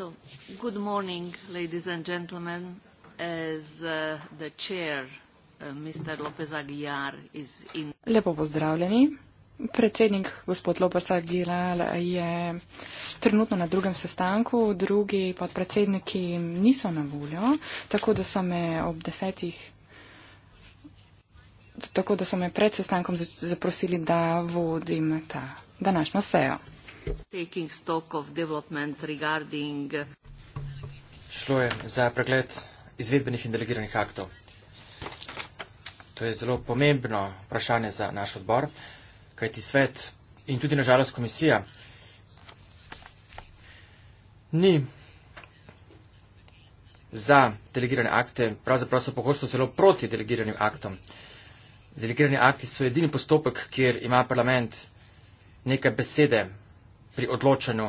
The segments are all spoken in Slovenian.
So, good morning, ladies and gentlemen. As uh, the chair, uh, Mr. Lopez Aguilar, is in. Lepo pozdravljeni. Predsednik gospod Lopez Aguilar je trenutno na drugem sestanku, drugi podpredsedniki niso na voljo, tako da so me ob desetih, tako da so me pred sestankom zaprosili, da vodim ta današnjo sejo taking stock of development regarding. Uh, Šlo je za pregled izvedbenih in delegiranih aktov. To je zelo pomembno vprašanje za naš odbor, kajti svet in tudi nažalost komisija ni za delegirane akte, pravzaprav so pogosto zelo proti delegiranim aktom. Delegirani akti so edini postopek, kjer ima parlament nekaj besede pri odločanju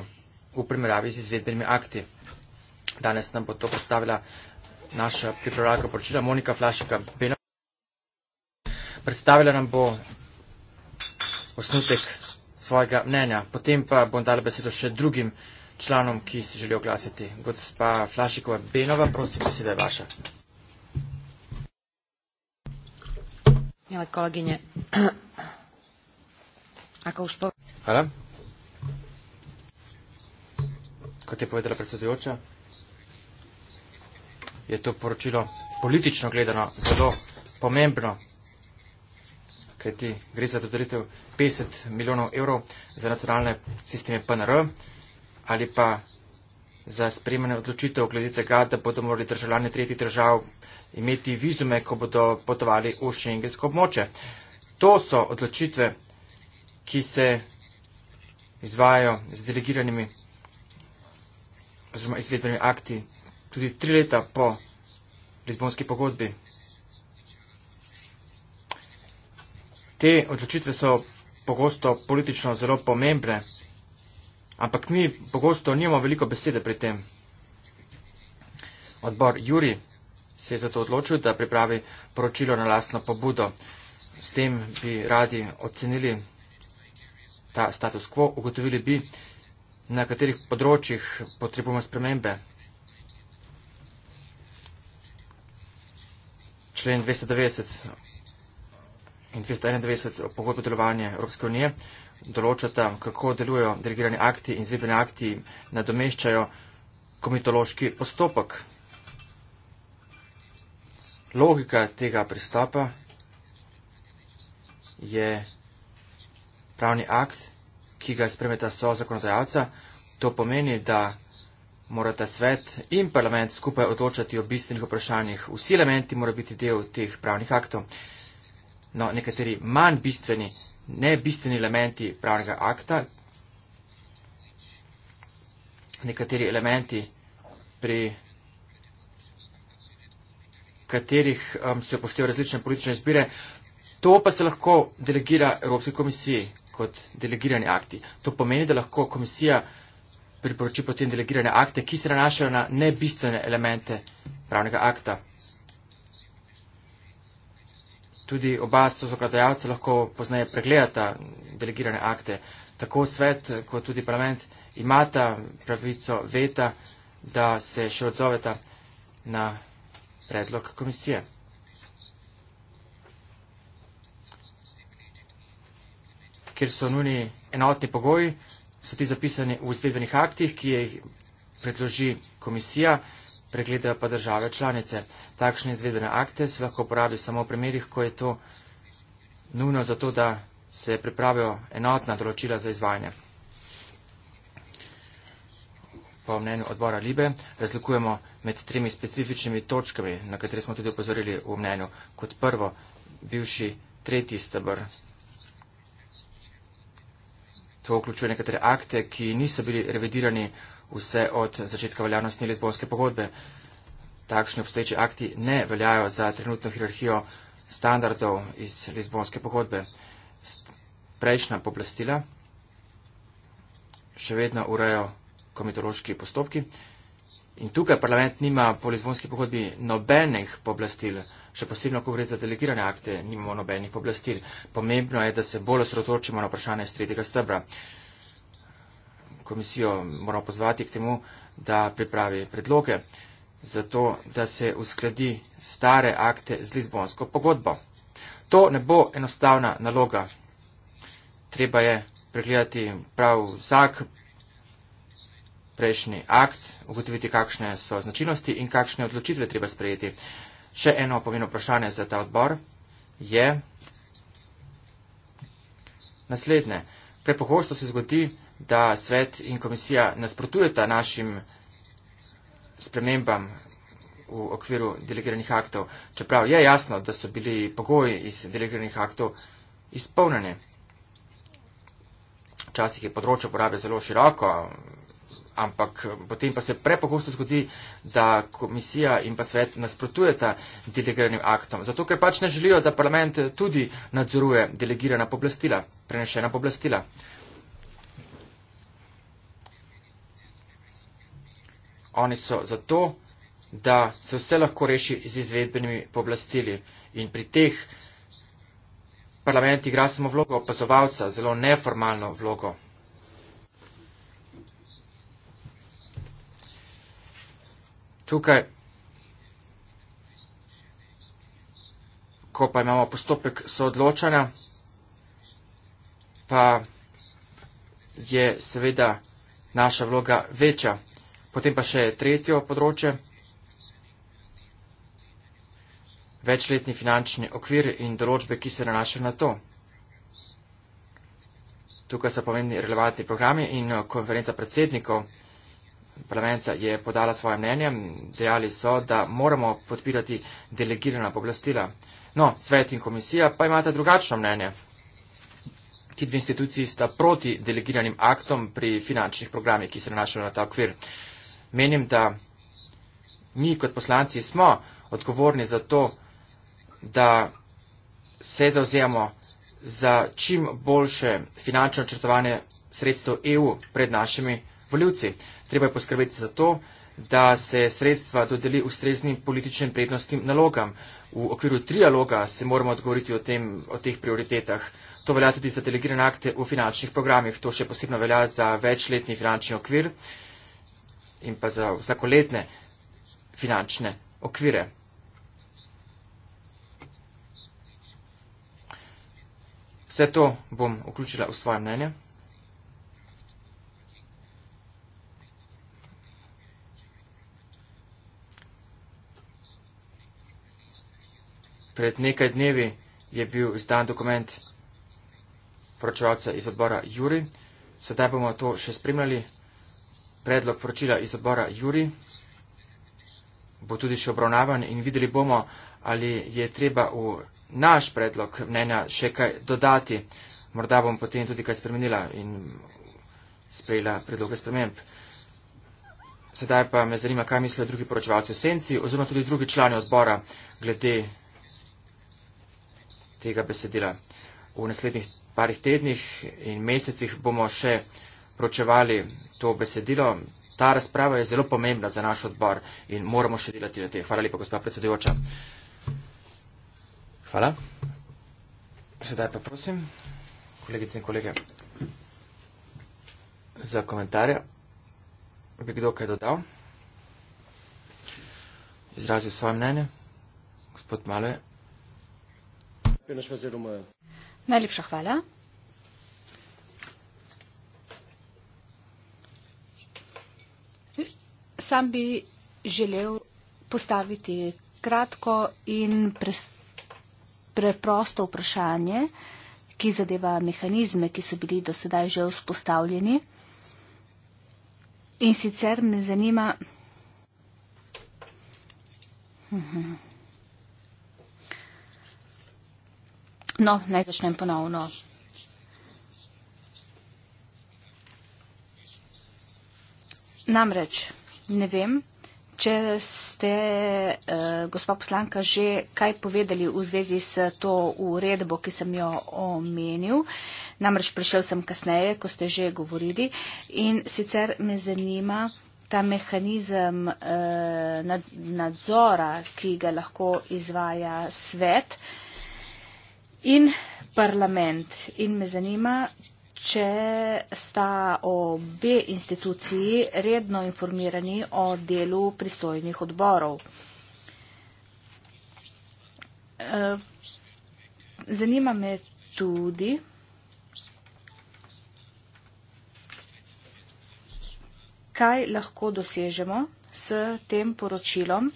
v primerjavi z izvedbenimi akti. Danes nam bo to predstavila naša pripravljalka poročila Monika Flašika. Predstavila nam bo osnutek svojega mnenja. Potem pa bom dala besedo še drugim članom, ki se želijo oglasiti. Gospa Flašikova Benova, prosim, beseda je vaša. Hvala. kot je povedala predsedujoča, je to poročilo politično gledano zelo pomembno, kajti gre za dodelitev 50 milijonov evrov za nacionalne sisteme PNR ali pa za sprejemanje odločitev glede tega, da bodo morali državljani tretjih držav imeti vizume, ko bodo potovali v šengensko območje. To so odločitve, ki se izvajajo z delegiranimi oziroma izvedbeni akti, tudi tri leta po Lizbonski pogodbi. Te odločitve so pogosto politično zelo pomembne, ampak mi pogosto nimamo veliko besede pri tem. Odbor Juri se je zato odločil, da pripravi poročilo na lastno pobudo. S tem bi radi ocenili ta status quo, ugotovili bi, na katerih področjih potrebujemo spremembe. Člen 290 in 291 pogodbe delovanja Evropske unije določata, kako delujejo delegirani akti in zvedbeni akti nadomeščajo komitološki postopek. Logika tega pristopa je pravni akt ki ga spremeta so zakonodajalca. To pomeni, da morata svet in parlament skupaj odločati o bistvenih vprašanjih. Vsi elementi morajo biti del teh pravnih aktov. No, nekateri manj bistveni, ne bistveni elementi pravnega akta, nekateri elementi, pri katerih um, se upoštevajo različne politične izbire, to pa se lahko delegira Evropski komisiji kot delegirani akti. To pomeni, da lahko komisija priporoči potem delegirane akte, ki se nanašajo na nebistvene elemente pravnega akta. Tudi oba sozakladajalca lahko poznaje pregledata delegirane akte. Tako svet kot tudi parlament imata pravico veta, da se še odzoveta na predlog komisije. kjer so nuni enotni pogoji, so ti zapisani v izvedbenih aktih, ki jih predloži komisija, pregledajo pa države članice. Takšne izvedbene akte se lahko uporabi samo v primerih, ko je to nujno zato, da se pripravijo enotna določila za izvajanje. Po mnenju odbora Libe razlikujemo med tremi specifičnimi točkami, na katere smo tudi upozorili v mnenju. Kot prvo, bivši tretji stebr To vključuje nekatere akte, ki niso bili revidirani vse od začetka veljavnosti Lizbonske pogodbe. Takšni obstoječi akti ne veljajo za trenutno hierarhijo standardov iz Lizbonske pogodbe. Prejšnja poblastila še vedno urejo komitološki postopki. In tukaj parlament nima po Lizbonski pogodbi nobenih poblastil še posebno, ko gre za delegirane akte, nimamo nobenih poblastil. Pomembno je, da se bolj osredotočimo na vprašanje iz tretjega stebra. Komisijo moramo pozvati k temu, da pripravi predloge za to, da se uskladi stare akte z Lizbonsko pogodbo. To ne bo enostavna naloga. Treba je pregledati prav vsak prejšnji akt, ugotoviti, kakšne so značilnosti in kakšne odločitve treba sprejeti. Še eno pomembno vprašanje za ta odbor je naslednje. Prepohosto se zgodi, da svet in komisija nasprotujeta našim spremembam v okviru delegiranih aktov, čeprav je jasno, da so bili pogoji iz delegiranih aktov izpolnjeni. Včasih je področje porabe zelo široko, ampak eh, potem pa se prepogosto zgodi, da komisija in pa svet nasprotujeta delegiranim aktom, zato ker pač ne želijo, da parlament tudi nadzoruje delegirana poblastila, prenešena poblastila. Oni so zato, da se vse lahko reši z izvedbenimi poblastili in pri teh parlament igra samo vlogo opazovalca, zelo neformalno vlogo. tukaj, ko pa imamo postopek soodločanja, pa je seveda naša vloga večja. Potem pa še tretjo področje, večletni finančni okvir in določbe, ki se nanašajo na to. Tukaj so pomembni relevantni programi in konferenca predsednikov parlamenta je podala svoje mnenje, dejali so, da moramo podpirati delegirana poblastila. No, svet in komisija pa imata drugačno mnenje. Ti dve instituciji sta proti delegiranim aktom pri finančnih programih, ki se nanašajo na ta okvir. Menim, da mi kot poslanci smo odgovorni za to, da se zauzemamo za čim boljše finančno črtovanje sredstev EU pred našimi Voljivci, treba je poskrbeti za to, da se sredstva dodeli ustreznim političnim prednostnim nalogam. V okviru trialoga se moramo odgovoriti o, tem, o teh prioritetah. To velja tudi za delegirane akte v finančnih programih. To še posebno velja za večletni finančni okvir in pa za vsakoletne finančne okvire. Vse to bom vključila v svoje mnenje. Pred nekaj dnevi je bil izdan dokument poročevalca iz odbora Juri. Sedaj bomo to še spremljali. Predlog poročila iz odbora Juri bo tudi še obravnavan in videli bomo, ali je treba v naš predlog mnenja še kaj dodati. Morda bom potem tudi kaj spremenila in sprejela predloge sprememb. Sedaj pa me zanima, kaj mislijo drugi poročevalci v senci oziroma tudi drugi člani odbora glede tega besedila. V naslednjih parih tednih in mesecih bomo še pročevali to besedilo. Ta razprava je zelo pomembna za naš odbor in moramo še delati na tem. Hvala lepa, gospod predsedujoča. Hvala. Sedaj pa prosim, kolegice in kolege, za komentarje. Bi kdo kaj dodal? Izrazil svoje mnenje? Gospod Malo je. Penaš v zelo mojo. Najlepša hvala. Sam bi želel postaviti kratko in preprosto vprašanje, ki zadeva mehanizme, ki so bili do sedaj že vzpostavljeni. In sicer me zanima. Mm-hmm. No, naj začnem ponovno. Namreč, ne vem, če ste, eh, gospod poslanka, že kaj povedali v zvezi s to uredbo, ki sem jo omenil. Namreč prišel sem kasneje, ko ste že govorili. In sicer me zanima ta mehanizem eh, nad, nadzora, ki ga lahko izvaja svet. Eh, in parlament. In me zanima, če sta obe instituciji redno informirani o delu pristojnih odborov. Eh, zanima me tudi, kaj lahko dosežemo s tem poročilom.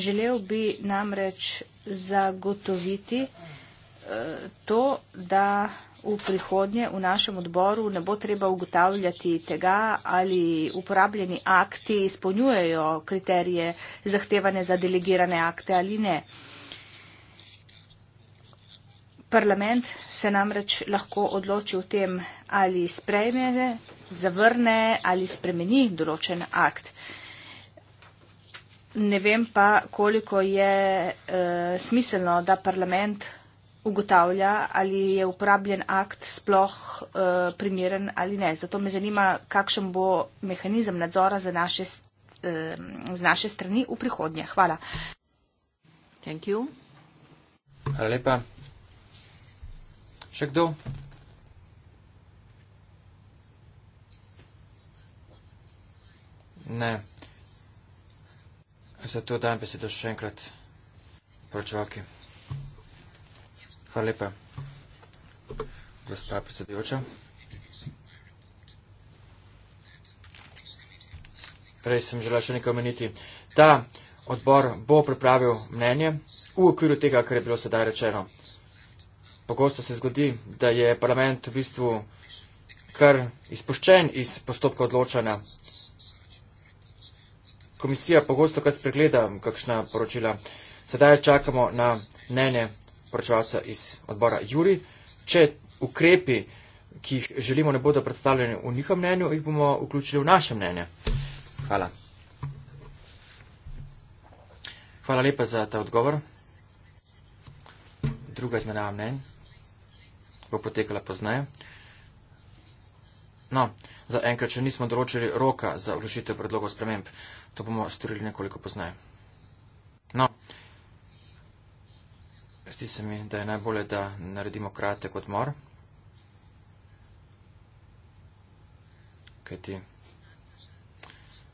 Želel bi namreč zagotoviti, to, da v prihodnje v našem odboru ne bo treba ugotavljati tega, ali uporabljeni akti izpolnjujejo kriterije zahtevane za delegirane akte ali ne. Parlament se namreč lahko odloči o tem, ali sprejme, zavrne ali spremeni določen akt. Ne vem pa, koliko je e, smiselno, da parlament ugotavlja, ali je uporabljen akt sploh uh, primeren ali ne. Zato me zanima, kakšen bo mehanizem nadzora za naše, uh, z naše strani v prihodnje. Hvala. Hvala lepa. Še kdo? Ne. Zato dajem besedo še enkrat poročevalki. Hvala lepa. Gospa predsedujoča. Prej sem želela še nekaj omeniti. Ta odbor bo pripravil mnenje v okviru tega, kar je bilo sedaj rečeno. Pogosto se zgodi, da je parlament v bistvu kar izpuščen iz postopka odločanja. Komisija pogosto kar spregleda kakšna poročila. Sedaj čakamo na mnenje poročevalca iz odbora Juri. Če ukrepi, ki jih želimo, ne bodo predstavljeni v njihovem mnenju, jih bomo vključili v naše mnenje. Hvala. Hvala lepa za ta odgovor. Druga izmenjava mnenj bo potekala pozneje. No, za enkrat še nismo določili roka za vložitev predlogov sprememb. To bomo storili nekoliko pozneje. Zdi se mi, da je najbolje, da naredimo kratek odmor. Kaj ti,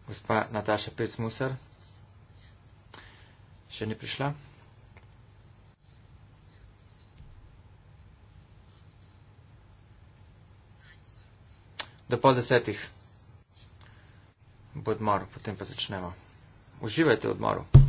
gospa Nataša Pecmusar, še ni prišla? Do pol desetih bo odmor, potem pa začnemo. Uživajte v odmoru.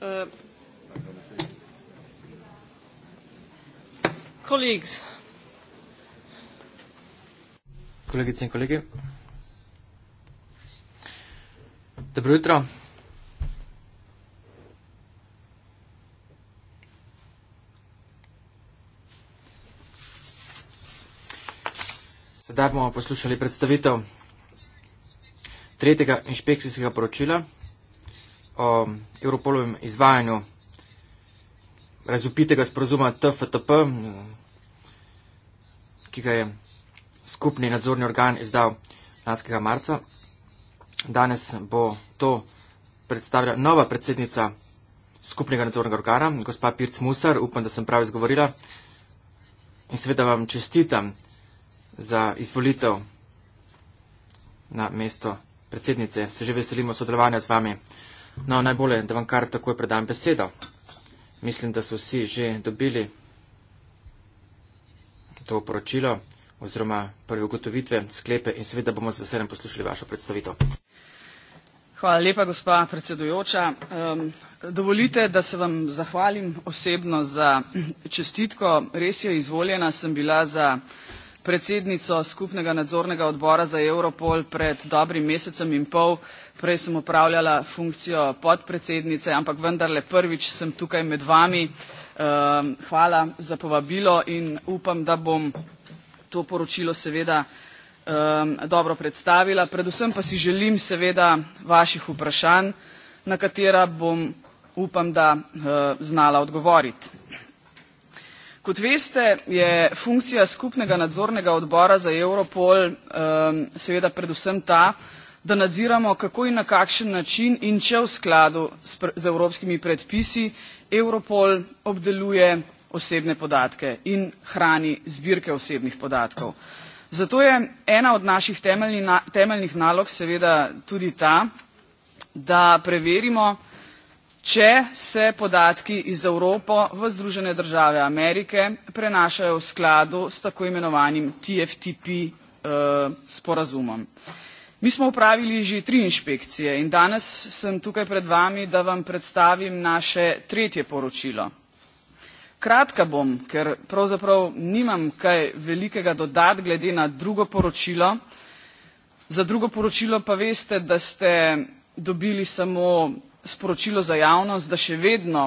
Uh, Kolegice in kolegi, dobro jutro. Sedaj bomo poslušali predstavitev tretjega inšpekcijskega poročila o Europolovem izvajanju razupitega sporozuma TFTP, ki ga je skupni nadzorni organ izdal lanskega marca. Danes bo to predstavila nova predsednica skupnega nadzornega organa, gospa Pirc Musar, upam, da sem prav izgovorila. In seveda vam čestitam za izvolitev na mesto predsednice. Se že veselimo sodelovanja z vami. No, najbolje, da vam kar takoj predam besedo. Mislim, da so vsi že dobili to poročilo oziroma prve ugotovitve, sklepe in seveda bomo z veseljem poslušali vašo predstavitev. Hvala lepa, gospa predsedujoča. Um, dovolite, da se vam zahvalim osebno za čestitko. Res je izvoljena, sem bila za predsednico skupnega nadzornega odbora za Europol pred dobrim mesecem in pol. Prej sem upravljala funkcijo podpredsednice, ampak vendarle prvič sem tukaj med vami. Ehm, hvala za povabilo in upam, da bom to poročilo seveda ehm, dobro predstavila. Predvsem pa si želim seveda vaših vprašanj, na katera bom upam, da eh, znala odgovoriti. Kot veste, je funkcija skupnega nadzornega odbora za Europol um, seveda predvsem ta, da nadziramo, kako in na kakšen način in če v skladu z, pr z evropskimi predpisi Europol obdeluje osebne podatke in hrani zbirke osebnih podatkov. Zato je ena od naših temeljni na temeljnih nalog seveda tudi ta, da preverimo, če se podatki iz Evropo v Združene države Amerike prenašajo v skladu s tako imenovanim TFTP eh, sporazumom. Mi smo upravili že tri inšpekcije in danes sem tukaj pred vami, da vam predstavim naše tretje poročilo. Kratka bom, ker pravzaprav nimam kaj velikega dodat glede na drugo poročilo. Za drugo poročilo pa veste, da ste dobili samo sporočilo za javnost, da še vedno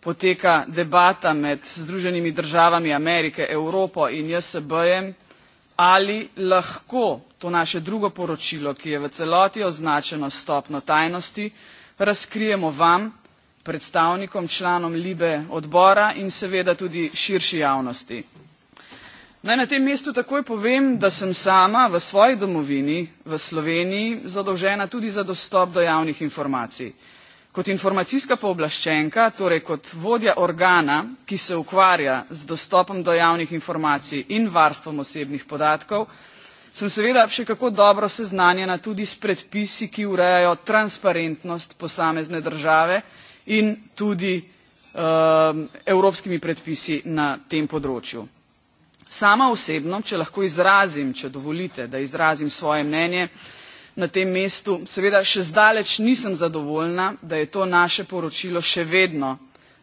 poteka debata med Združenimi državami Amerike, Evropo in JSB-jem, ali lahko to naše drugo poročilo, ki je v celoti označeno stopno tajnosti, razkrijemo vam, predstavnikom, članom Libe odbora in seveda tudi širši javnosti. Naj na tem mestu takoj povem, da sem sama v svoji domovini, v Sloveniji, zadolžena tudi za dostop do javnih informacij. Kot informacijska pooblaščenka, torej kot vodja organa, ki se ukvarja z dostopom do javnih informacij in varstvom osebnih podatkov, sem seveda še kako dobro seznanjena tudi s predpisi, ki urejajo transparentnost posamezne države in tudi um, evropskimi predpisi na tem področju. Sama osebno, če lahko izrazim, če dovolite, da izrazim svoje mnenje, uh, na tem mestu seveda še zdaleč nisem zadovoljna, da je to naše poročilo še vedno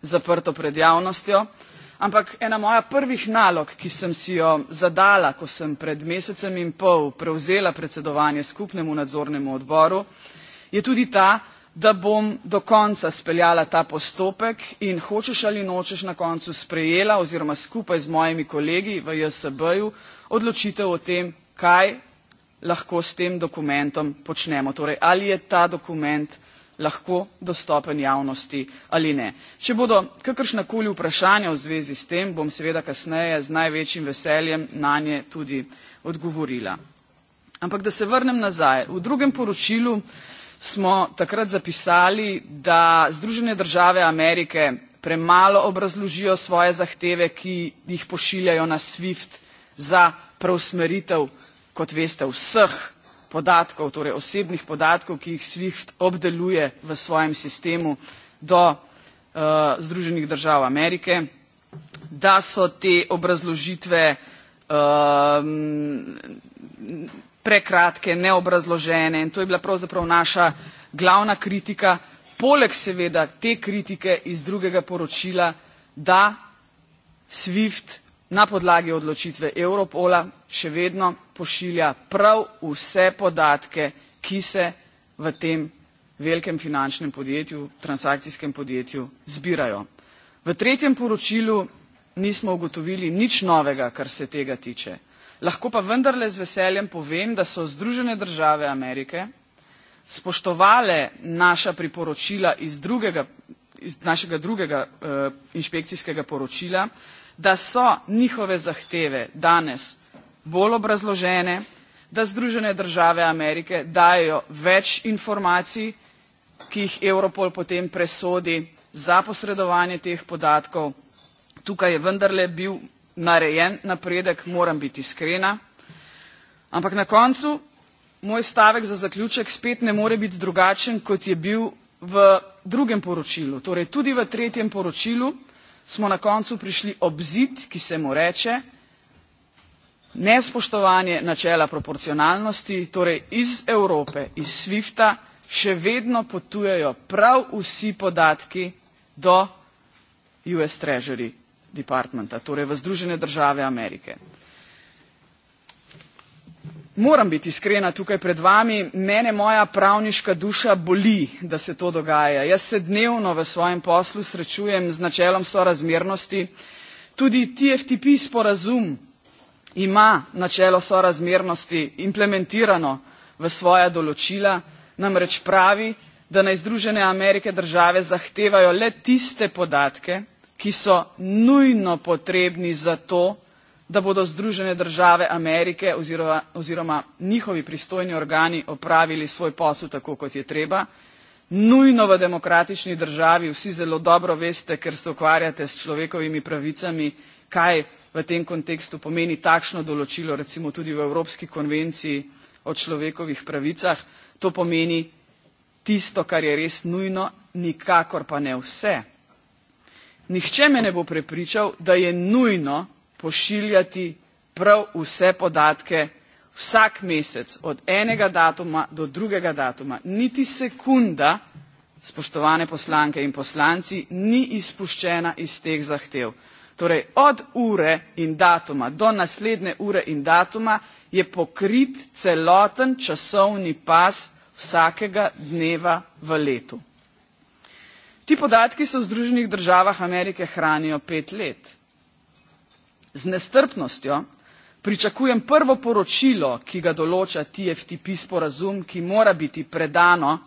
zaprto pred javnostjo, ampak ena moja prvih nalog, ki sem si jo zadala, ko sem pred mesecem in pol prevzela predsedovanje skupnemu nadzornemu odboru, je tudi ta, da bom do konca speljala ta postopek in hočeš ali nočeš na koncu sprejela oziroma skupaj z mojimi kolegi v JSB-ju odločitev o tem, kaj lahko s tem dokumentom počnemo. Torej, ali je ta dokument lahko dostopen javnosti ali ne. Če bodo kakršnakoli vprašanja v zvezi s tem, bom seveda kasneje z največjim veseljem na nje tudi odgovorila. Ampak da se vrnem nazaj. V drugem poročilu smo takrat zapisali, da Združene države Amerike premalo obrazložijo svoje zahteve, ki jih pošiljajo na SWIFT za preusmeritev kot veste, vseh podatkov, torej osebnih podatkov, ki jih SWIFT obdeluje v svojem sistemu do uh, Združenih držav Amerike, da so te obrazložitve uh, prekratke, neobrazložene in to je bila pravzaprav naša glavna kritika, poleg seveda te kritike iz drugega poročila, da SWIFT na podlagi odločitve Europola še vedno pošilja prav vse podatke, ki se v tem velikem finančnem podjetju, transakcijskem podjetju zbirajo. V tretjem poročilu nismo ugotovili nič novega, kar se tega tiče. Lahko pa vendarle z veseljem povem, da so Združene države Amerike spoštovale naša priporočila iz, drugega, iz našega drugega uh, inšpekcijskega poročila, da so njihove zahteve danes bolj obrazložene, da Združene države Amerike dajo več informacij, ki jih Europol potem presodi za posredovanje teh podatkov. Tukaj je vendarle bil narejen napredek, moram biti iskrena. Ampak na koncu moj stavek za zaključek spet ne more biti drugačen, kot je bil v drugem poročilu. Torej tudi v tretjem poročilu smo na koncu prišli ob zid, ki se mu reče, nespoštovanje načela proporcionalnosti torej iz evrope iz swifta še vedno potujejo prav vsi podatki do us treasury departmenta torej v združene države amerike. moram biti iskrena tukaj pred vami mene moja pravniška duša boli da se to dogaja jaz se dnevno v svojem poslu srečujem z načelom sorazmernosti tudi tftp sporazum ima načelo sorazmernosti implementirano v svoja določila, namreč pravi, da naj Združene Amerike države zahtevajo le tiste podatke, ki so nujno potrebni za to, da bodo Združene države Amerike oziroma, oziroma njihovi pristojni organi opravili svoj posel tako, kot je treba. Nujno v demokratični državi vsi zelo dobro veste, ker se ukvarjate s človekovimi pravicami, kaj v tem kontekstu pomeni takšno določilo, recimo tudi v Evropski konvenciji o človekovih pravicah, to pomeni tisto, kar je res nujno, nikakor pa ne vse. Nihče me ne bo prepričal, da je nujno pošiljati prav vse podatke vsak mesec od enega datuma do drugega datuma. Niti sekunda, spoštovane poslanke in poslanci, ni izpuščena iz teh zahtev torej od ure in datuma do naslednje ure in datuma je pokrit celoten časovni pas vsakega dneva v letu. Ti podatki se v Združenih državah Amerike hranijo pet let. Z nestrpnostjo pričakujem prvo poročilo, ki ga določa TFTP sporazum, ki mora biti predano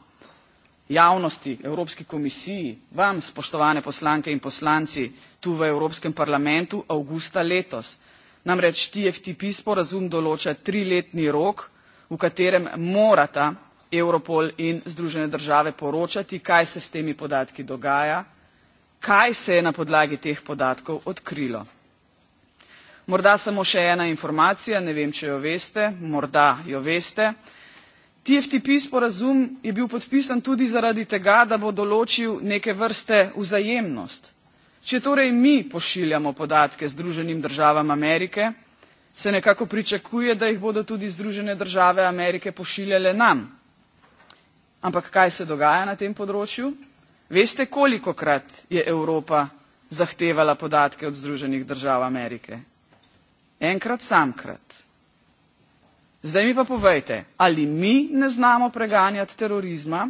javnosti, Evropski komisiji, vam, spoštovane poslanke in poslanci, tu v Evropskem parlamentu, avgusta letos. Namreč TFTP sporazum določa triletni rok, v katerem morata Europol in Združene države poročati, kaj se s temi podatki dogaja, kaj se je na podlagi teh podatkov odkrilo. Morda samo še ena informacija, ne vem, če jo veste, morda jo veste, tftp sporazum je bil podpisan tudi zaradi tega da bo določil neke vrste vzajemnost če torej mi pošiljamo podatke združenim državam amerike se nekako pričakuje da jih bodo tudi združene države amerike pošiljale nam ampak kaj se dogaja na tem področju veste kolikokrat je evropa zahtevala podatke od združenih držav amerike enkrat samkrat Zdaj mi pa povejte, ali mi ne znamo preganjati terorizma,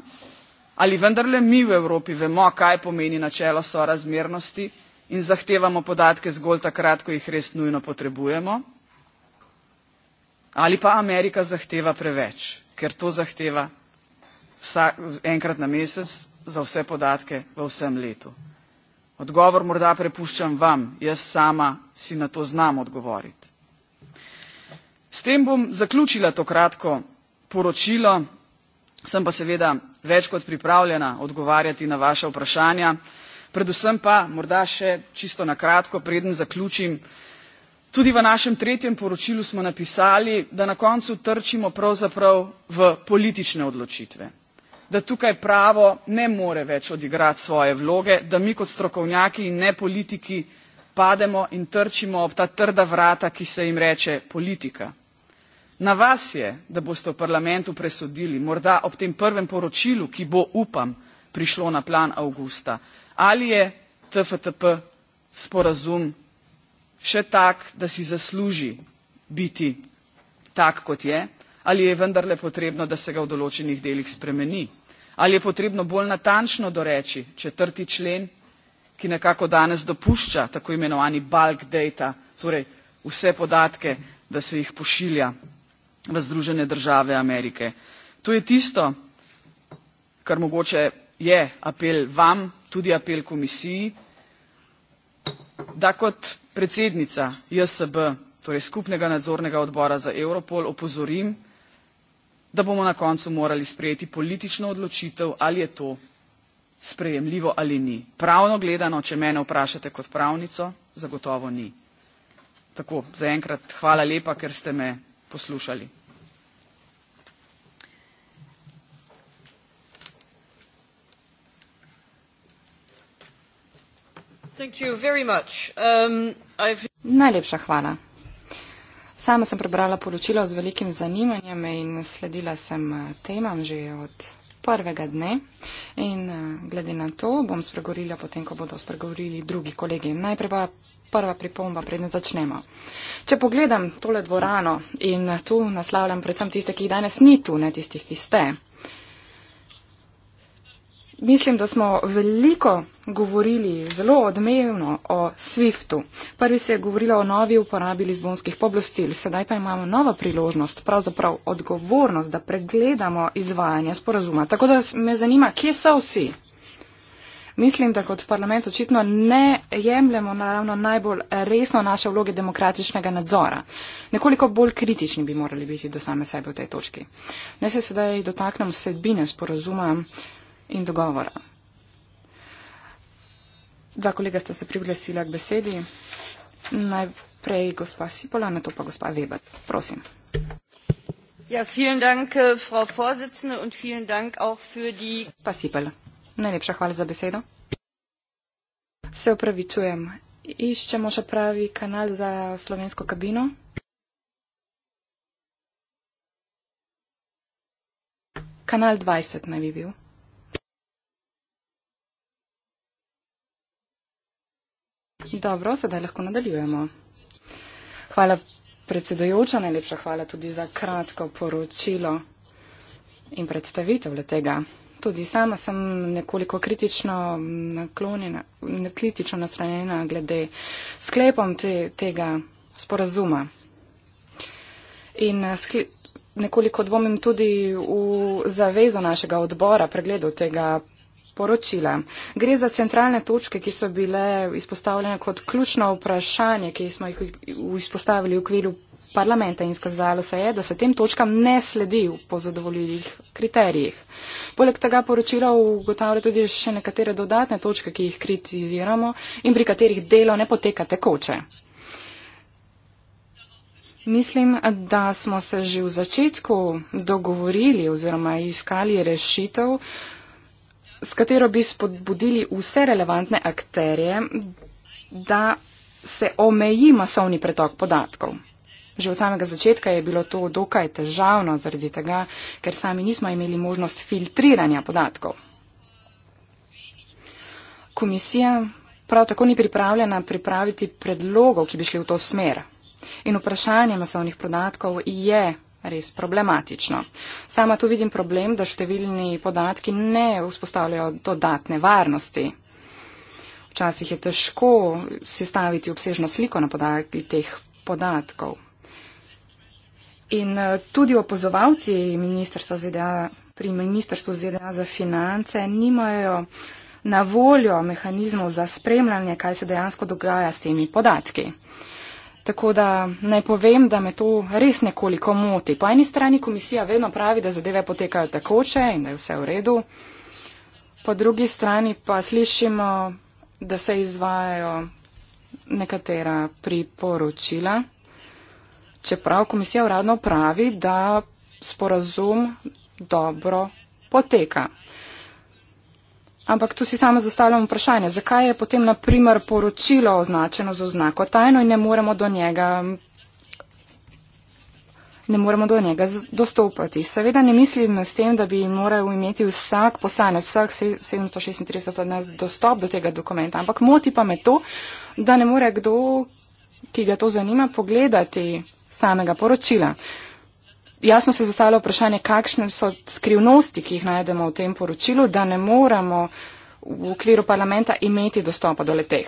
ali vendarle mi v Evropi vemo, kaj pomeni načelo sorazmernosti in zahtevamo podatke zgolj takrat, ko jih res nujno potrebujemo, ali pa Amerika zahteva preveč, ker to zahteva vsak, enkrat na mesec za vse podatke v vsem letu. Odgovor morda prepuščam vam, jaz sama si na to znam odgovoriti s tem bom zaključila to kratko poročilo sem pa seveda več kot pripravljena odgovarjati na vaša vprašanja predvsem pa morda še čisto na kratko preden zaključim tudi v našem tretjem poročilu smo napisali da na koncu trčimo pravzaprav v politične odločitve da tukaj pravo ne more več odigrati svoje vloge da mi kot strokovnjaki in ne politiki pademo in trčimo ob ta trda vrata, ki se jim reče politika. Na vas je, da boste v parlamentu presodili, morda ob tem prvem poročilu, ki bo, upam, prišlo na plan avgusta, ali je TFTP sporazum še tak, da si zasluži biti tak, kot je, ali je vendarle potrebno, da se ga v določenih delih spremeni, ali je potrebno bolj natančno doreči četrti člen, ki nekako danes dopušča tako imenovani bulk data, torej vse podatke, da se jih pošilja v Združene države Amerike. To je tisto, kar mogoče je apel vam, tudi apel komisiji, da kot predsednica JSB, torej skupnega nadzornega odbora za Europol, opozorim, da bomo na koncu morali sprejeti politično odločitev, ali je to sprejemljivo ali ni. Pravno gledano, če mene vprašate kot pravnico, zagotovo ni. Tako, zaenkrat hvala lepa, ker ste me poslušali. Um, Najlepša hvala. Sama sem prebrala poročilo z velikim zanimanjem in sledila sem eh, temam že od prvega dne in eh, glede na to bom spregovorila potem, ko bodo spregovorili drugi kolegi. Najprej pa prva pripomba, predne začnemo. Če pogledam tole dvorano in tu naslavljam predvsem tiste, ki jih danes ni tu, ne tistih, ki ste. Mislim, da smo veliko govorili, zelo odmevno o SWIFT-u. Prvi se je govorilo o novi uporabi lizbonskih poblostil, sedaj pa imamo novo priložnost, pravzaprav odgovornost, da pregledamo izvajanje sporazuma. Tako da me zanima, kje so vsi? Mislim, da kot parlament očitno ne jemljemo naravno najbolj resno naše vloge demokratičnega nadzora. Nekoliko bolj kritični bi morali biti do same sebe v tej točki. Ne se sedaj dotaknem sedbine sporazuma in dogovora. Dva kolega sta se priglasila k besedi. Najprej gospa Sipola, na to pa gospa Weber. Prosim. Ja, vielen dank, äh, frau Vorsitzende, und vielen dank auch für die. Gospa Sipola, najlepša hvala za besedo. Se opravičujem. Iščemo še pravi kanal za slovensko kabino. Kanal 20 naj bi bil. Dobro, sedaj lahko nadaljujemo. Hvala predsedojoča, najlepša hvala tudi za kratko poročilo in predstavitev le tega. Tudi sama sem nekoliko kritično naklonjena, kritično nastranjena glede sklepom te, tega sporazuma. In eh, skli, nekoliko dvomim tudi v zavezo našega odbora pregledu tega poročila. Gre za centralne točke, ki so bile izpostavljene kot ključno vprašanje, ki smo jih izpostavili v okviru parlamenta in skazalo se je, da se tem točkam ne sledi po zadovoljivih kriterijih. Poleg tega poročilo ugotavlja tudi še nekatere dodatne točke, ki jih kritiziramo in pri katerih delo ne poteka tekoče. Mislim, da smo se že v začetku dogovorili oziroma iskali rešitev, uh, s katero bi spodbudili vse relevantne akterje, da se omeji masovni pretok podatkov. Že od samega začetka je bilo to dokaj težavno zaradi tega, ker sami nismo imeli možnost filtriranja podatkov. Komisija prav tako ni pripravljena pripraviti predlogov, ki bi šli v to smer. In vprašanje masovnih podatkov je res problematično. Sama tu vidim problem, da številni podatki ne vzpostavljajo dodatne varnosti. Včasih je težko sestaviti obsežno sliko na podatki teh podatkov. In eh, tudi opozovalci ZDA, pri Ministrstvu ZDA za finance nimajo na voljo mehanizmov za spremljanje, kaj se dejansko dogaja s temi podatki. Tako da naj povem, da me to res nekoliko moti. Po eni strani komisija vedno pravi, da zadeve potekajo takoče in da je vse v redu. Po drugi strani pa slišimo, da se izvajajo nekatera priporočila. Čeprav komisija uradno pravi, da sporazum dobro poteka. Ampak tu si samo zastavljamo vprašanje, zakaj je potem naprimer poročilo označeno z oznako tajno in ne moremo do njega, ne moremo do njega dostopati. Seveda ne mislim s tem, da bi moral imeti vsak poslanec, vsak 736 od nas dostop do tega dokumenta, ampak moti pa me to, da ne more kdo, ki ga to zanima, pogledati samega poročila. Uh, jasno se zastavlja vprašanje, kakšne so skrivnosti, ki jih najdemo v tem poročilu, da ne moramo v okviru parlamenta imeti dostopa do leteh.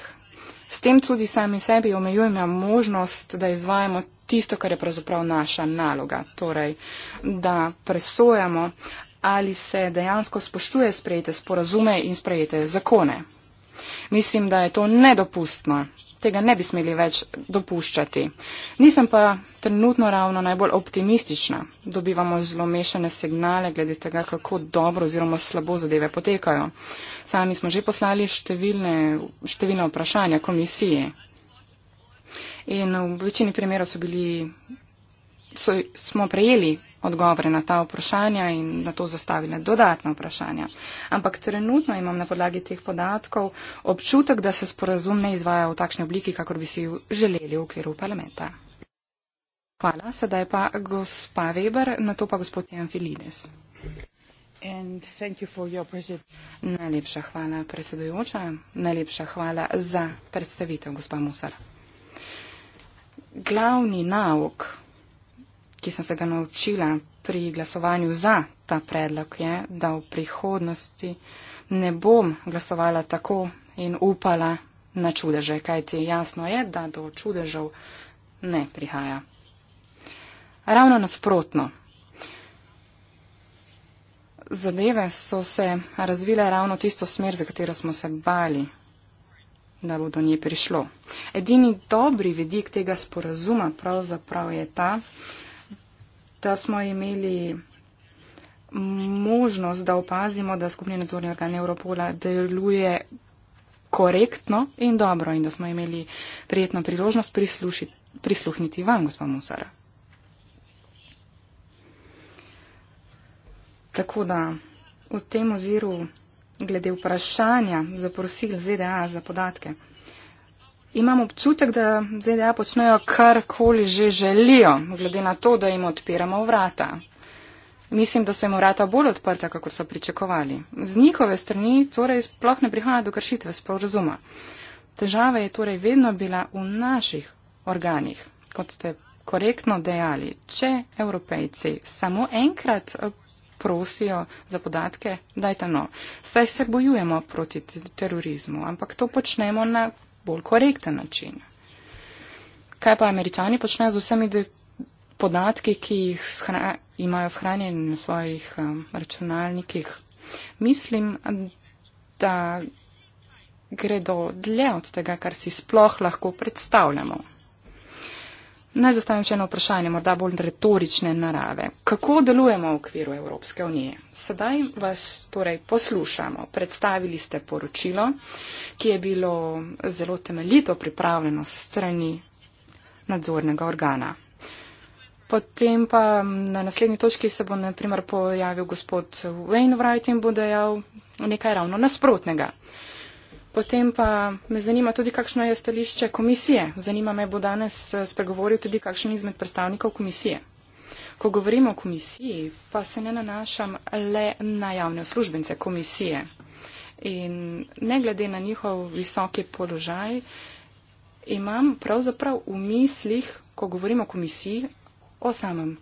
S tem tudi sami sebi omejujemo možnost, da izvajamo tisto, kar je pravzaprav naša naloga, torej da presojamo, ali se dejansko spoštuje sprejete sporazume in sprejete zakone. Mislim, da je to nedopustno tega ne bi smeli več dopuščati. Nisem pa trenutno ravno najbolj optimistična. Dobivamo zelo mešane signale glede tega, kako dobro oziroma slabo zadeve potekajo. Sami smo že poslali številne, številne vprašanja komisiji. In v večini primerov so bili, so, smo prejeli odgovore na ta vprašanja in na to zastavile dodatna vprašanja. Ampak trenutno imam na podlagi teh podatkov občutek, da se sporazum ne izvaja v takšni obliki, kakor bi si želeli v okviru parlamenta. Hvala, sedaj pa gospa Weber, na to pa gospod Jan Filides. Najlepša hvala, predsedujoča. Najlepša hvala za predstavitev, gospa Musar. Glavni nauk ki sem se ga naučila pri glasovanju za ta predlog, je, da v prihodnosti ne bom glasovala tako in upala na čudeže, kajti jasno je, da do čudežev ne prihaja. Ravno nasprotno. Zadeve so se razvile ravno tisto smer, za katero smo se bali, da bo do nje prišlo. Edini dobri vidik tega sporazuma pravzaprav je ta, da smo imeli možnost, da opazimo, da skupni nadzorni organ Europola deluje korektno in dobro in da smo imeli prijetno priložnost prisluši, prisluhniti vam, gospod Musar. Tako da v tem oziru glede vprašanja zaprosil ZDA za podatke imam občutek, da ZDA počnejo karkoli že želijo, glede na to, da jim odpiramo vrata. Mislim, da so jim vrata bolj odprta, kakor so pričakovali. Z njihove strani torej sploh ne prihaja do kršitve sporozuma. Težava je torej vedno bila v naših organih, kot ste korektno dejali. Če evropejci samo enkrat eh, prosijo za podatke, dajte no. Saj se bojujemo proti terorizmu, ampak to počnemo na bolj korekten način. Kaj pa američani počnejo z vsemi podatki, ki jih shra, imajo shranjeni na svojih um, računalnikih? Mislim, da gredo dlje od tega, kar si sploh lahko predstavljamo. Naj zastavim še eno vprašanje, morda bolj retorične narave. Kako delujemo v okviru Evropske unije? Sedaj vas torej poslušamo. Predstavili ste poročilo, ki je bilo zelo temeljito pripravljeno strani nadzornega organa. Potem pa na naslednji točki se bo naprimer pojavil gospod Wainwright in bo dejal nekaj ravno nasprotnega. Potem pa me zanima tudi, kakšno je stališče komisije. Zanima me, bo danes eh, spregovoril tudi kakšen izmed predstavnikov komisije. Ko govorimo o komisiji, pa se ne nanašam le na javne uslužbence komisije. In ne glede na njihov visoki položaj, imam pravzaprav v mislih, ko govorimo o komisiji, o samem,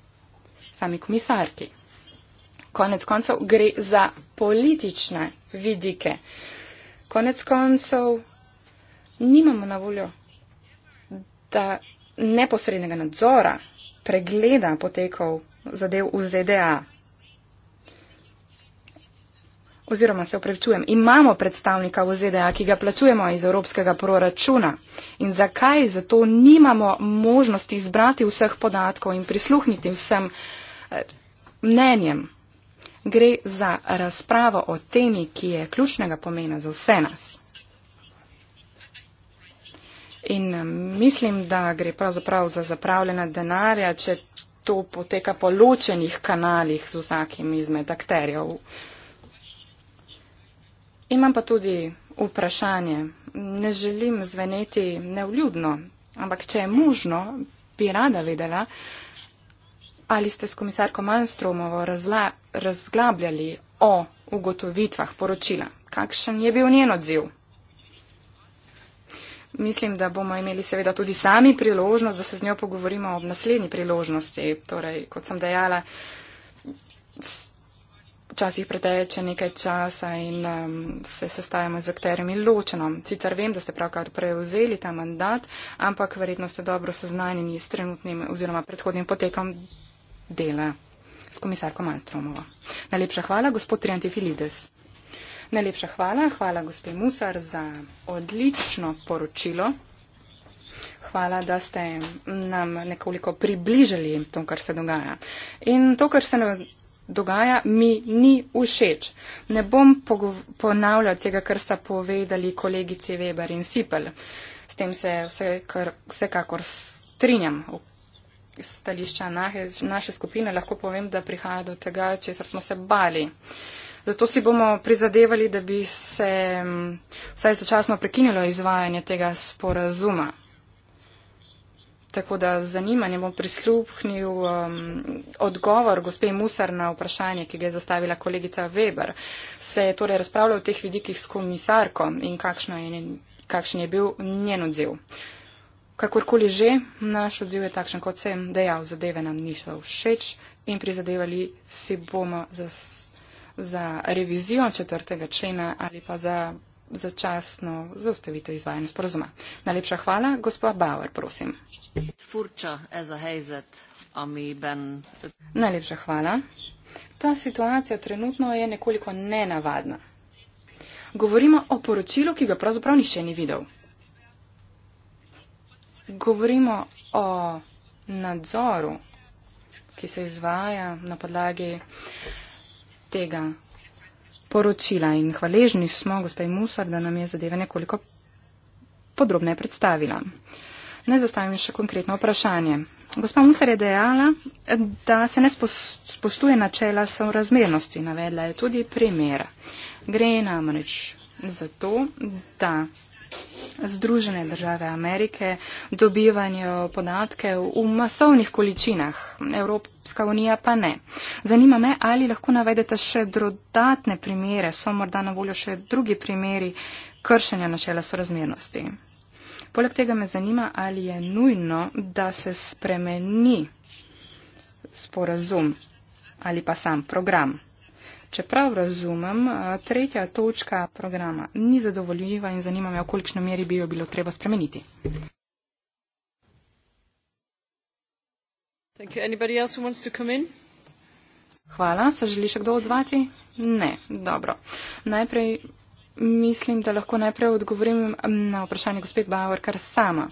sami komisarki. Konec koncev gre za politične vidike. Uh, konec koncev nimamo na voljo da neposrednega nadzora pregleda potekov zadev v ZDA. Oziroma, se upravičujem, imamo predstavnika v ZDA, ki ga plačujemo iz evropskega proračuna. In zakaj zato nimamo možnosti zbrati vseh podatkov in prisluhniti vsem eh, mnenjem? gre za razpravo o temi, ki je ključnega pomena za vse nas. In um, mislim, da gre pravzaprav za zapravljena denarja, če to poteka po ločenih kanalih z vsakim izmed akterjev. Imam pa tudi vprašanje. Ne želim zveneti neuljudno, ampak če je možno, bi rada vedela, ali ste s komisarko Malmstromovo razglabljali o ugotovitvah poročila? Kakšen je bil njen odziv? Mislim, da bomo imeli seveda tudi sami priložnost, da se z njo pogovorimo ob naslednji priložnosti. Torej, kot sem dejala, včasih preteče nekaj časa in um, se sestajamo z akterjem in ločeno. Sicer vem, da ste pravkar prevzeli ta mandat, ampak verjetno ste dobro seznanjeni s trenutnim oziroma predhodnim potekom dela s komisarko Malstromovo. Najlepša hvala, gospod Trianti Filides. Najlepša hvala, hvala gospe Musar za odlično poročilo. Hvala, da ste nam nekoliko približali to, kar se dogaja. In to, kar se dogaja, mi ni všeč. Ne bom ponavljal tega, kar sta povedali kolegici Weber in Sipel. S tem se vse, kar, vsekakor strinjam, stališča nahe, naše skupine lahko povem, da prihaja do tega, česar smo se bali. Zato si bomo prizadevali, da bi se mm, vsaj začasno prekinilo izvajanje tega sporazuma. Tako da zanimanje bom prisluhnil um, odgovor gospe Musar na vprašanje, ki ga je zastavila kolegica Weber. Se je torej razpravljal o teh vidikih s komisarko in kakšen je, je bil njen odziv. Kakorkoli že, naš odziv je takšen, kot sem dejal, zadeve nam niso všeč in prizadevali si bomo za, za revizijo četrtega čena ali pa za začasno zaustavitev izvajanja sporozuma. Najlepša hvala, gospod Bauer, prosim. Najlepša hvala. Ta situacija trenutno je nekoliko nenavadna. Govorimo o poročilu, ki ga pravzaprav nišče ni videl govorimo o nadzoru, ki se izvaja na podlagi tega poročila in hvaležni smo gospej Musar, da nam je zadeve nekoliko podrobneje predstavila. Naj zastavim še konkretno vprašanje. Gospa Musar je dejala, da se ne spoštuje načela sorazmernosti. Navedla je tudi primer. Gre namreč za to, da Združene države Amerike, dobivanje podatke v masovnih količinah, Evropska unija pa ne. Zanima me, ali lahko navedete še dodatne primere, so morda na voljo še drugi primeri kršenja načela sorazmernosti. Poleg tega me zanima, ali je nujno, da se spremeni sporazum ali pa sam program. Čeprav razumem, tretja točka programa ni zadovoljiva in zanima me, v kolikšni meri bi jo bilo treba spremeniti. Hvala. Se želi še kdo odzvati? Ne. Dobro. Najprej mislim, da lahko najprej odgovorim na vprašanje gospe Bauer, kar sama.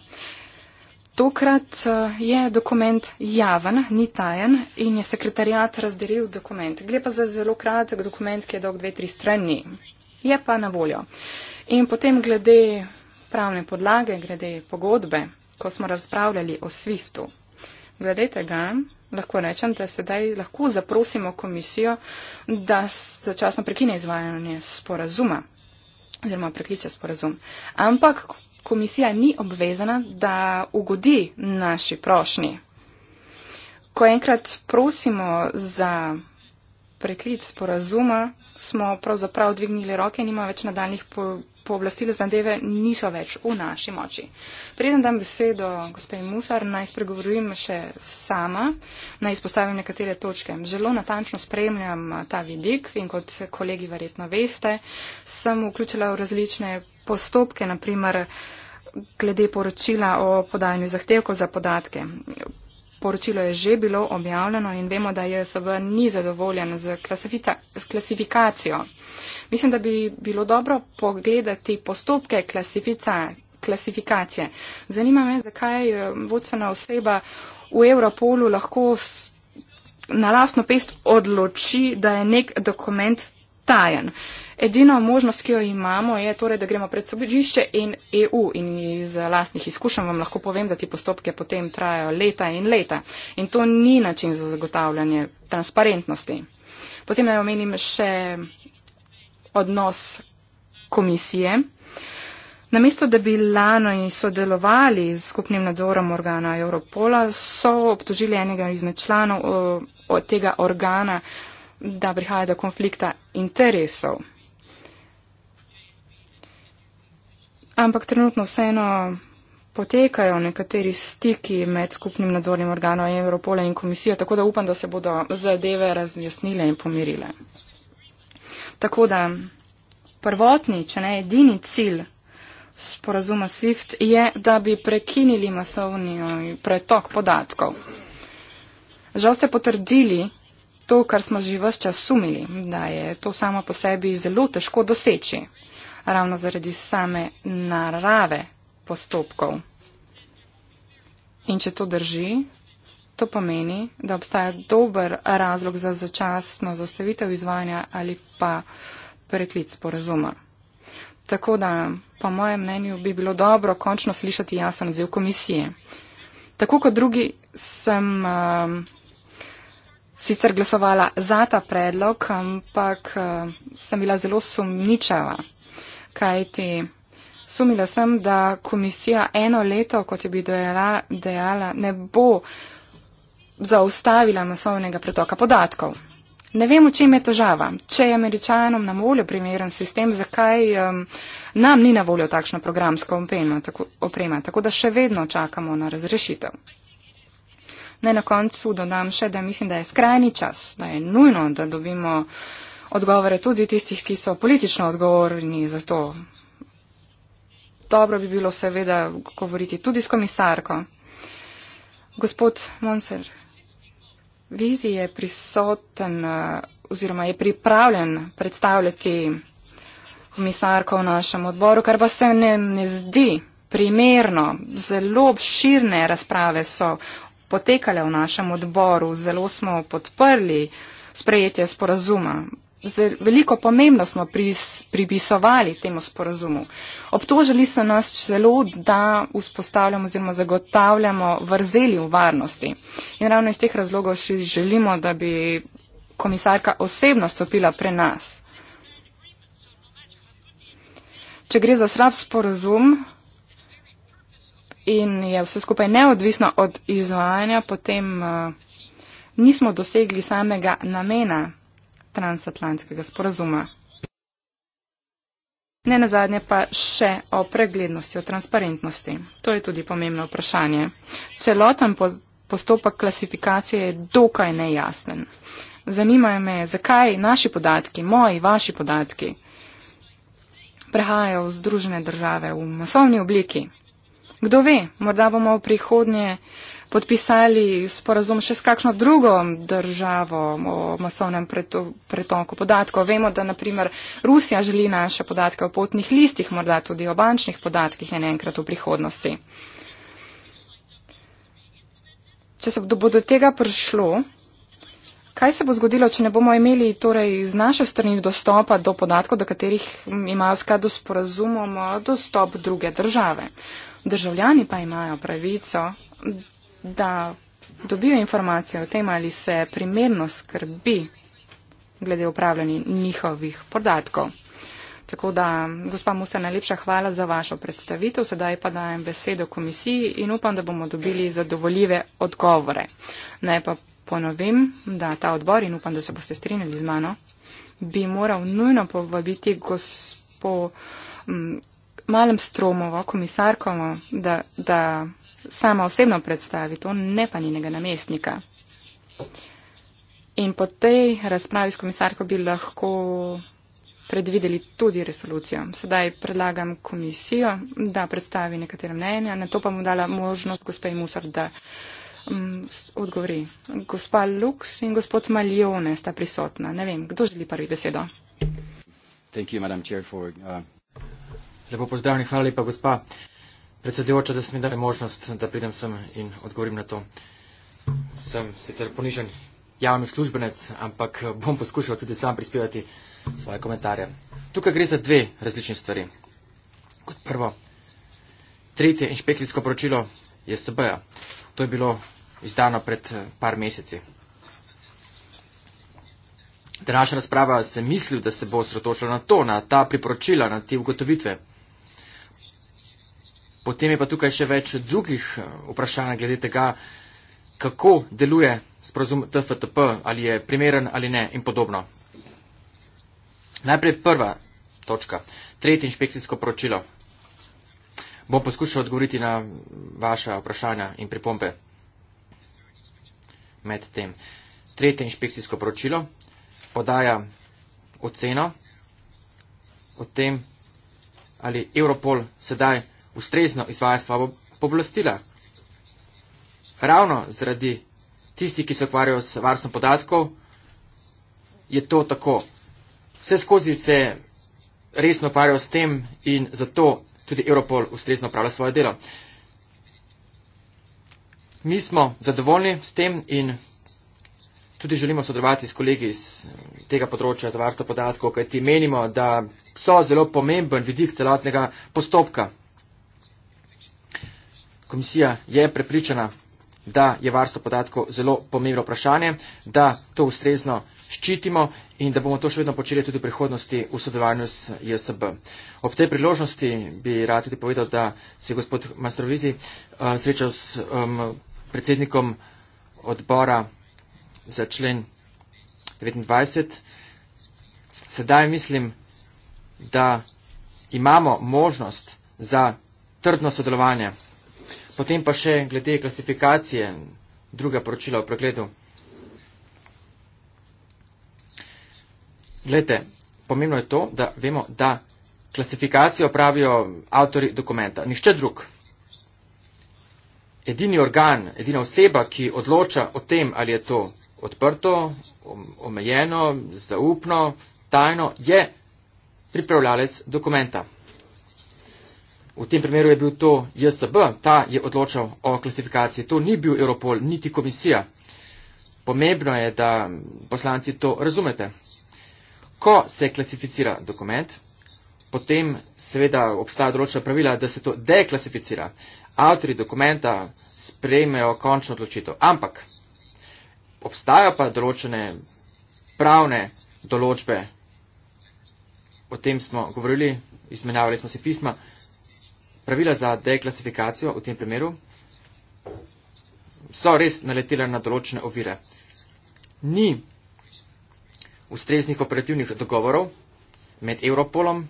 Tokrat eh, je dokument javen, ni tajen in je sekretarijat razdelil dokument. Gre pa za zelo kratek dokument, ki je dolg dve, tri strani. Je pa na voljo. In potem glede pravne podlage, glede pogodbe, ko smo razpravljali o SWIFT-u, glede tega lahko rečem, da sedaj lahko zaprosimo komisijo, da začasno prekine izvajanje sporazuma oziroma prekliče sporazum. Ampak, komisija ni obvezana, da ugodi naši prošnji. Ko enkrat prosimo za preklic porazuma, smo pravzaprav dvignili roke in ima več nadaljnih po pooblastil za deve niso več v naši moči. Preden dam besedo gospe Musar, naj spregovorim še sama, naj izpostavim nekatere točke. Zelo natančno spremljam ta vidik in kot kolegi verjetno veste, sem vključila v različne postopke, naprimer glede poročila o podajanju zahtevkov za podatke. Poročilo je že bilo objavljeno in vemo, da je SV ni zadovoljen z, z klasifikacijo. Mislim, da bi bilo dobro pogledati postopke klasifikacije. Zanima me, zakaj eh, vodstvena oseba v Europolu lahko na lastno pest odloči, da je nek dokument tajen. Edina možnost, ki jo imamo, je torej, da gremo pred sobodišče in EU. In iz lastnih izkušenj vam lahko povem, da ti postopke potem trajajo leta in leta. In to ni način za zagotavljanje transparentnosti. Potem naj omenim še odnos komisije. Namesto, da bi lano in sodelovali z skupnim nadzorom organa Europola, so obtožili enega izmed članov o, o tega organa, da prihaja do konflikta interesov. ampak trenutno vseeno potekajo nekateri stiki med skupnim nadzornim organom Evropole in komisijo, tako da upam, da se bodo zadeve razjasnile in pomirile. Tako da prvotni, če ne edini cilj sporazuma SWIFT je, da bi prekinili masovni eh, pretok podatkov. Žal ste potrdili to, kar smo že vse čas sumili, da je to samo po sebi zelo težko doseči ravno zaradi same narave postopkov. In če to drži, to pomeni, da obstaja dober razlog za začasno zastavitev izvajanja ali pa preklic porazuma. Tako da, po mojem mnenju, bi bilo dobro končno slišati jasen odziv komisije. Tako kot drugi sem um, sicer glasovala za ta predlog, ampak um, sem bila zelo sumničava kajti sumila sem, da komisija eno leto, kot je bi dejala, ne bo zaustavila masovnega pretoka podatkov. Ne vem, v čem je težava. Če je američanom na voljo primeren sistem, zakaj um, nam ni na voljo takšna programska opema tako, oprema, tako da še vedno čakamo na razrešitev. Naj na koncu dodam še, da mislim, da je skrajni čas, da je nujno, da dobimo uh, odgovore tudi tistih, ki so politično odgovorni za to. Dobro bi bilo seveda govoriti tudi s komisarko. Gospod Monser, vizij je prisoten eh, oziroma je pripravljen predstavljati komisarko v našem odboru, kar pa se ne, ne zdi primerno. Zelo obširne razprave so potekale v našem odboru, zelo smo podprli sprejetje sporazuma veliko pomembno smo pripisovali temu sporazumu. Obtožili so nas celo, da vzpostavljamo oziroma zagotavljamo vrzeli v varnosti. In ravno iz teh razlogov še želimo, da bi komisarka osebno stopila pre nas. Če gre za slab sporazum in je vse skupaj neodvisno od izvajanja, potem uh, nismo dosegli samega namena transatlantskega sporazuma. Ne nazadnje pa še o preglednosti, o transparentnosti. To je tudi pomembno vprašanje. Celoten postopek klasifikacije je dokaj nejasen. Zanimajo me, zakaj naši podatki, moji, vaši podatki, prehajajo v združene države v masovni obliki. Kdo ve, morda bomo v prihodnje podpisali sporazum še s kakšno drugo državo o masovnem pretoku podatkov. Vemo, da naprimer Rusija želi naše podatke o potnih listih, morda tudi o bančnih podatkih in enkrat v prihodnosti. Če se bo do tega prišlo, kaj se bo zgodilo, če ne bomo imeli torej z naše strani dostopa do podatkov, do katerih imajo skladu s porazumom eh, dostop druge države? Državljani pa imajo pravico da dobijo informacije o tem, ali se primerno skrbi glede upravljanja njihovih podatkov. Tako da, gospa Musa, najlepša hvala za vašo predstavitev. Sedaj pa dajem besedo komisiji in upam, da bomo dobili zadovoljive odgovore. Naj pa ponovim, da ta odbor, in upam, da se boste strinjali z mano, bi moral nujno povabiti gospo Malem Stromovo, komisarko, da. da sama osebno predstaviti, on ne pa njenega namestnika. In po tej razpravi s komisarko bi lahko predvideli tudi resolucijo. Sedaj predlagam komisijo, da predstavi nekatere mnenja, na to pa mu dala možnost gospej Musar, da um, odgovori. Gospa Lux in gospod Maljone sta prisotna. Ne vem, kdo želi prvi besedo. You, chair, for, uh... Lepo pozdravljeni, hvala lepa, gospa. Uh, predsedujoča, da ste mi dali možnost, da pridem sem in odgovorim na to. Sem sicer ponižen javni službenec, ampak bom poskušal tudi sam prispevati svoje komentarje. Tukaj gre za dve različne stvari. Kot prvo, tretje inšpekcijsko poročilo je SB-ja. To je bilo izdano pred eh, par meseci. Današnja razprava se mislil, da se bo osredotočila na to, na ta priporočila, na te ugotovitve. Potem je pa tukaj še več drugih eh, vprašanj glede tega, kako deluje sporozum TFTP, ali je primeren ali ne in podobno. Najprej prva točka, tretje inšpekcijsko poročilo. Bom poskušal odgovoriti na vaše vprašanja in pripombe med tem. Tretje inšpekcijsko poročilo podaja oceno o tem, ali Europol sedaj ustrezno izvaja svoja poblastila. Ravno zaradi tistih, ki se ukvarjajo s varstvom podatkov, je to tako. Vse skozi se resno ukvarjajo s tem in zato tudi Europol ustrezno upravlja svoje delo. Mi smo zadovoljni s tem in tudi želimo sodelovati s kolegi iz eh, tega področja za varstvo podatkov, kajti menimo, da so zelo pomemben vidik celotnega postopka komisija je prepričana, da je varstvo podatkov zelo pomembno vprašanje, da to ustrezno ščitimo in da bomo to še vedno počeli tudi v prihodnosti v sodelovanju s JSB. Ob tej priložnosti bi rad tudi povedal, da se je gospod Mastrovizi uh, eh, srečal s um, predsednikom odbora za člen 29. Sedaj mislim, da imamo možnost za trdno sodelovanje. Potem pa še glede klasifikacije, druga poročila v pregledu. Glede, pomembno je to, da vemo, da klasifikacijo pravijo avtori dokumenta, nihče drug. Edini organ, edina oseba, ki odloča o tem, ali je to odprto, omejeno, zaupno, tajno, je pripravljalec dokumenta. V tem primeru je bil to JSB, ta je odločal o klasifikaciji. To ni bil Europol, niti komisija. Pomembno je, da poslanci to razumete. Ko se klasificira dokument, potem seveda obstaja določena pravila, da se to deklasificira. Avtori dokumenta sprejmejo končno odločitev. Ampak obstajajo pa določene pravne določbe. O tem smo govorili, izmenjavali smo si pisma, pravila za deklasifikacijo v tem primeru so res naletela na določene ovire. Ni ustreznih operativnih dogovorov med Europolom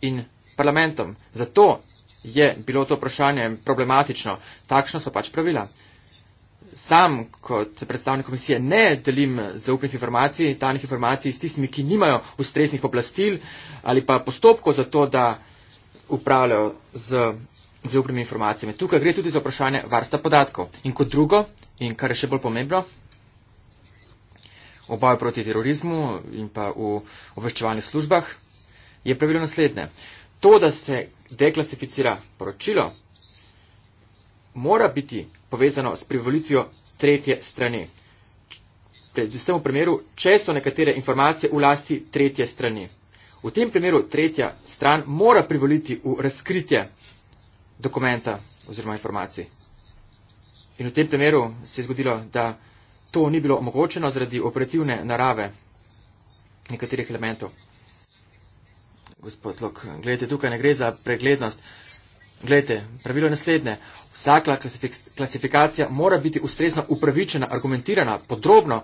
in parlamentom. Zato je bilo to vprašanje problematično. Takšno so pač pravila. Sam kot predstavnik komisije ne delim zaupnih informacij, tanih informacij s tistimi, ki nimajo ustreznih oblastil ali pa postopkov za to, da upravljajo z zaupnimi informacijami. Tukaj gre tudi za vprašanje varsta podatkov. In kot drugo, in kar je še bolj pomembno, v boju proti terorizmu in pa v obveščevalnih službah, je pravilo naslednje. To, da se deklasificira poročilo, mora biti povezano s privolitvijo tretje strani. Predvsem v primeru, če so nekatere informacije v lasti tretje strani. V tem primeru tretja stran mora privoliti v razkritje dokumenta oziroma informacij. In v tem primeru se je zgodilo, da to ni bilo omogočeno zaradi operativne narave nekaterih elementov. Gospod Lok, gledajte, tukaj ne gre za preglednost. Gledajte, pravilo je naslednje. Vsaka klasifikacija mora biti ustrezno upravičena, argumentirana, podrobno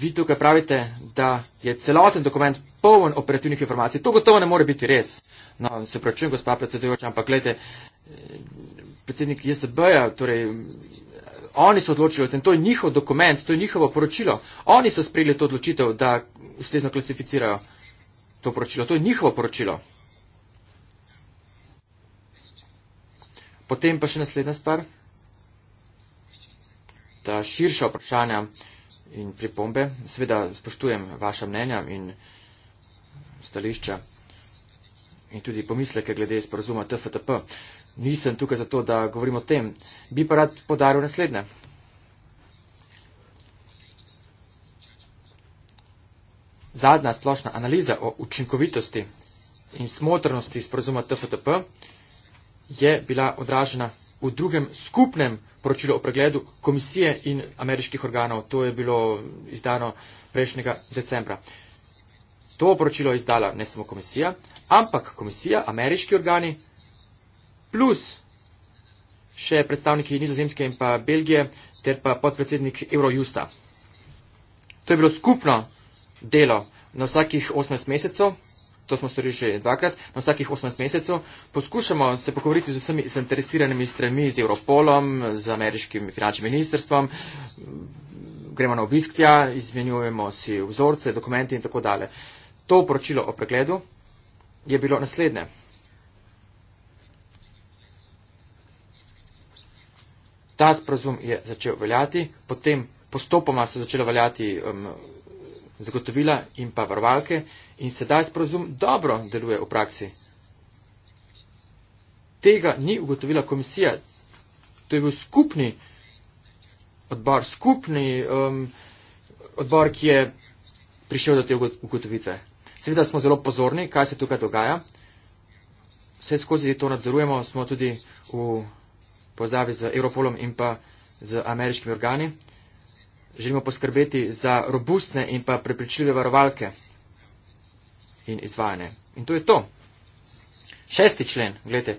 vi tukaj pravite, da je celoten dokument poln operativnih informacij. To gotovo ne more biti res. No, se pravčujem, gospod predsedujoč, ampak gledajte, predsednik JSB-ja, torej, oni so odločili o tem, to je njihov dokument, to je njihovo poročilo. Oni so sprejeli to odločitev, da ustrezno klasificirajo to poročilo. To je njihovo poročilo. Potem pa še naslednja stvar. Ta širša vprašanja in pripombe. Seveda spoštujem vaša mnenja in stališča in tudi pomisleke glede sporozuma TFTP. Nisem tukaj zato, da govorim o tem. Bi pa rad podaril naslednje. Zadnja splošna analiza o učinkovitosti in smotrnosti sporozuma TFTP je bila odražena v drugem skupnem poročilo o pregledu komisije in ameriških organov. To je bilo izdano prejšnjega decembra. To poročilo je izdala ne samo komisija, ampak komisija, ameriški organi plus še predstavniki nizozemske in pa Belgije ter pa podpredsednik Eurojusta. To je bilo skupno delo na vsakih 18 mesecev to smo storili že dvakrat, na vsakih 18 mesecev, poskušamo se pogovoriti z vsemi zainteresiranimi stranmi, z Europolom, z ameriškim finančnim ministrstvom, gremo na obisk tja, izmenjujemo si vzorce, dokumente in tako dalje. To poročilo o pregledu je bilo naslednje. Ta sprazum je začel veljati, potem postopoma so začele veljati um, zagotovila in pa varovalke In sedaj sporozum dobro deluje v praksi. Tega ni ugotovila komisija. To je bil skupni odbor, skupni um, odbor, ki je prišel do te ugotovitve. Seveda smo zelo pozorni, kaj se tukaj dogaja. Vse skozi to nadzorujemo, smo tudi v povezavi z Europolom in pa z ameriškimi organi. Želimo poskrbeti za robustne in pa prepričljive varovalke in izvajanje. In to je to. Šesti člen, gledajte,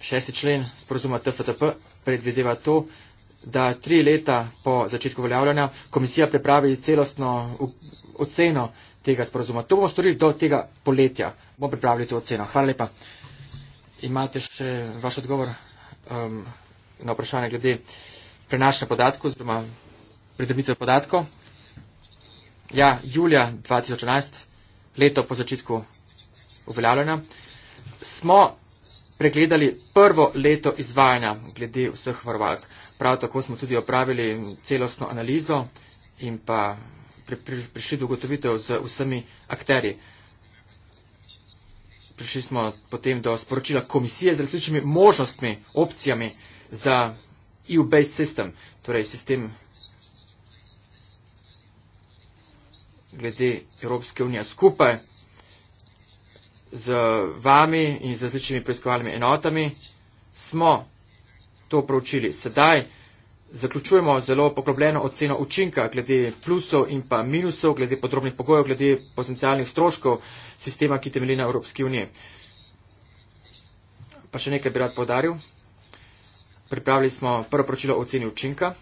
šesti člen sporozuma TFTP predvideva to, da tri leta po začetku uveljavljanja komisija pripravi celostno oceno tega sporozuma. To bomo storili do tega poletja. Bomo pripravili to oceno. Hvala lepa. Imate še vaš odgovor um, na vprašanje glede prenašanja podatkov, zbroma pridobitve podatkov. Ja, julija 2011 leto po začetku uveljavljanja, smo pregledali prvo leto izvajanja glede vseh varovalk. Prav tako smo tudi opravili celostno analizo in pa prišli do ugotovitev z vsemi akteri. Prišli smo potem do sporočila komisije z različnimi možnostmi, opcijami za EU-based system, torej sistem glede Evropske unije skupaj z vami in z različnimi preiskovalnimi enotami. Smo to pravčili. Sedaj zaključujemo zelo poglobljeno oceno učinka glede plusov in pa minusov, glede podrobnih pogojev, glede potencialnih stroškov sistema, ki temelji na Evropski uniji. Pa še nekaj bi rad podaril. Pripravili smo prvo pročilo o oceni učinka.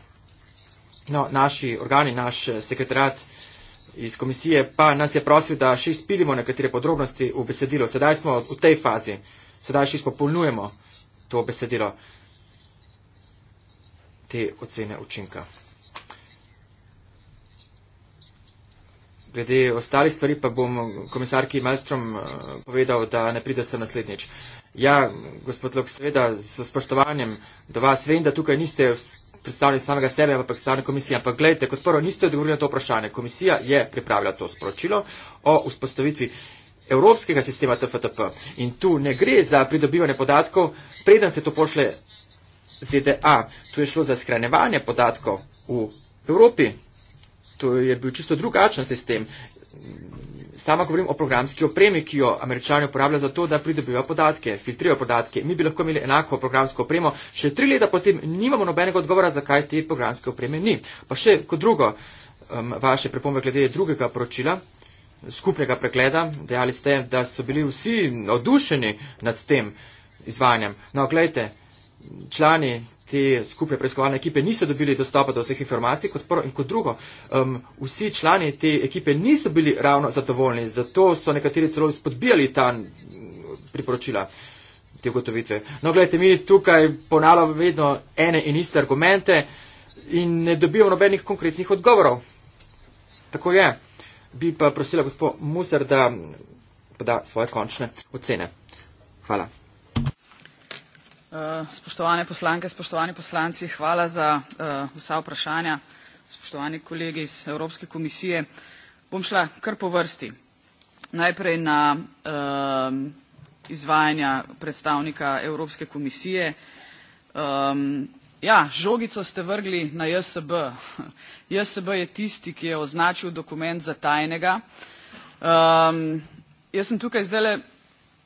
No, naši organi, naš sekretarat iz komisije pa nas je prosil, da še izpilimo nekatere podrobnosti v besedilo. Sedaj smo v tej fazi, sedaj še izpopolnjujemo to besedilo, te ocene učinka. Glede ostalih stvari pa bom komisarki Malstrom eh, povedal, da ne pride sem naslednjič. Ja, gospod Lok, seveda, s spoštovanjem do vas, vem, da tukaj niste predstavljanje samega sebe, ampak predstavljanje komisije. Ampak gledajte, kot prvo, niste odgovorili na to vprašanje. Komisija je pripravila to sporočilo o vzpostavitvi evropskega sistema TFTP in tu ne gre za pridobivanje podatkov, preden se to pošle ZDA. Tu je šlo za skranjevanje podatkov v Evropi. To je bil čisto drugačen sistem. Sama govorim o programski opremi, ki jo američani uporabljajo za to, da pridobijo podatke, filtrirajo podatke. Mi bi lahko imeli enako programsko opremo. Še tri leta potem nimamo nobenega odgovora, zakaj te programske opreme ni. Pa še kot drugo, um, vaše pripombe glede drugega poročila, skupnega pregleda, dejali ste, da so bili vsi odušeni nad tem izvanjem. No, gledajte, člani te skupne preiskovalne ekipe niso dobili dostopa do vseh informacij, kot prvo in kot drugo, um, vsi člani te ekipe niso bili ravno zadovoljni, zato so nekateri celo spodbijali ta priporočila, te ugotovitve. No, gledajte, mi tukaj ponavljamo vedno ene in iste argumente in ne dobijo nobenih konkretnih odgovorov. Tako je. Bi pa prosila gospod Musar, da poda svoje končne ocene. Hvala. Eh, spoštovane poslanke, spoštovani poslanci, hvala za eh, vsa vprašanja. Spoštovani kolegi iz Evropske komisije, bom šla kar po vrsti. Najprej na eh, izvajanja predstavnika Evropske komisije. Ja, žogico ste vrgli na JSB. JSB je tisti, ki je označil dokument za tajnega. Jaz sem tukaj zdajle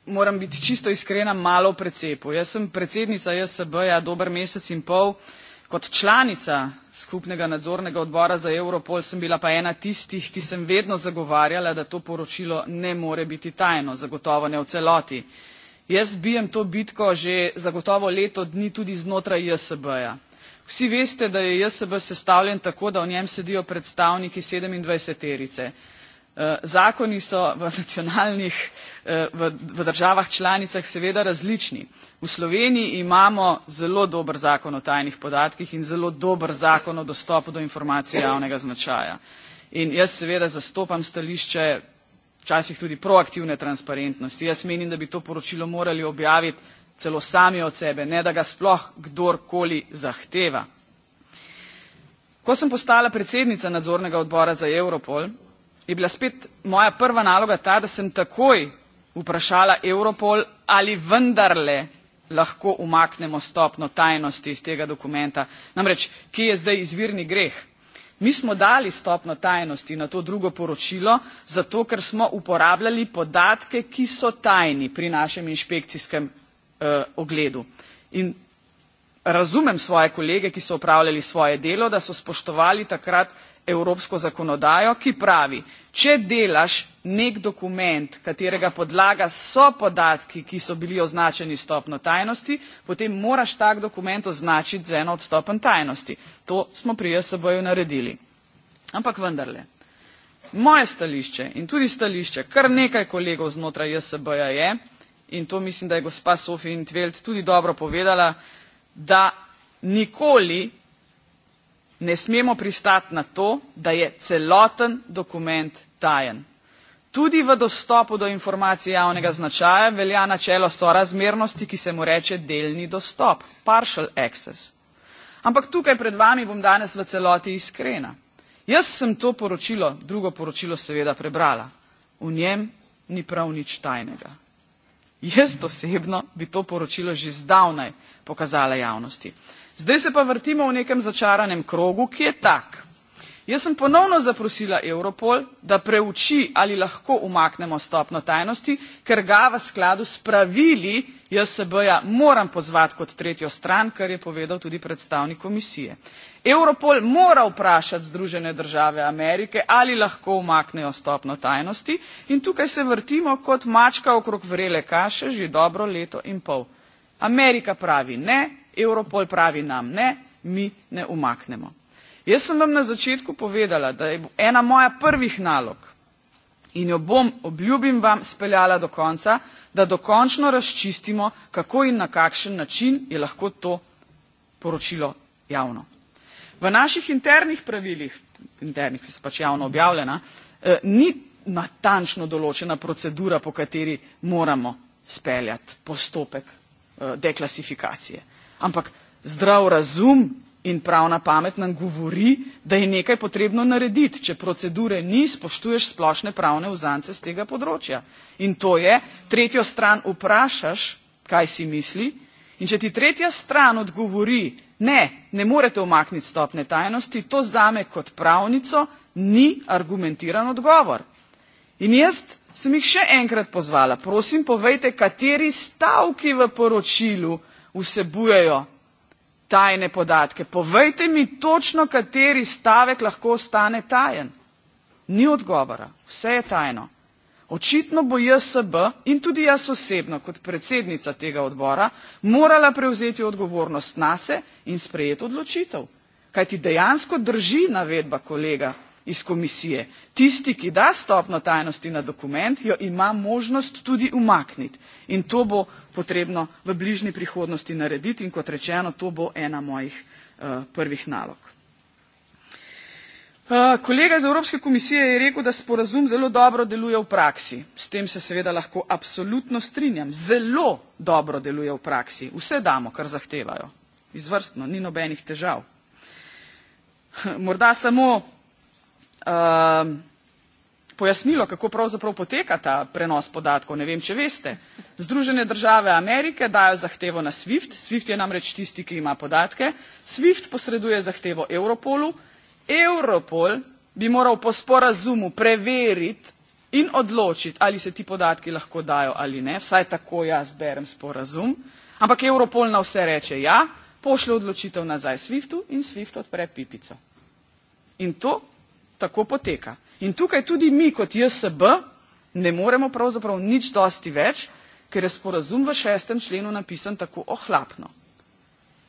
moram biti čisto iskrena, malo v precepu. Jaz sem predsednica JSB-ja dober mesec in pol, kot članica skupnega nadzornega odbora za Europol sem bila pa ena tistih, ki sem vedno zagovarjala, da to poročilo ne more biti tajno, zagotovo ne v celoti. Jaz bijem to bitko že zagotovo leto dni tudi znotraj JSB-ja. Vsi veste, da je JSB sestavljen tako, da v njem sedijo predstavniki 27-erice. Eh, zakoni so v nacionalnih eh, v, v državah članicah seveda različni. V Sloveniji imamo zelo dober zakon o tajnih podatkih in zelo dober zakon o dostopu do informacij javnega značaja. In jaz seveda zastopam stališče včasih tudi proaktivne transparentnosti. Jaz menim, da bi to poročilo morali objaviti celo sami od sebe, ne da ga sploh kdorkoli zahteva. Ko sem postala predsednica nadzornega odbora za Europol, je bila spet moja prva naloga ta, da sem takoj vprašala Europol, ali vendarle lahko umaknemo stopno tajnosti iz tega dokumenta. Namreč, kje je zdaj izvirni greh? Mi smo dali stopno tajnosti na to drugo poročilo, zato ker smo uporabljali podatke, ki so tajni pri našem inšpekcijskem eh, ogledu. In razumem svoje kolege, ki so upravljali svoje delo, da so spoštovali takrat evropsko zakonodajo ki pravi če delaš nek dokument katerega podlaga so podatki ki so bili označeni s stopnjo tajnosti potem moraš tak dokument označiti z eno od stopenj tajnosti to smo pri jsb ju naredili ampak vendarle moje stališče in tudi stališče kar nekaj kolegov znotraj jsb ja je in to mislim da je gospa sophia in 't veld tudi dobro povedala da nikoli ne smemo pristati na to, da je celoten dokument tajen. Tudi v dostopu do informacij javnega značaja velja načelo sorazmernosti, ki se mu reče delni dostop, partial access. Ampak tukaj pred vami bom danes v celoti iskrena. Jaz sem to poročilo, drugo poročilo seveda prebrala. V njem ni prav nič tajnega. Jaz osebno bi to poročilo že zdavnaj pokazala javnosti. Zdaj se pa vrtimo v nekem začaranem krogu, ki je tak. Jaz sem ponovno zaprosila Europol, da preuči, ali lahko umaknemo stopno tajnosti, ker ga v skladu s pravili JSB-ja moram pozvati kot tretjo stran, kar je povedal tudi predstavnik komisije. Europol mora vprašati Združene države Amerike, ali lahko umaknejo stopno tajnosti in tukaj se vrtimo kot mačka okrog vrele kaše že dobro leto in pol. Amerika pravi ne, Europol pravi nam ne, mi ne umaknemo. Jaz sem vam na začetku povedala, da je ena moja prvih nalog in jo bom, obljubim vam, speljala do konca, da dokončno razčistimo, kako in na kakšen način je lahko to poročilo javno. V naših internih pravilih, internih, ki so pač javno objavljena, eh, ni natančno določena procedura, po kateri moramo speljati postopek eh, deklasifikacije ampak zdrav razum in pravna pamet nam govori, da je nekaj potrebno narediti, če procedure ni, spoštuješ splošne pravne vzance z tega področja. In to je, tretjo stran vprašaš, kaj si misli, in če ti tretja stran odgovori, ne, ne morete omakniti stopne tajnosti, to zame kot pravnico ni argumentiran odgovor. In jaz sem jih še enkrat pozvala, prosim, povejte, kateri stavki v poročilu vsebujejo tajne podatke. Povejte mi točno, kateri stavek lahko ostane tajen. Ni odgovora, vse je tajno. Očitno bo JSB in tudi jaz osebno kot predsednica tega odbora morala prevzeti odgovornost nase in sprejeti odločitev. Kajti dejansko drži navedba kolega iz komisije. Tisti, ki da stopno tajnosti na dokument, jo ima možnost tudi umakniti. In to bo potrebno v bližnji prihodnosti narediti in kot rečeno, to bo ena mojih uh, prvih nalog. Uh, kolega iz Evropske komisije je rekel, da sporazum zelo dobro deluje v praksi. S tem se seveda lahko absolutno strinjam. Zelo dobro deluje v praksi. Vse damo, kar zahtevajo. Izvrstno, ni nobenih težav. Morda samo Ehm, pojasnilo, kako pravzaprav poteka ta prenos podatkov, ne vem, če veste. Združene države Amerike dajo zahtevo na SWIFT, SWIFT je namreč tisti, ki ima podatke, SWIFT posreduje zahtevo Europolu, Europol bi moral po sporazumu preveriti in odločiti, ali se ti podatki lahko dajo ali ne, vsaj tako jaz berem sporazum, ampak Europol na vse reče ja, pošlje odločitev nazaj SWIFTu in SWIFT odpre pipico. In to tako poteka. In tukaj tudi mi kot JSB ne moremo pravzaprav nič dosti več, ker je sporazum v šestem členu napisan tako ohlapno.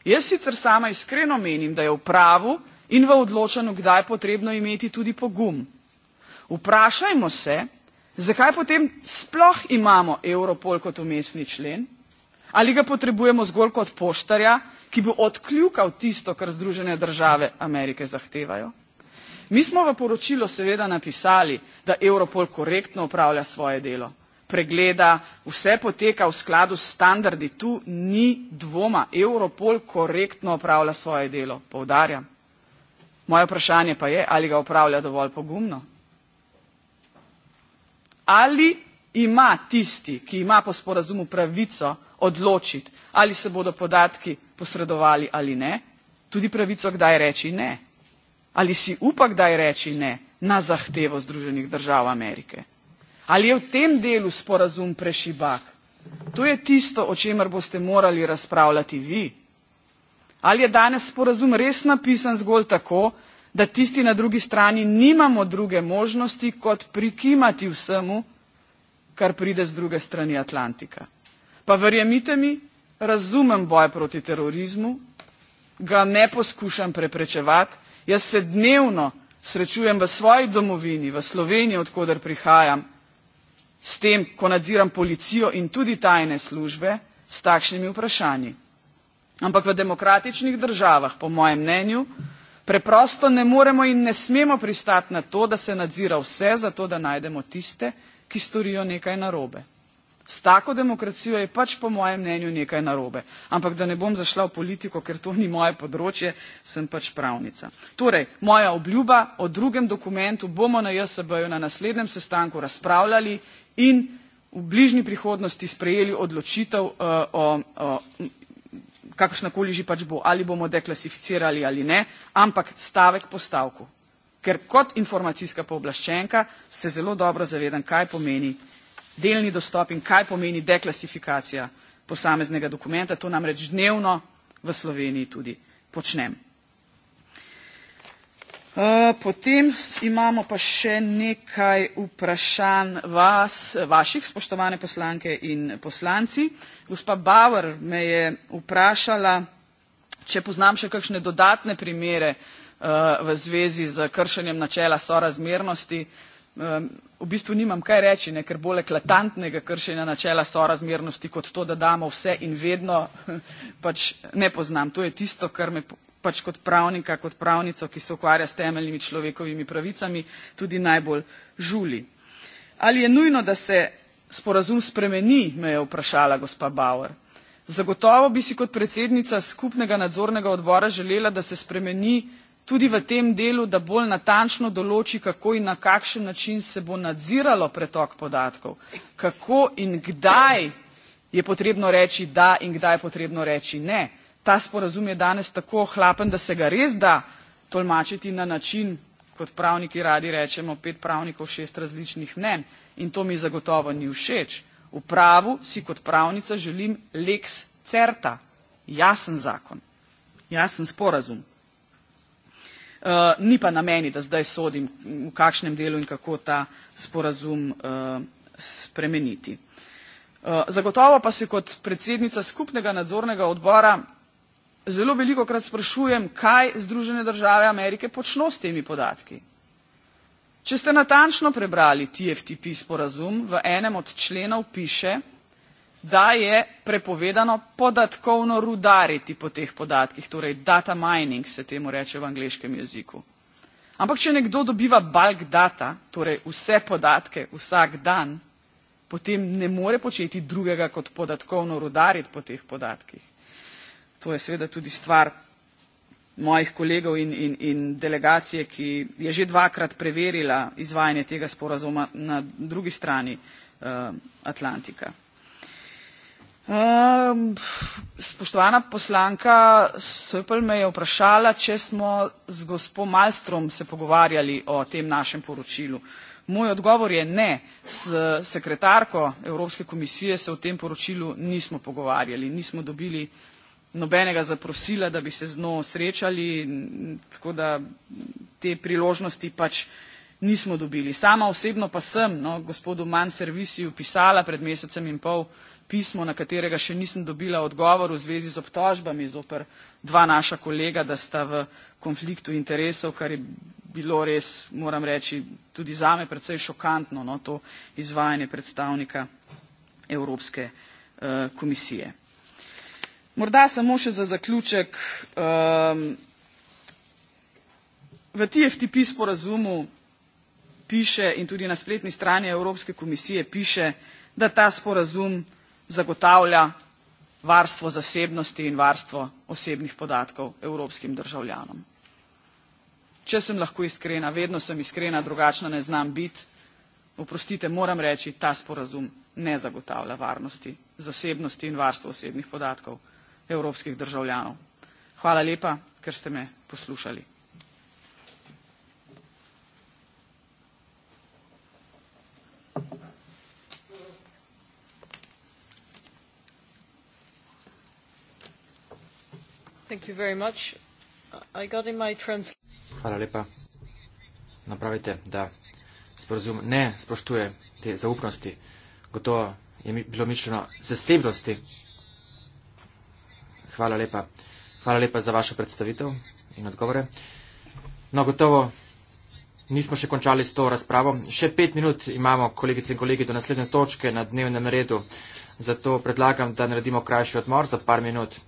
Jaz sicer sama iskreno menim, da je v pravu in v odločanju, kdaj je potrebno imeti tudi pogum. Vprašajmo se, zakaj potem sploh imamo Europol kot umestni člen, ali ga potrebujemo zgolj kot poštarja, ki bi odkljukal tisto, kar Združene države Amerike zahtevajo. Mi smo v poročilo seveda napisali, da Europol korektno upravlja svoje delo, pregleda, vse poteka v skladu s standardi, tu ni dvoma, Europol korektno upravlja svoje delo, povdarjam. Moje vprašanje pa je, ali ga upravlja dovolj pogumno. Ali ima tisti, ki ima po sporazumu pravico odločiti, ali se bodo podatki posredovali ali ne, tudi pravico kdaj reči ne. Ali si upa kdaj reči ne na zahtevo Združenih držav Amerike? Ali je v tem delu sporazum prešibak? To je tisto, o čemer boste morali razpravljati vi. Ali je danes sporazum res napisan zgolj tako, da tisti na drugi strani nimamo druge možnosti, kot prikimati vsemu, kar pride z druge strani Atlantika. Pa verjemite mi, razumem boj proti terorizmu, ga ne poskušam preprečevati, Jaz se dnevno srečujem v svoji domovini, v Sloveniji, odkudar prihajam, s tem, ko nadziram policijo in tudi tajne službe, s takšnimi vprašanji. Ampak v demokratičnih državah, po mojem mnenju, preprosto ne moremo in ne smemo pristati na to, da se nadzira vse, zato da najdemo tiste, ki storijo nekaj narobe. S tako demokracijo je pač po mojem mnenju nekaj narobe. Ampak da ne bom zašla v politiko, ker to ni moje področje, sem pač pravnica. Torej, moja obljuba o drugem dokumentu bomo na JSB-ju na naslednjem sestanku razpravljali in v bližnji prihodnosti sprejeli odločitev uh, o, o kakršnakoli že pač bo, ali bomo deklasificirali ali ne, ampak stavek po stavku. Ker kot informacijska pooblaščenka se zelo dobro zavedam, kaj pomeni delni dostop in kaj pomeni deklasifikacija posameznega dokumenta. To namreč dnevno v Sloveniji tudi počnem. Eh, potem imamo pa še nekaj vprašanj vas, vaših, spoštovane poslanke in poslanci. Gospa Bauer me je vprašala, če poznam še kakšne dodatne primere eh, v zvezi z kršenjem načela sorazmernosti um, v bistvu nimam kaj reči, ne, ker bolj eklatantnega kršenja načela sorazmernosti, kot to, da damo vse in vedno, pač ne poznam. To je tisto, kar me pač kot pravnika, kot pravnico, ki se ukvarja s temeljnimi človekovimi pravicami, tudi najbolj žuli. Ali je nujno, da se sporazum spremeni, me je vprašala gospa Bauer. Zagotovo bi si kot predsednica skupnega nadzornega odbora želela, da se spremeni tudi v tem delu, da bolj natančno določi, kako in na kakšen način se bo nadziralo pretok podatkov, kako in kdaj je potrebno reči da in kdaj je potrebno reči ne. Ta sporazum je danes tako ohlapen, da se ga res da tolmačiti na način, kot pravniki radi rečemo, pet pravnikov, šest različnih mnen. In to mi zagotovo ni všeč. V pravu si kot pravnica želim lex certa, jasen zakon, jasen sporazum. Uh, ni pa na meni, da zdaj sodim, v kakšnem delu in kako ta sporazum uh, spremeniti. Eh, zagotovo pa se kot predsednica skupnega nadzornega odbora zelo veliko krat sprašujem, kaj Združene države Amerike počno s temi podatki. Če ste natančno prebrali TFTP sporazum, v enem od členov piše, da je prepovedano podatkovno rudariti po teh podatkih, torej data mining se temu reče v angliškem jeziku. Ampak če nekdo dobiva bulk data, torej vse podatke vsak dan, potem ne more početi drugega kot podatkovno rudariti po teh podatkih. To je seveda tudi stvar mojih kolegov in, in, in delegacije, ki je že dvakrat preverila izvajanje tega sporazuma na drugi strani uh, Atlantika. Um, spoštovana poslanka Söpel me je vprašala, če smo z gospo Malstrom se pogovarjali o tem našem poročilu. Moj odgovor je ne. S sekretarko Evropske komisije se o tem poročilu nismo pogovarjali. Nismo dobili nobenega zaprosila, da bi se z njo srečali, tako da te priložnosti pač nismo dobili. Sama osebno pa sem no, gospodu Manservisiju pisala pred mesecem in pol, pismo, na katerega še nisem dobila odgovor v zvezi z obtožbami zoper dva naša kolega, da sta v konfliktu interesov, kar je bilo res, moram reči, tudi zame predvsej šokantno, no, to izvajanje predstavnika Evropske eh, komisije. Morda samo še za zaključek. Eh, v TFTP sporazumu piše in tudi na spletni strani Evropske komisije piše, da ta sporazum zagotavlja varstvo zasebnosti in varstvo osebnih podatkov evropskim državljanom. Če sem lahko iskrena, vedno sem iskrena, drugačna ne znam biti, oprostite, moram reči, ta sporazum ne zagotavlja varnosti, zasebnosti in varstvo osebnih podatkov evropskih državljanov. Hvala lepa, ker ste me poslušali. Hvala lepa. Napravite, no, da sporozum ne spoštuje te zaupnosti. Gotovo je bilo mišljeno zasebnosti. Hvala lepa. Hvala lepa za vašo predstavitev in odgovore. No, gotovo nismo še končali s to razpravo. Še pet minut imamo, kolegice in kolegi, do naslednje točke na dnevnem redu. Zato predlagam, da naredimo krajši odmor za par minut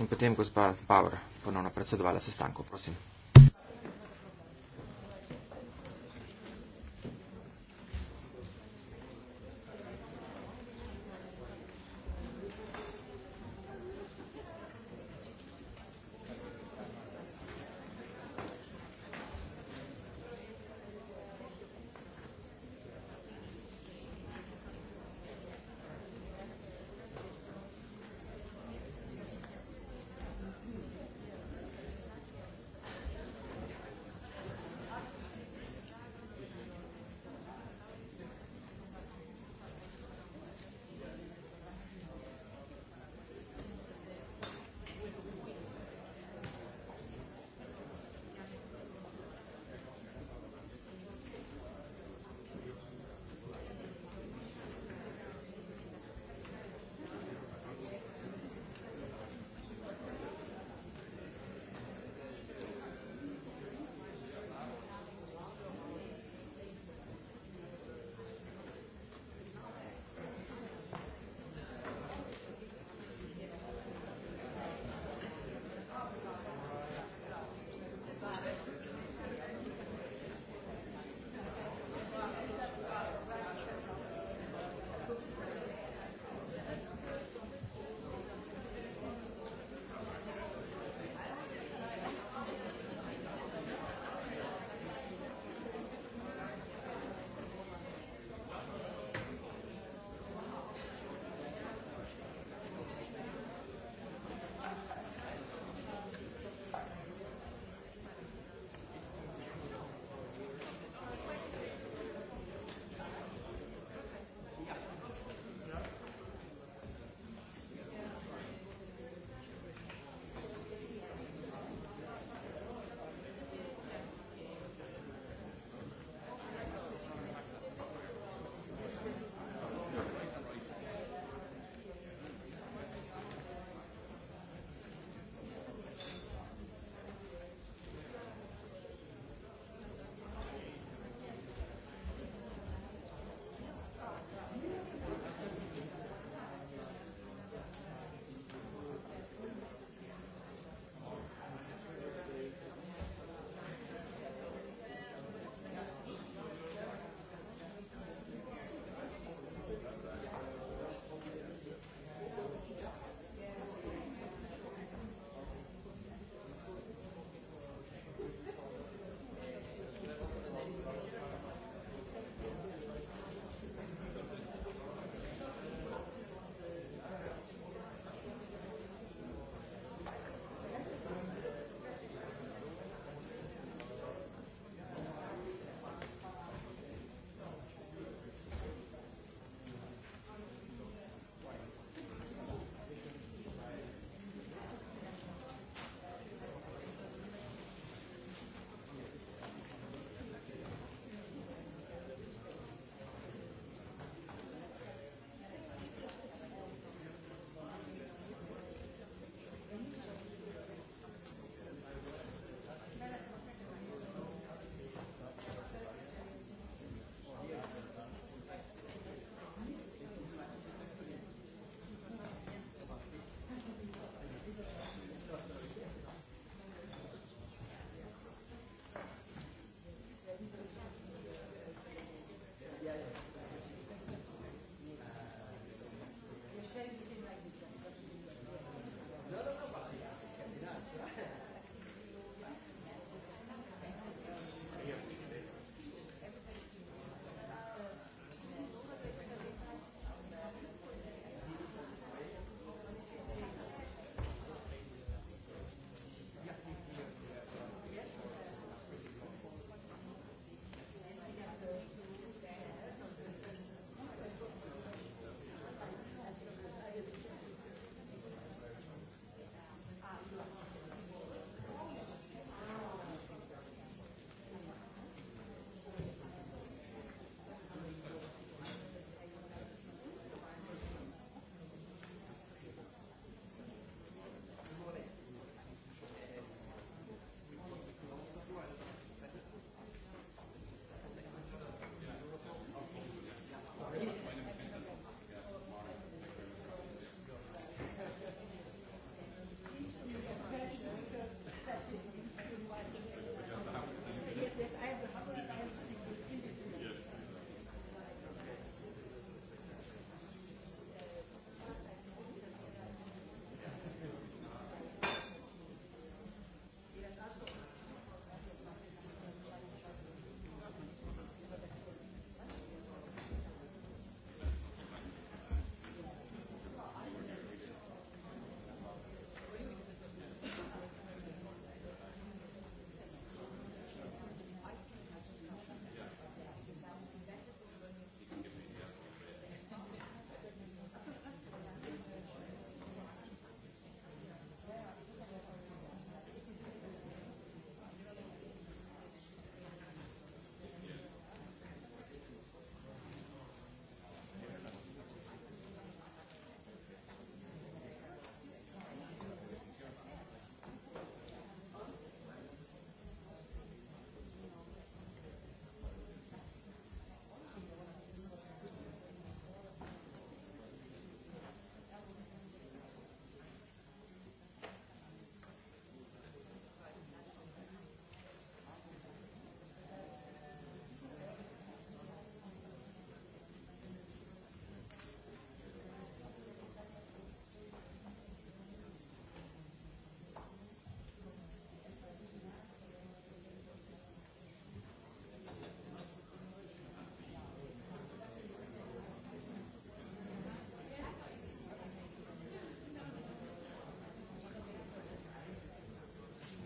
in potem gospa Bauer ponovno predsedovala sestanku, prosim.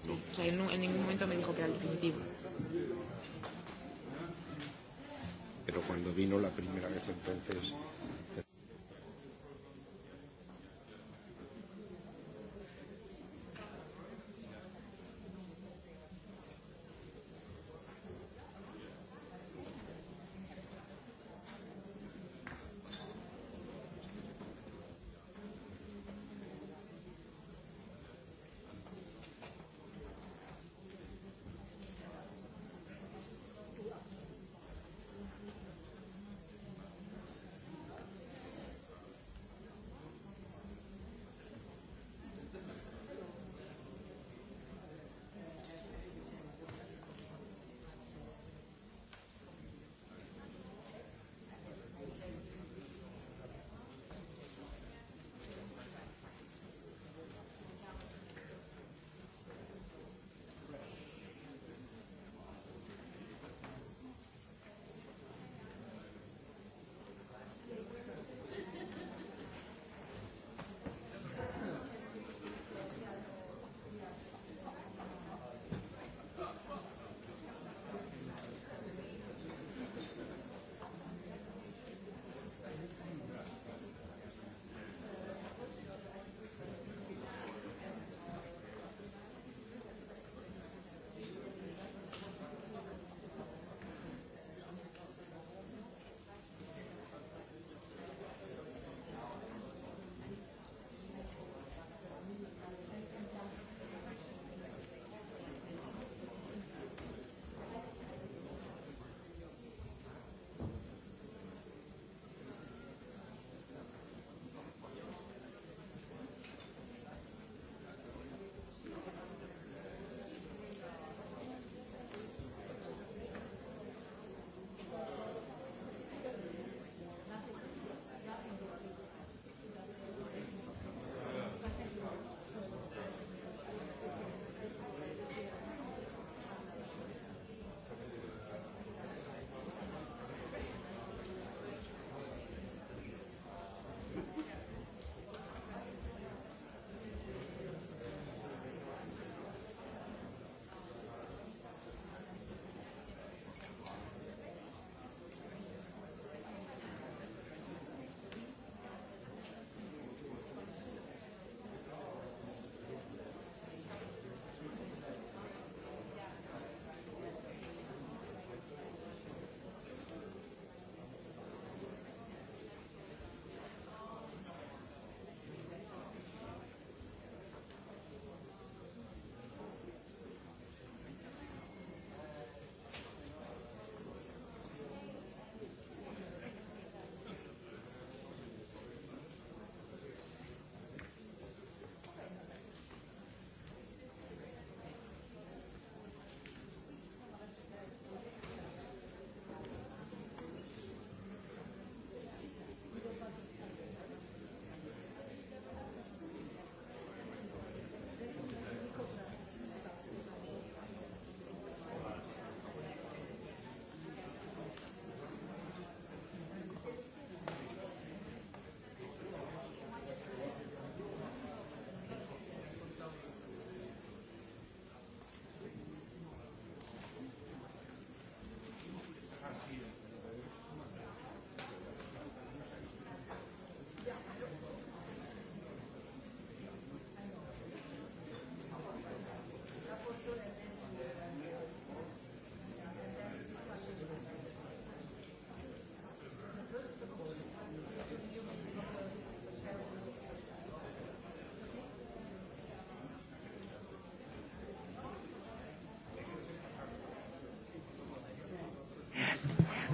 Sí. O sea, en, un, en ningún momento me dijo que era el definitivo. Pero cuando vino la primera vez entonces,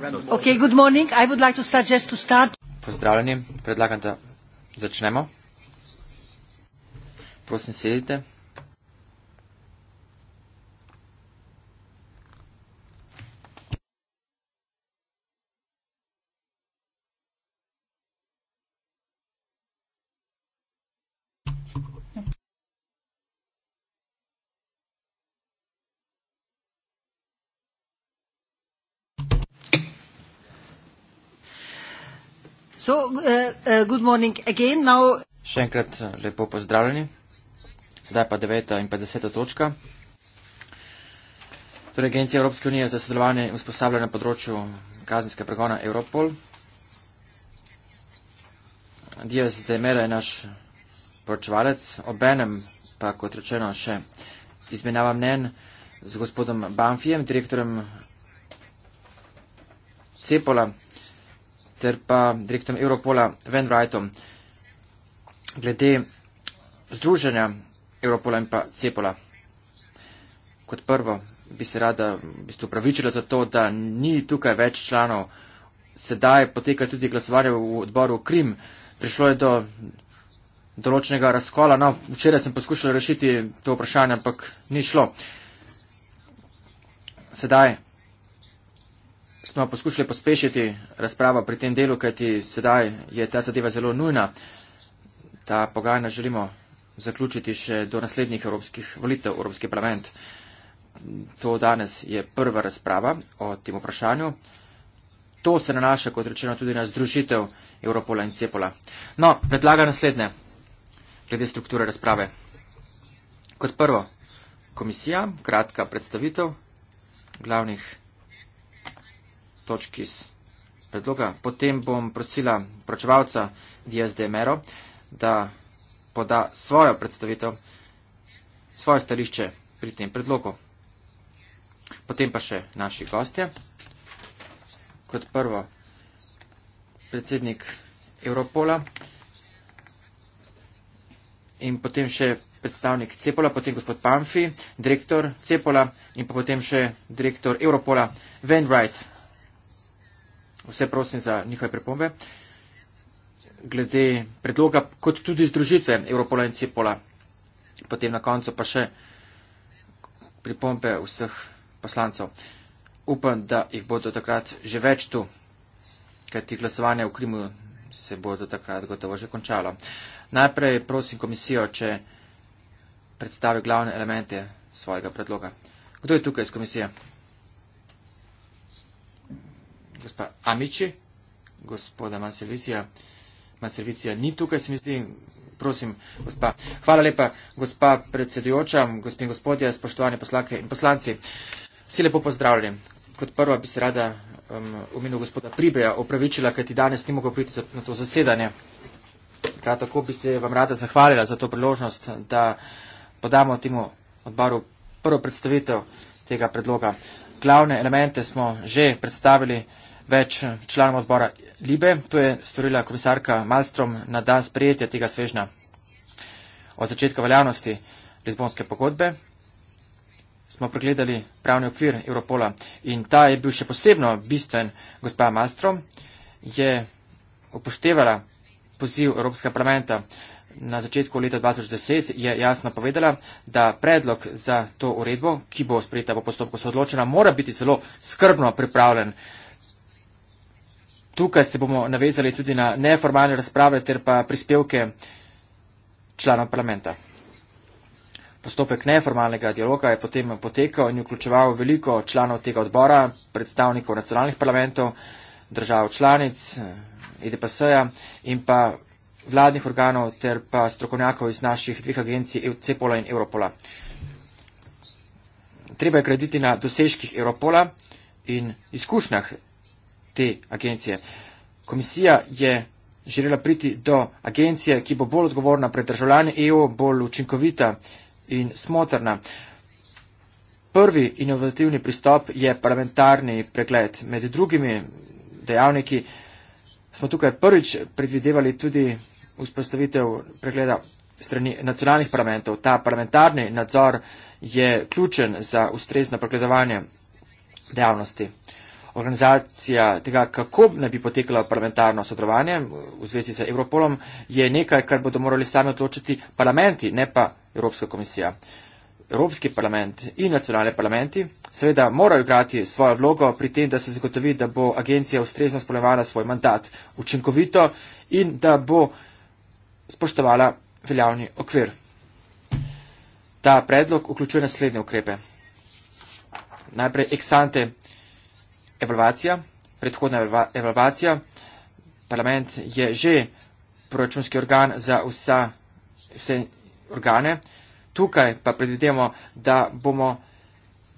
Okay, good morning. I would like to suggest to start. Pozdravljeni, predlagam, da začnemo. Prosim, sedite. So, uh, uh, again, now... Še enkrat eh, lepo pozdravljeni. Zdaj pa 9. in 50. točka. Torej, Agencija Evropske unije za sodelovanje in usposabljanje na področju kazenskega pregona Europol. Diaz de Mera je naš poročevalec, obenem pa, kot rečeno, še izmenjava mnen z gospodom Banfijem, direktorem Cepola ter pa direktorjem Europola Van Wrightom glede združenja Europola in pa Cepola. Kot prvo bi se rada upravičila za to, da ni tukaj več članov. Sedaj poteka tudi glasovanje v odboru Krim. Prišlo je do določenega razkola. No, včeraj sem poskušala rešiti to vprašanje, ampak ni šlo. Sedaj smo poskušali pospešiti razpravo pri tem delu, kajti sedaj je ta zadeva zelo nujna. Ta pogajna želimo zaključiti še do naslednjih evropskih volitev, Evropski parlament. To danes je prva razprava o tem vprašanju. To se nanaša, kot rečeno, tudi na združitev Evropola in Cepola. No, predlaga naslednje, glede strukture razprave. Kot prvo, komisija, kratka predstavitev glavnih točki iz predloga. Potem bom prosila pročevalca Diaz de Mero, da poda svojo predstavitev, svoje stališče pri tem predlogu. Potem pa še naši gostje. Kot prvo, predsednik Evropola in potem še predstavnik Cepola, potem gospod Pamfi, direktor Cepola in potem še direktor Evropola, Van Wright, vse prosim za njihove pripombe. Glede predloga, kot tudi združitve Evropola in Cipola, potem na koncu pa še pripombe vseh poslancev. Upam, da jih bodo takrat že več tu, kajti glasovanje v Krimu se bodo takrat gotovo že končalo. Najprej prosim komisijo, če predstavi glavne elemente svojega predloga. Kdo je tukaj iz komisije? gospa Amiči, gospoda Manservicija. Manservicija ni tukaj, se mi zdi. Prosim, gospa. Hvala lepa, gospa predsedujoča, gospod in gospodje, spoštovane poslanke in poslanci. Vsi lepo pozdravljeni. Kot prva bi se rada um, omenil gospoda Pribeja opravičila, ker ti danes ni mogel priti na to zasedanje. Prav tako bi se vam rada zahvalila za to priložnost, da podamo temu odboru prvo predstavitev tega predloga. Glavne elemente smo že predstavili več članov odbora Libe. To je storila komisarka Malmstrom na dan sprejetja tega svežna od začetka veljavnosti Lizbonske pogodbe. Smo pregledali pravni okvir Europola in ta je bil še posebno bistven. Gospa Malmstrom je upoštevala poziv Evropskega parlamenta na začetku leta 2010 je jasno povedala, da predlog za to uredbo, ki bo sprejeta po postopku soodločena, mora biti zelo skrbno pripravljen. Uh, Tukaj se bomo navezali tudi na neformalne razprave ter pa prispevke članov parlamenta. Postopek neformalnega dialoga je potem potekal in vključeval veliko članov tega odbora, predstavnikov nacionalnih parlamentov, držav članic, EDPS-ja in pa vladnih organov ter pa strokovnjakov iz naših dveh agencij e CEPOLA in Europola. Treba je graditi na dosežkih Europola in izkušnjah te agencije. Komisija je želela priti do agencije, ki bo bolj odgovorna pred državljani EU, bolj učinkovita in smotrna. Prvi inovativni pristop je parlamentarni pregled. Med drugimi dejavniki smo tukaj prvič predvidevali tudi vzpostavitev pregleda strani nacionalnih parlamentov. Ta parlamentarni nadzor je ključen za ustrezno pregledovanje dejavnosti organizacija tega, kako ne bi potekalo parlamentarno sodelovanje v zvezi z Evropolom, je nekaj, kar bodo morali sami odločiti parlamenti, ne pa Evropska komisija. Evropski parlament in nacionalne parlamenti seveda morajo igrati svojo vlogo pri tem, da se zagotovi, da bo agencija ustrezno spolevala svoj mandat učinkovito in da bo spoštovala veljavni okvir. Ta predlog vključuje naslednje ukrepe. Najprej eksante evalvacija, predhodna evalvacija. Parlament je že proračunski organ za vsa, vse organe. Tukaj pa predvidemo, da bomo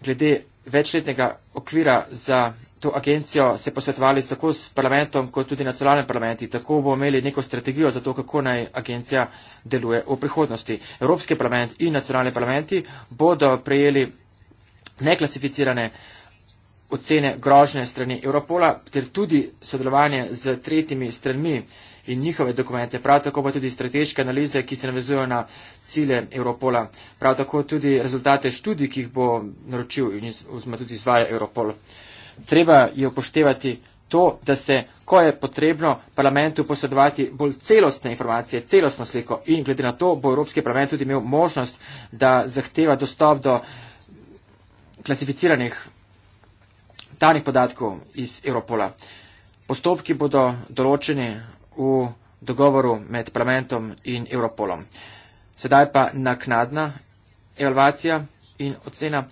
glede večletnega okvira za to agencijo se posvetovali tako s parlamentom kot tudi nacionalnim parlamenti. Tako bomo imeli neko strategijo za to, kako naj agencija deluje v prihodnosti. Evropski parlament in nacionalni parlamenti bodo prejeli neklasificirane. Uh, ocene grožne strani Europola, ter tudi sodelovanje z tretjimi stranmi in njihove dokumente, prav tako pa tudi strateške analize, ki se navezujejo na cilje Europola, prav tako tudi rezultate študij, ki jih bo naročil in oziroma tudi izvaja Europol. Treba je upoštevati to, da se, ko je potrebno, parlamentu posredovati bolj celostne informacije, celostno sliko in glede na to bo Evropski parlament tudi imel možnost, da zahteva dostop do klasificiranih tajnih podatkov iz Europola. Postopki bodo določeni v dogovoru med parlamentom in Europolom. Sedaj pa naknadna evalvacija in ocena.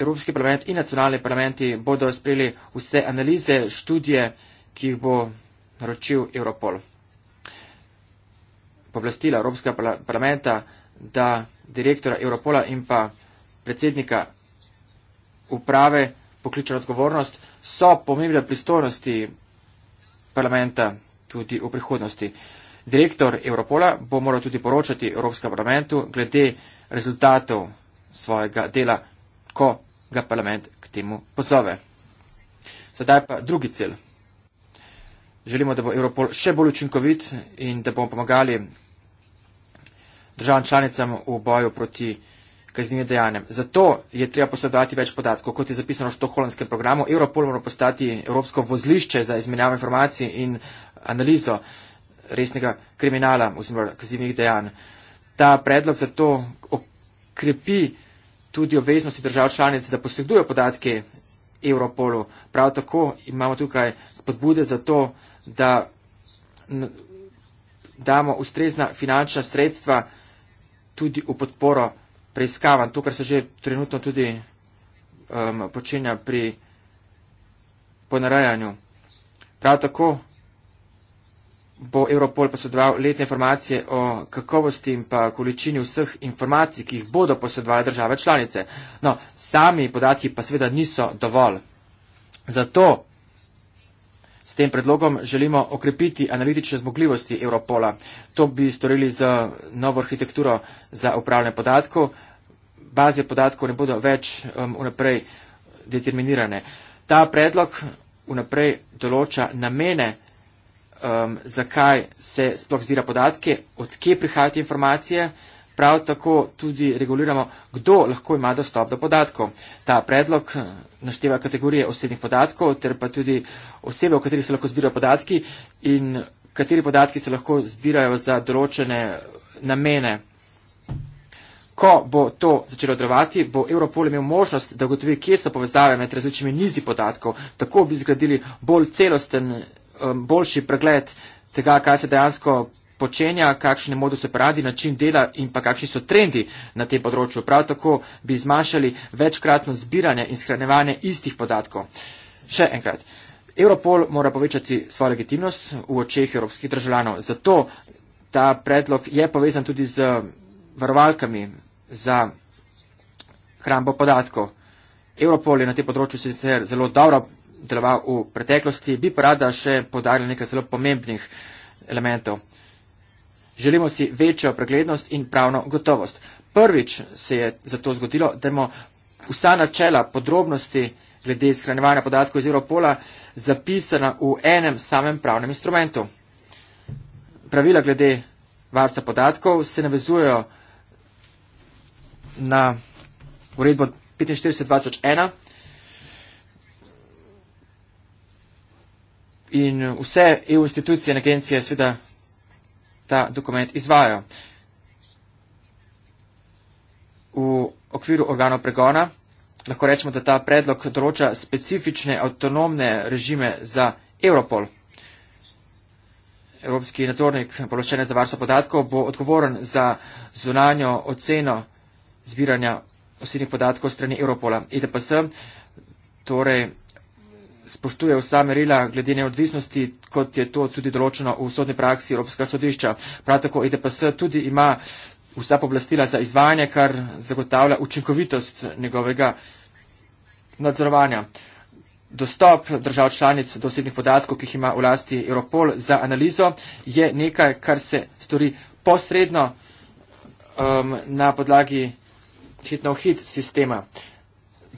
Evropski parlament in nacionalni parlamenti bodo sprejeli vse analize, študije, ki jih bo naročil Europol. Povlastila Evropskega parlamenta, da direktora Europola in pa predsednika uprave pokličeno odgovornost, so pomembne pristojnosti parlamenta tudi v prihodnosti. Direktor Evropola bo moral tudi poročati Evropskem parlamentu glede rezultatov svojega dela, ko ga parlament k temu pozove. Sedaj pa drugi cilj. Želimo, da bo Evropol še bolj učinkovit in da bomo pomagali državam članicam v boju proti kaznjivim dejanjem. Zato je treba posredovati več podatkov, kot je zapisano v štoholandskem programu. Europol mora postati evropsko vozlišče za izmenjavo informacij in analizo resnega kriminala oziroma kaznjivih dejanj. Ta predlog zato okrepi tudi obveznosti držav članic, da posredujejo podatke Europolu. Prav tako imamo tukaj spodbude za to, da damo ustrezna finančna sredstva tudi v podporo preiskavam, to, kar se že trenutno tudi um, počenja pri ponarajanju. Prav tako bo Europol posedoval letne informacije o kakovosti in pa količini vseh informacij, ki jih bodo posedovali države članice. No, sami podatki pa seveda niso dovolj. Zato S tem predlogom želimo okrepiti analitične zmogljivosti Europola. To bi storili z novo arhitekturo za upravljanje podatkov. Baze podatkov ne bodo več um, vnaprej determinirane. Ta predlog vnaprej določa namene, um, zakaj se sploh zbira podatke, odkje prihajajo te informacije. Prav tako tudi reguliramo, kdo lahko ima dostop do podatkov. Ta predlog eh, našteva kategorije osebnih podatkov, ter pa tudi osebe, v katerih se lahko zbirajo podatki in kateri podatki se lahko zbirajo za določene namene. Ko bo to začelo drvati, bo Europol imel možnost, da ugotovi, kje so povezave med različnimi nizi podatkov. Tako bi zgradili bolj celosten, eh, boljši pregled tega, kaj se dejansko počenja, kakšen je modus operandi, način dela in pa kakšni so trendi na tem področju. Prav tako bi zmanjšali večkratno zbiranje in shranjevanje istih podatkov. Še enkrat. Europol mora povečati svojo legitimnost v očeh evropskih državljanov. Zato ta predlog je povezan tudi z varovalkami za hrambo podatkov. Europol je na tem področju sicer zelo dobro deloval v preteklosti, bi pa rada še podarila nekaj zelo pomembnih elementov. Želimo si večjo preglednost in pravno gotovost. Prvič se je zato zgodilo, da imamo vsa načela podrobnosti glede izhranjevanja podatkov iz Evropola zapisana v enem samem pravnem instrumentu. Pravila glede varca podatkov se navezujejo na uredbo 45.2001 in vse EU institucije in agencije sveda ta dokument izvajo. V okviru organov pregona lahko rečemo, da ta predlog določa specifične avtonomne režime za Europol. Evropski nadzornik pološene za varstvo podatkov bo odgovoren za zunanjo oceno zbiranja osebnih podatkov strani Europola. IDPS torej spoštuje vsa merila glede neodvisnosti, kot je to tudi določeno v sodni praksi Evropska sodišča. Prav tako EDPS tudi ima vsa poblastila za izvajanje, kar zagotavlja učinkovitost njegovega nadzorovanja. Dostop držav članic do osebnih podatkov, ki jih ima v lasti Europol za analizo, je nekaj, kar se stori posredno um, na podlagi hitno-hit sistema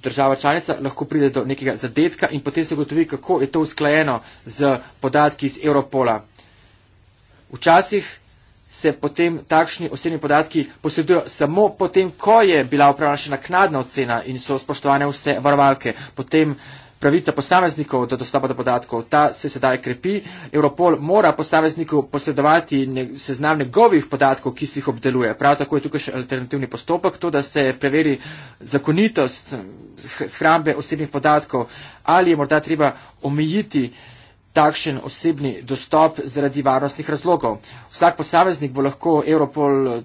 država članica, lahko pride do nekega zadetka in potem se gotovi, kako je to usklajeno z podatki iz Europola. Včasih se potem takšni osebni podatki posredujo samo potem, ko je bila upravljena še naknadna ocena in so spoštovane vse varovalke. Potem uh, pravica posameznikov do dostopa do podatkov. Ta se sedaj krepi. Europol mora posamezniku posredovati seznam njegovih podatkov, ki si jih obdeluje. Prav tako je tukaj še alternativni postopek, to, da se preveri zakonitost hm, shrambe osebnih podatkov ali je morda treba omejiti takšen osebni dostop zaradi varnostnih razlogov. Vsak posameznik bo lahko Europol eh,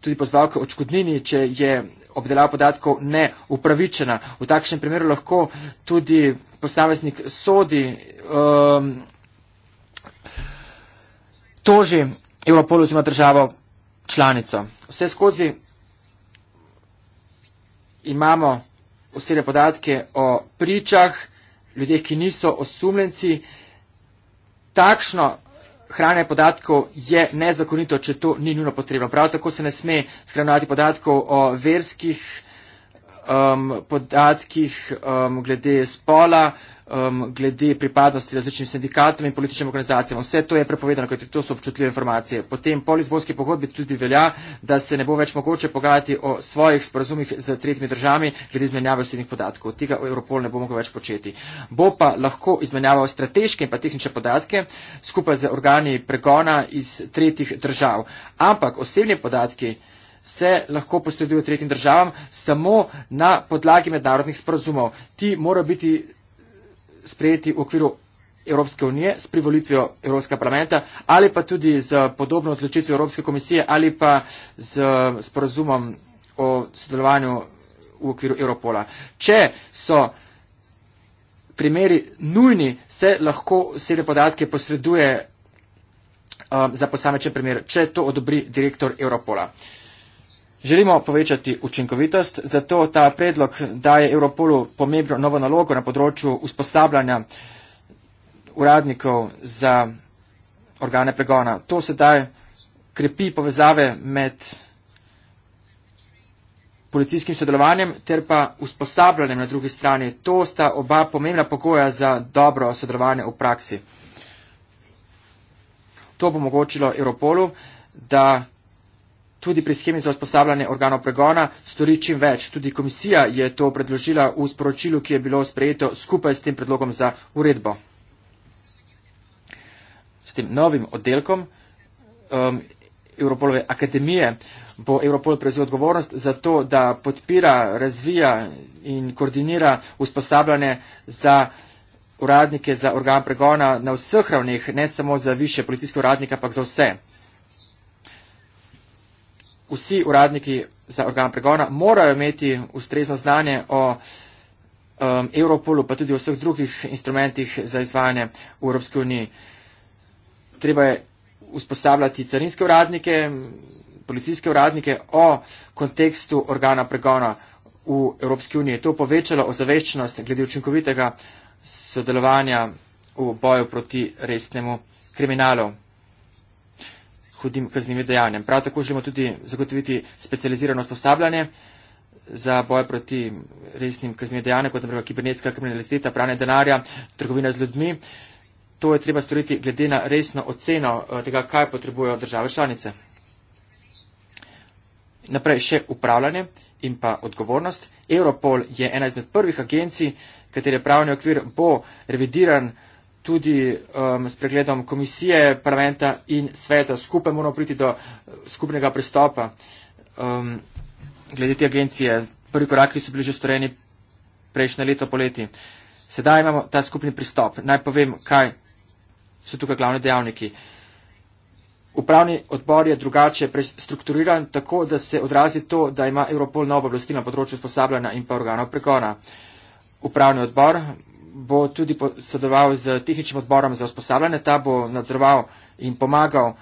tudi pozval k očkodnini, če je obdelava podatkov neupravičena. V takšnem primeru lahko tudi posameznik sodi, um, toži Evropol oziroma državo članico. Vse skozi imamo vse podatke o pričah, ljudeh, ki niso osumljenci. Takšno hrane podatkov je nezakonito, če to ni nujno potrebno. Prav tako se ne sme skrivati podatkov o verskih um, podatkih um, glede spola, uh, um, glede pripadnosti različnim sindikatom in političnim organizacijam. Vse to je prepovedano, ker to so občutljive informacije. Potem po Lizbonski pogodbi tudi velja, da se ne bo več mogoče pogajati o svojih sporazumih z tretjimi državami glede izmenjave osebnih podatkov. Tega Europol ne bo mogel več početi. Bo pa lahko izmenjaval strateške in pa tehnične podatke skupaj z organi pregona iz tretjih držav. Ampak osebni podatki se lahko posredujejo tretjim državam samo na podlagi mednarodnih sporazumov. Ti morajo biti sprejeti v okviru Evropske unije s privolitvijo Evropskega parlamenta ali pa tudi z podobno odločitvijo Evropske komisije ali pa z sporozumom o sodelovanju v okviru Evropola. Če so primeri nujni, se lahko vse te podatke posreduje um, za posamečen primer, če to odobri direktor Evropola. Želimo povečati učinkovitost, zato ta predlog daje Europolu pomembno novo nalogo na področju usposabljanja uradnikov za organe pregona. To sedaj krepi povezave med policijskim sodelovanjem ter pa usposabljanjem na drugi strani. To sta oba pomembna pogoja za dobro sodelovanje v praksi. To bo omogočilo Europolu, da tudi pri schemi za usposabljanje organov pregona stori čim več. Tudi komisija je to predložila v sporočilu, ki je bilo sprejeto skupaj s tem predlogom za uredbo. S tem novim oddelkom um, Europolove akademije bo Europol prevzel odgovornost za to, da podpira, razvija in koordinira usposabljanje za uradnike za organ pregona na vseh ravneh, ne samo za više policijske uradnike, ampak za vse vsi uradniki za organ pregona morajo imeti ustrezno znanje o um, Europolu, pa tudi o vseh drugih instrumentih za izvajanje v Evropski uniji. Treba je usposabljati carinske uradnike, policijske uradnike o kontekstu organa pregona v Evropski uniji. To povečalo ozaveščenost glede učinkovitega sodelovanja v boju proti resnemu kriminalu hudim kaznimi dejanjem. Prav tako želimo tudi zagotoviti specializirano usposabljanje za boj proti resnim kaznimi dejanjem, kot naprimer kibernetska kriminaliteta, pranje denarja, trgovina z ljudmi. To je treba storiti glede na resno oceno eh, tega, kaj potrebujejo države članice. Naprej še upravljanje in pa odgovornost. Europol je ena izmed prvih agencij, katere pravni okvir bo revidiran tudi um, s pregledom komisije, parlamenta in sveta. Skupaj moramo priti do eh, skupnega pristopa. Um, glede te agencije, prvi koraki so bili že storjeni prejšnje leto poleti. Sedaj imamo ta skupni pristop. Naj povem, kaj so tukaj glavni dejavniki. Upravni odbor je drugače prestrukturiran, tako da se odrazi to, da ima Evropol novo oblasti na področju usposabljanja in pa organov pregona. Upravni odbor bo tudi sodeloval z tehničnim odborom za usposabljanje, ta bo nadzorval in pomagal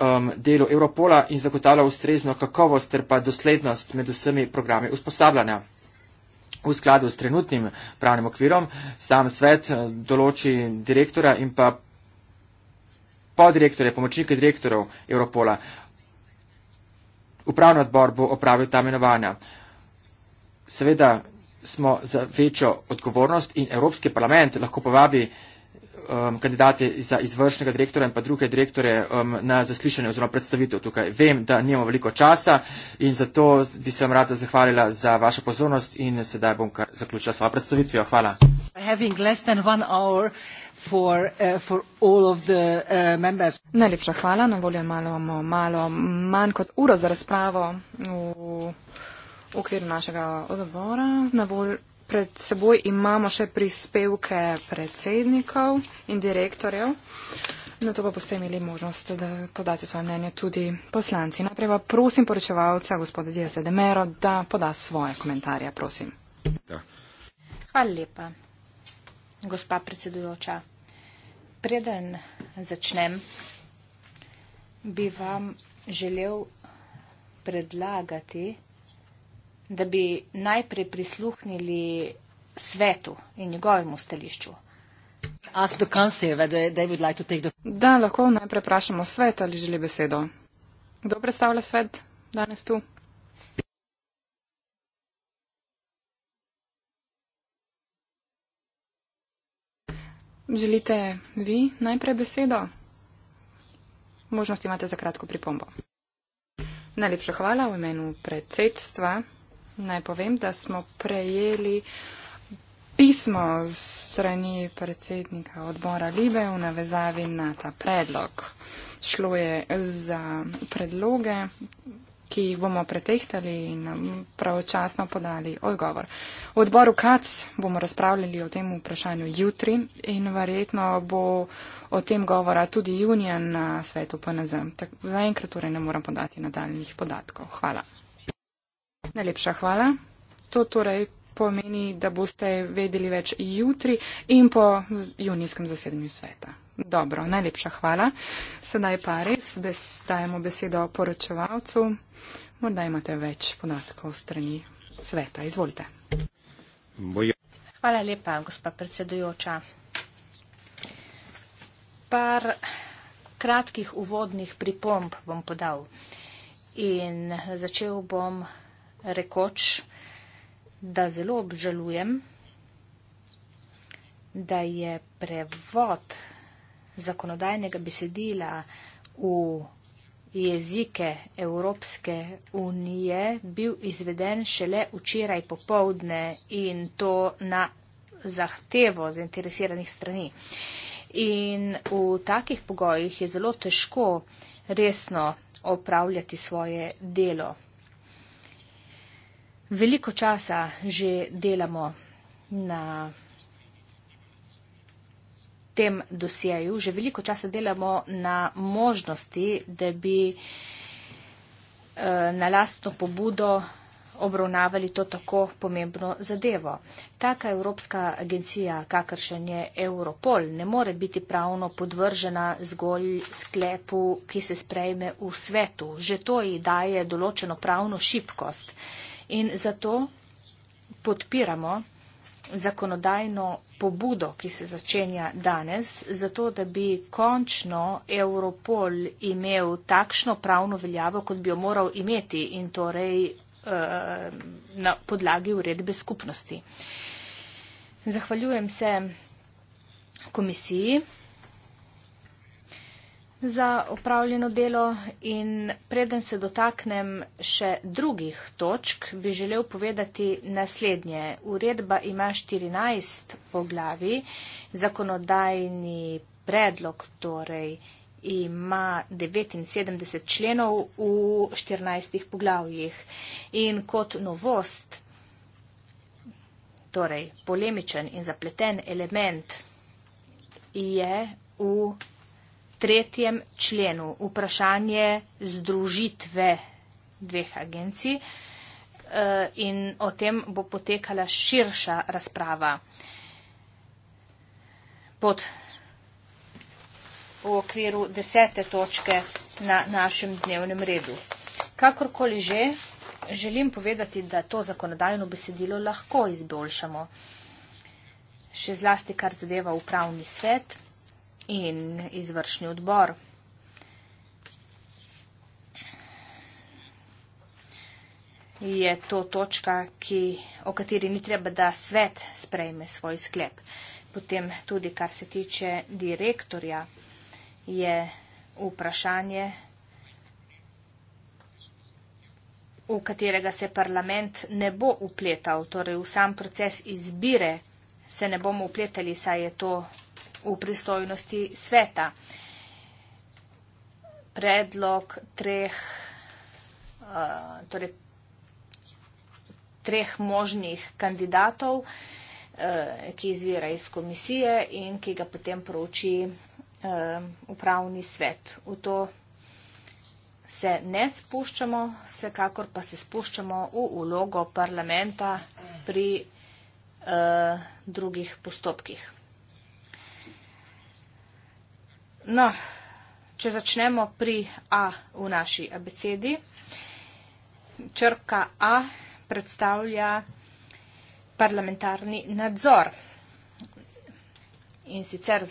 um, delu Europola in zagotavljal ustrezno kakovost ter pa doslednost med vsemi programi usposabljanja. V skladu s trenutnim pravnim okvirom sam svet eh, določi direktora in pa podirektore, pomočnike direktorov Europola. Upravni odbor bo opravil ta imenovanja. Seveda smo za večjo odgovornost in Evropski parlament lahko povabi um, kandidate za izvršnega direktora in pa druge direktore um, na zaslišanje oziroma predstavitev tukaj. Vem, da nimamo veliko časa in zato bi se vam rada zahvalila za vašo pozornost in sedaj bom kar zaključila svojo predstavitvijo. Hvala. For, uh, for the, uh, Najlepša hvala. Na voljo imamo malo manj kot uro za razpravo v v okviru našega odbora. Na pred seboj imamo še prispevke predsednikov in direktorjev. Na to pa boste imeli možnost, da podate svoje mnenje tudi poslanci. Najprej pa prosim poročevalca, gospoda Dijaza Demero, da poda svoje komentarje. Prosim. Da. Hvala lepa, gospa predsedujoča. Preden začnem, bi vam želel predlagati, da bi najprej prisluhnili svetu in njegovemu stališču. Like da, lahko najprej vprašamo svet ali želi besedo. Kdo predstavlja svet danes tu? Želite vi najprej besedo? Možnost imate za kratko pripombo. Najlepša hvala v imenu predsedstva. Naj povem, da smo prejeli pismo strani predsednika odbora Libe v navezavi na ta predlog. Šlo je za predloge, ki jih bomo pretehtali in pravočasno podali odgovor. V odboru KAC bomo razpravljali o tem vprašanju jutri in verjetno bo o tem govora tudi junija na svetu PNZ. Zaenkrat torej ne moram podati nadaljnih podatkov. Hvala. Najlepša hvala. To torej pomeni, da boste vedeli več jutri in po junijskem zasedanju sveta. Dobro, najlepša hvala. Sedaj pa res bes, dajemo besedo poročevalcu. Morda imate več podatkov strani sveta. Izvolite. Bojo. Hvala lepa, gospa predsedujoča. Par kratkih uvodnih pripomb bom podal in začel bom rekoč, da zelo obžalujem, da je prevod zakonodajnega besedila v jezike Evropske unije bil izveden šele včeraj popovdne in to na zahtevo zainteresiranih strani. In v takih pogojih je zelo težko resno opravljati svoje delo. Veliko časa že delamo na tem dosjeju, že veliko časa delamo na možnosti, da bi eh, na lastno pobudo obravnavali to tako pomembno zadevo. Taka Evropska agencija, kakršen je Europol, ne more biti pravno podvržena zgolj sklepu, ki se sprejme v svetu. Že to ji daje določeno pravno šipkost. In zato podpiramo zakonodajno pobudo, ki se začenja danes, zato da bi končno Europol imel takšno pravno veljavo, kot bi jo moral imeti in torej eh, na podlagi uredbe skupnosti. Zahvaljujem se komisiji za opravljeno delo in preden se dotaknem še drugih točk, bi želel povedati naslednje. Uredba ima 14 poglavi, zakonodajni predlog torej ima 79 členov v 14 poglavjih. In kot novost, torej polemičen in zapleten element je v tretjem členu, vprašanje združitve dveh agencij eh, in o tem bo potekala širša razprava pod v okviru desete točke na našem dnevnem redu. Kakorkoli že, želim povedati, da to zakonodajno besedilo lahko izboljšamo. Še zlasti, kar zadeva upravni svet, in izvršni odbor. Je to točka, ki, o kateri ni treba, da svet sprejme svoj sklep. Potem tudi, kar se tiče direktorja, je vprašanje, v katerega se parlament ne bo upletal, torej v sam proces izbire se ne bomo upletali, saj je to u pristojnosti sveta. Predlog treh, eh, torej treh možnih kandidatov, eh, ki izvira iz komisije in ki ga potem prouči eh, upravni svet. V to se ne spuščamo, vsekakor pa se spuščamo v ulogo parlamenta pri uh, drugih postopkih. No, če začnemo pri A v naši abecedi. Črka A predstavlja parlamentarni nadzor. In sicer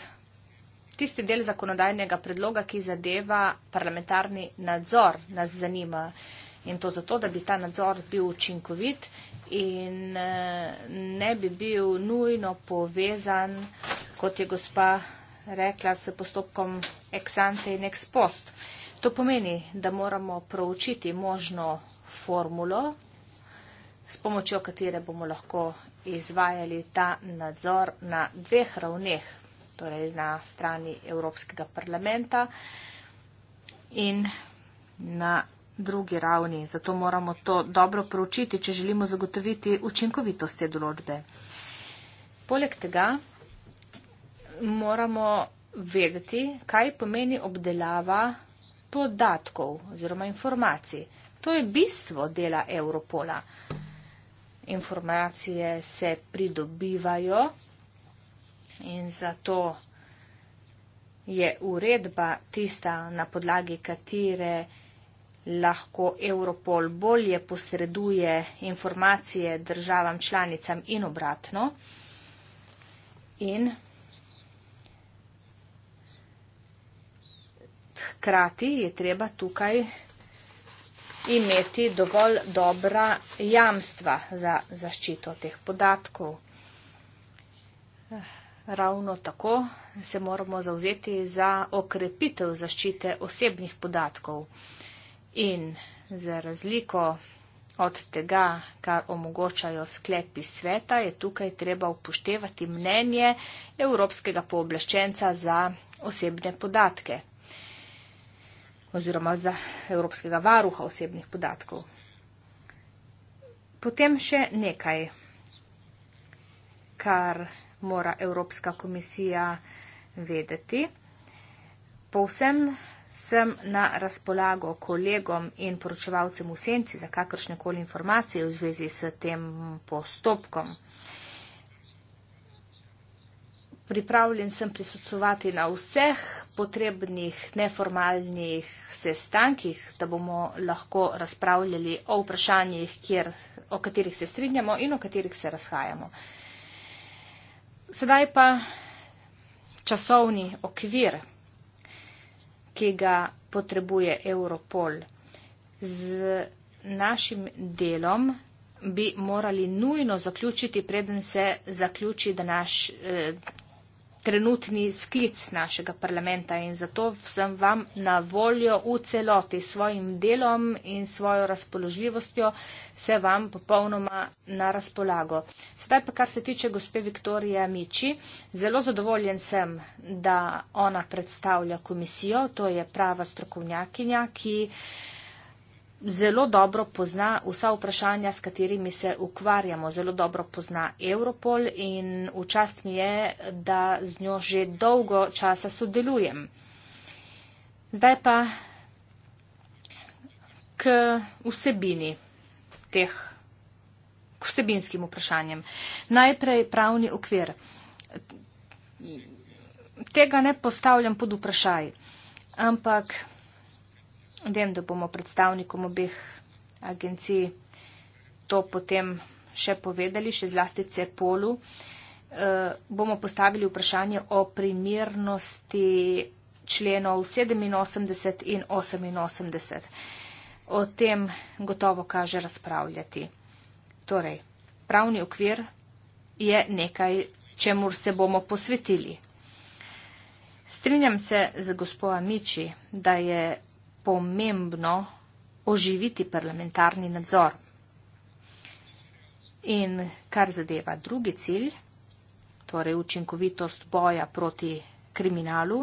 tisti del zakonodajnega predloga, ki zadeva parlamentarni nadzor, nas zanima. In to zato, da bi ta nadzor bil učinkovit in eh, ne bi bil nujno povezan, kot je gospa rekla s postopkom ex ante in ex post. To pomeni, da moramo proučiti možno formulo, s pomočjo katere bomo lahko izvajali ta nadzor na dveh ravneh, torej na strani Evropskega parlamenta in na drugi ravni. Zato moramo to dobro proučiti, če želimo zagotoviti učinkovitost te določbe. Poleg tega, moramo vedeti, kaj pomeni obdelava podatkov oziroma informacij. To je bistvo dela Europola. Informacije se pridobivajo in zato je uredba tista, na podlagi katere lahko Europol bolje posreduje informacije državam članicam in obratno. In hkrati je treba tukaj imeti dovolj dobra jamstva za zaščito teh podatkov. Ravno tako se moramo zauzeti za okrepitev zaščite osebnih podatkov in za razliko od tega, kar omogočajo sklepi sveta, je tukaj treba upoštevati mnenje Evropskega pooblaščenca za osebne podatke oziroma za Evropskega varuha osebnih podatkov. Potem še nekaj, kar mora Evropska komisija vedeti. Povsem sem na razpolago kolegom in poročevalcem v senci za kakršne koli informacije v zvezi s tem postopkom pripravljen sem prisotovati na vseh potrebnih neformalnih sestankih, da bomo lahko razpravljali o vprašanjih, kjer, o katerih se strinjamo in o katerih se razhajamo. Sedaj pa časovni okvir, ki ga potrebuje Europol. Z našim delom bi morali nujno zaključiti, preden se zaključi današnji. Eh, trenutni sklic našega parlamenta in zato sem vam na voljo v celoti s svojim delom in svojo razpoložljivostjo, se vam popolnoma na razpolago. Sedaj pa kar se tiče gospe Viktorije Miči, zelo zadovoljen sem, da ona predstavlja komisijo, to je prava strokovnjakinja, ki zelo dobro pozna vsa vprašanja, s katerimi se ukvarjamo. Zelo dobro pozna Europol in včast mi je, da z njo že dolgo časa sodelujem. Zdaj pa k vsebini teh, k vsebinskim vprašanjem. Najprej pravni okvir. Tega ne postavljam pod vprašaj, ampak vem, da bomo predstavnikom obeh agencij to potem še povedali, še zlasti CEPOL-u, eh, bomo postavili vprašanje o primernosti členov 87 in 88. O tem gotovo kaže razpravljati. Torej, pravni okvir je nekaj, čemu se bomo posvetili. Strinjam se z gospoda Miči, da je pomembno oživiti parlamentarni nadzor. In kar zadeva drugi cilj, torej učinkovitost boja proti kriminalu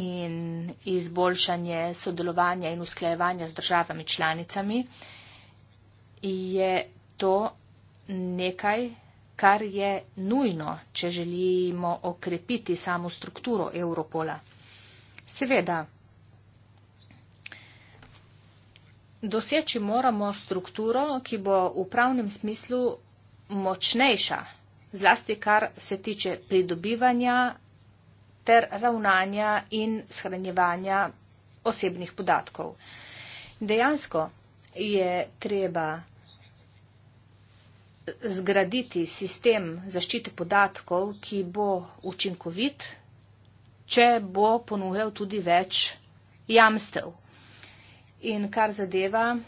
in izboljšanje sodelovanja in usklajevanja z državami članicami, je to nekaj, kar je nujno, če želimo okrepiti samo strukturo Evropola. Seveda, Doseči moramo strukturo, ki bo v pravnem smislu močnejša, zlasti kar se tiče pridobivanja ter ravnanja in shranjevanja osebnih podatkov. Dejansko je treba zgraditi sistem zaščite podatkov, ki bo učinkovit, če bo ponujal tudi več jamstev. In kar zadeva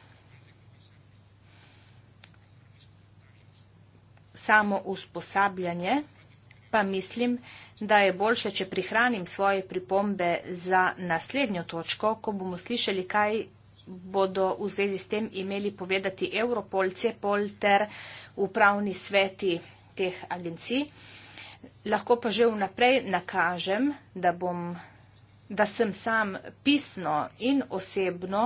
samo usposabljanje, pa mislim, da je boljše, če prihranim svoje pripombe za naslednjo točko, ko bomo slišali, kaj bodo v zvezi s tem imeli povedati Europol, Cepol ter upravni sveti teh agencij. Lahko pa že vnaprej nakažem, da bom da sem sam pisno in osebno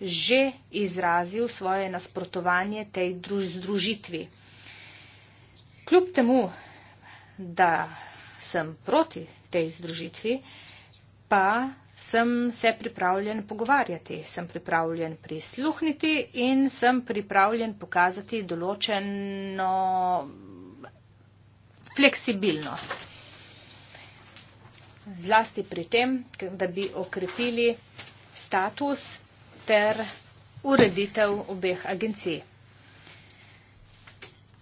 že izrazil svoje nasprotovanje tej druž združitvi. Kljub temu, da sem proti tej združitvi, pa sem se pripravljen pogovarjati, sem pripravljen prisluhniti in sem pripravljen pokazati določeno fleksibilnost zlasti pri tem, da bi okrepili status ter ureditev obeh agencij.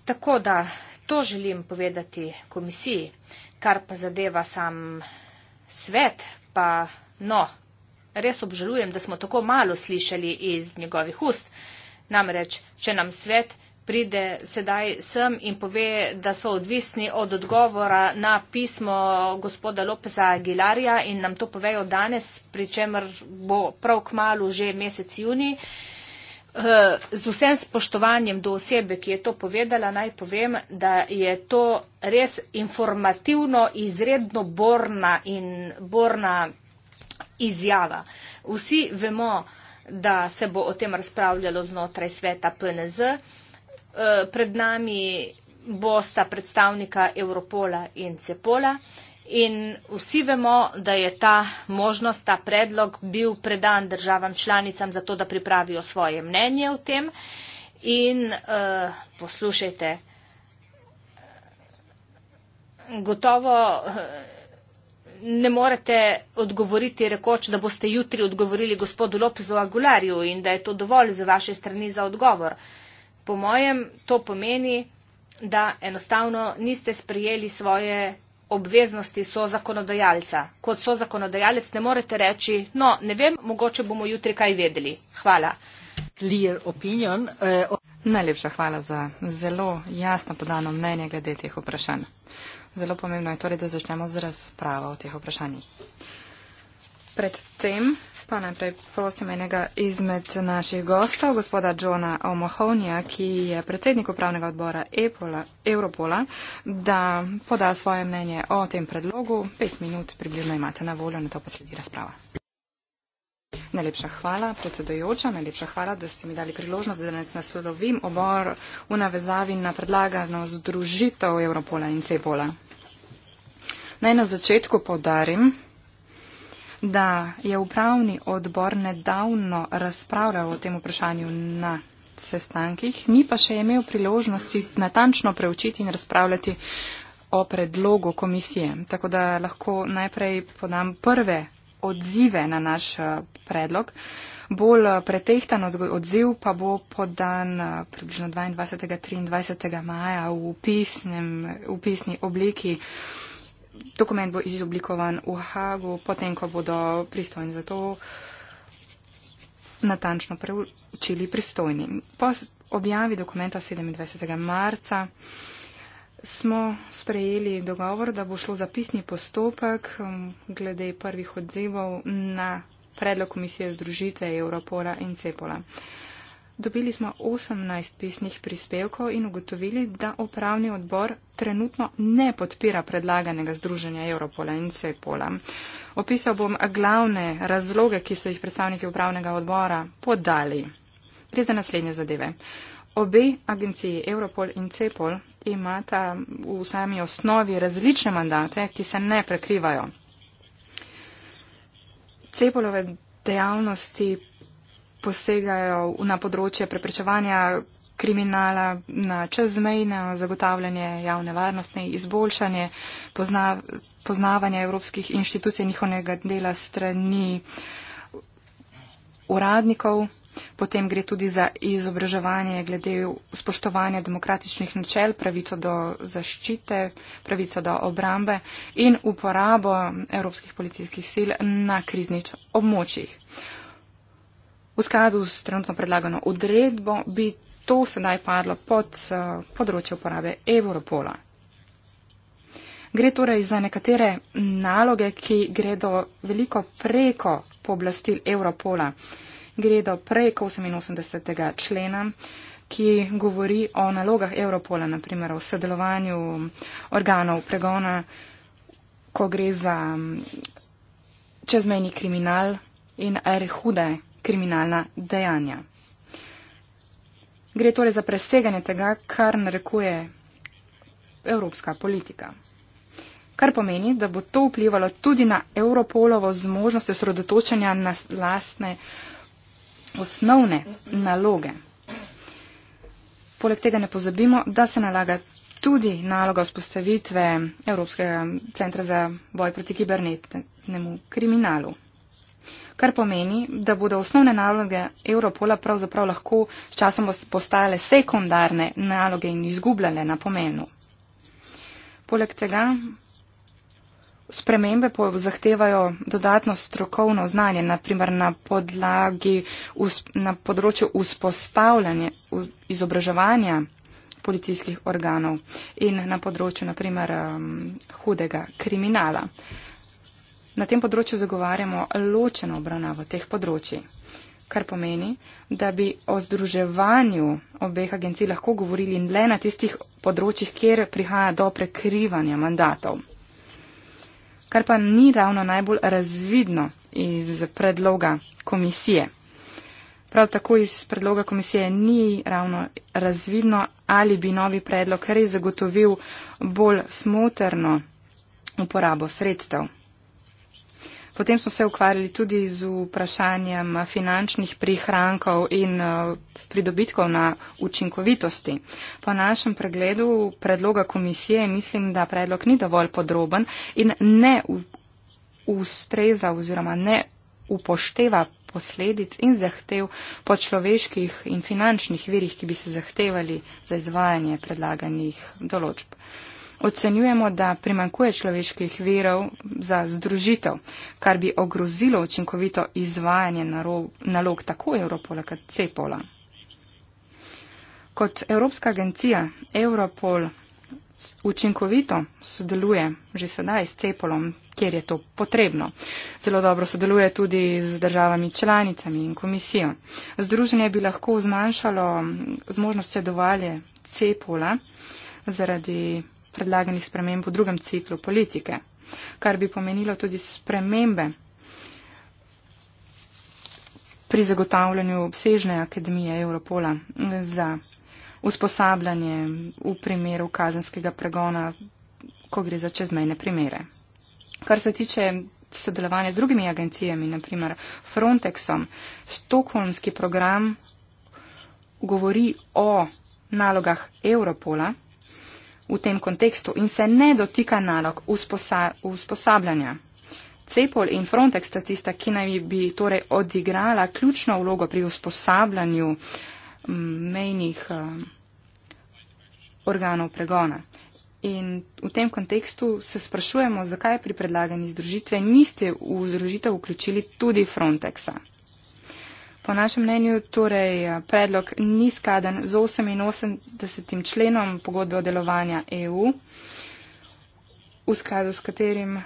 Tako da to želim povedati komisiji, kar pa zadeva sam svet, pa no, res obžalujem, da smo tako malo slišali iz njegovih ust. Namreč, če nam svet pride sedaj sem in pove, da so odvisni od odgovora na pismo gospoda Lopeza Aguilarja in nam to povejo danes, pri čemer bo prav k malu že mesec juni. Eh, z vsem spoštovanjem do osebe, ki je to povedala, naj povem, da je to res informativno izredno borna in borna izjava. Vsi vemo, da se bo o tem razpravljalo znotraj sveta PNZ. Eh, pred nami bosta predstavnika Europola in Cepola. In vsi vemo, da je ta možnost, ta predlog bil predan državam članicam zato, da pripravijo svoje mnenje o tem. In uh, poslušajte, gotovo eh, ne morete odgovoriti rekoč, da boste jutri odgovorili gospodu Lopezu Agulariju in da je to dovolj za vaše strani za odgovor. Uh, Po mojem to pomeni, da enostavno niste sprijeli svoje obveznosti so zakonodajalca. Kot so zakonodajalec ne morete reči, no, ne vem, mogoče bomo jutri kaj vedeli. Hvala. Opinion, eh, o... Najlepša hvala za zelo jasno podano mnenje glede teh vprašanj. Zelo pomembno je torej, da začnemo z razpravo o teh vprašanjih. Predtem Pa najprej prosim enega izmed naših gostov, gospoda Johna Omahonija, ki je predsednik upravnega odbora Epola, Europola, da poda svoje mnenje o tem predlogu. Pet minut približno imate na voljo, na to pa sledi razprava. Najlepša hvala, predsedojoča, najlepša hvala, da ste mi dali priložnost, da danes naslovim obor v navezavi na predlagano združitev Europola in Cepola. Naj na začetku podarim, da je upravni odbor nedavno razpravljal o tem vprašanju na sestankih, ni pa še imel priložnosti natančno preučiti in razpravljati o predlogu komisije. Tako da lahko najprej podam prve odzive na naš eh, predlog. Bolj eh, pretehtan odziv pa bo podan eh, približno 22. in 23. maja v, pisnem, v pisni obliki dokument bo izoblikovan v Hagu, potem, ko bodo pristojni za to natančno preučili pristojni. Po objavi dokumenta 27. marca smo sprejeli dogovor, da bo šlo zapisni postopek um, glede prvih odzivov na predlog komisije združitve Europola in Cepola. Dobili smo 18 pisnih prispevkov in ugotovili, da upravni odbor trenutno ne podpira predlaganega združenja Europola in Sepola. Opisal bom glavne razloge, ki so jih predstavniki upravnega odbora podali. Gre za naslednje zadeve. Obe agenciji Europol in Cepol imata v sami osnovi različne mandate, ki se ne prekrivajo. Cepolove dejavnosti posegajo na področje preprečevanja kriminala, na čezmejno zagotavljanje javne varnosti, izboljšanje pozna, poznavanja evropskih inštitucij njihovega dela strani uradnikov. Potem gre tudi za izobraževanje glede spoštovanja demokratičnih načel, pravico do zaščite, pravico do obrambe in uporabo evropskih policijskih sil na kriznih območjih. Uh, V skladu s trenutno predlagano odredbo bi to sedaj padlo pod uh, področje uporabe Evropola. Gre torej za nekatere naloge, ki gredo veliko preko pooblastil Evropola. Gredo preko 88. člena, ki govori o nalogah Evropola, naprimer o sodelovanju organov pregona, ko gre za čezmejni kriminal in ere hude kriminalna dejanja. Gre torej za preseganje tega, kar narekuje evropska politika. Kar pomeni, da bo to vplivalo tudi na Europolovo zmožnost osredotočanja na lastne osnovne naloge. Poleg tega ne pozabimo, da se nalaga tudi naloga vzpostavitve Evropskega centra za boj proti kibernetnemu kriminalu kar pomeni, da bodo osnovne naloge Europola pravzaprav lahko s časom postale sekundarne naloge in izgubljale na pomenu. Poleg tega spremembe zahtevajo dodatno strokovno znanje, naprimer na podlagi na področju vzpostavljanja izobraževanja policijskih organov in na področju naprimer um, hudega kriminala. Na tem področju zagovarjamo ločeno obravnavo teh področji, kar pomeni, da bi o združevanju obeh agencij lahko govorili le na tistih področjih, kjer prihaja do prekrivanja mandatov. Kar pa ni ravno najbolj razvidno iz predloga komisije. Prav tako iz predloga komisije ni ravno razvidno, ali bi novi predlog res zagotovil bolj smotrno uporabo sredstev. Potem smo se ukvarjali tudi z vprašanjem finančnih prihrankov in eh, pridobitkov na učinkovitosti. Po našem pregledu predloga komisije mislim, da predlog ni dovolj podroben in ne ustreza oziroma ne upošteva posledic in zahtev po človeških in finančnih virih, ki bi se zahtevali za izvajanje predlaganih določb ocenjujemo, da primankuje človeških verov za združitev, kar bi ogrozilo učinkovito izvajanje nalog tako Evropola kot Cepola. Kot Evropska agencija Europol učinkovito sodeluje že sedaj s Cepolom, kjer je to potrebno. Zelo dobro sodeluje tudi z državami članicami in komisijo. Združenje bi lahko zmanjšalo zmožnost sedovalje Cepola zaradi predlaganih sprememb v drugem ciklu politike, kar bi pomenilo tudi spremembe pri zagotavljanju obsežne akademije Europola za usposabljanje v primeru kazenskega pregona, ko gre za čezmejne primere. Kar se tiče sodelovanja z drugimi agencijami, naprimer Frontexom, Stokholmski program govori o nalogah Europola v tem kontekstu in se ne dotika nalog usposa usposabljanja. Cepol in Frontex sta tista, ki naj bi torej odigrala ključno vlogo pri usposabljanju mejnih eh, organov pregona. In v tem kontekstu se sprašujemo, zakaj pri predlagani združitve niste v združitev vključili tudi Frontexa. Po našem mnenju torej eh, predlog ni skladen z 88. členom pogodbe o delovanju EU, v skladu s katerim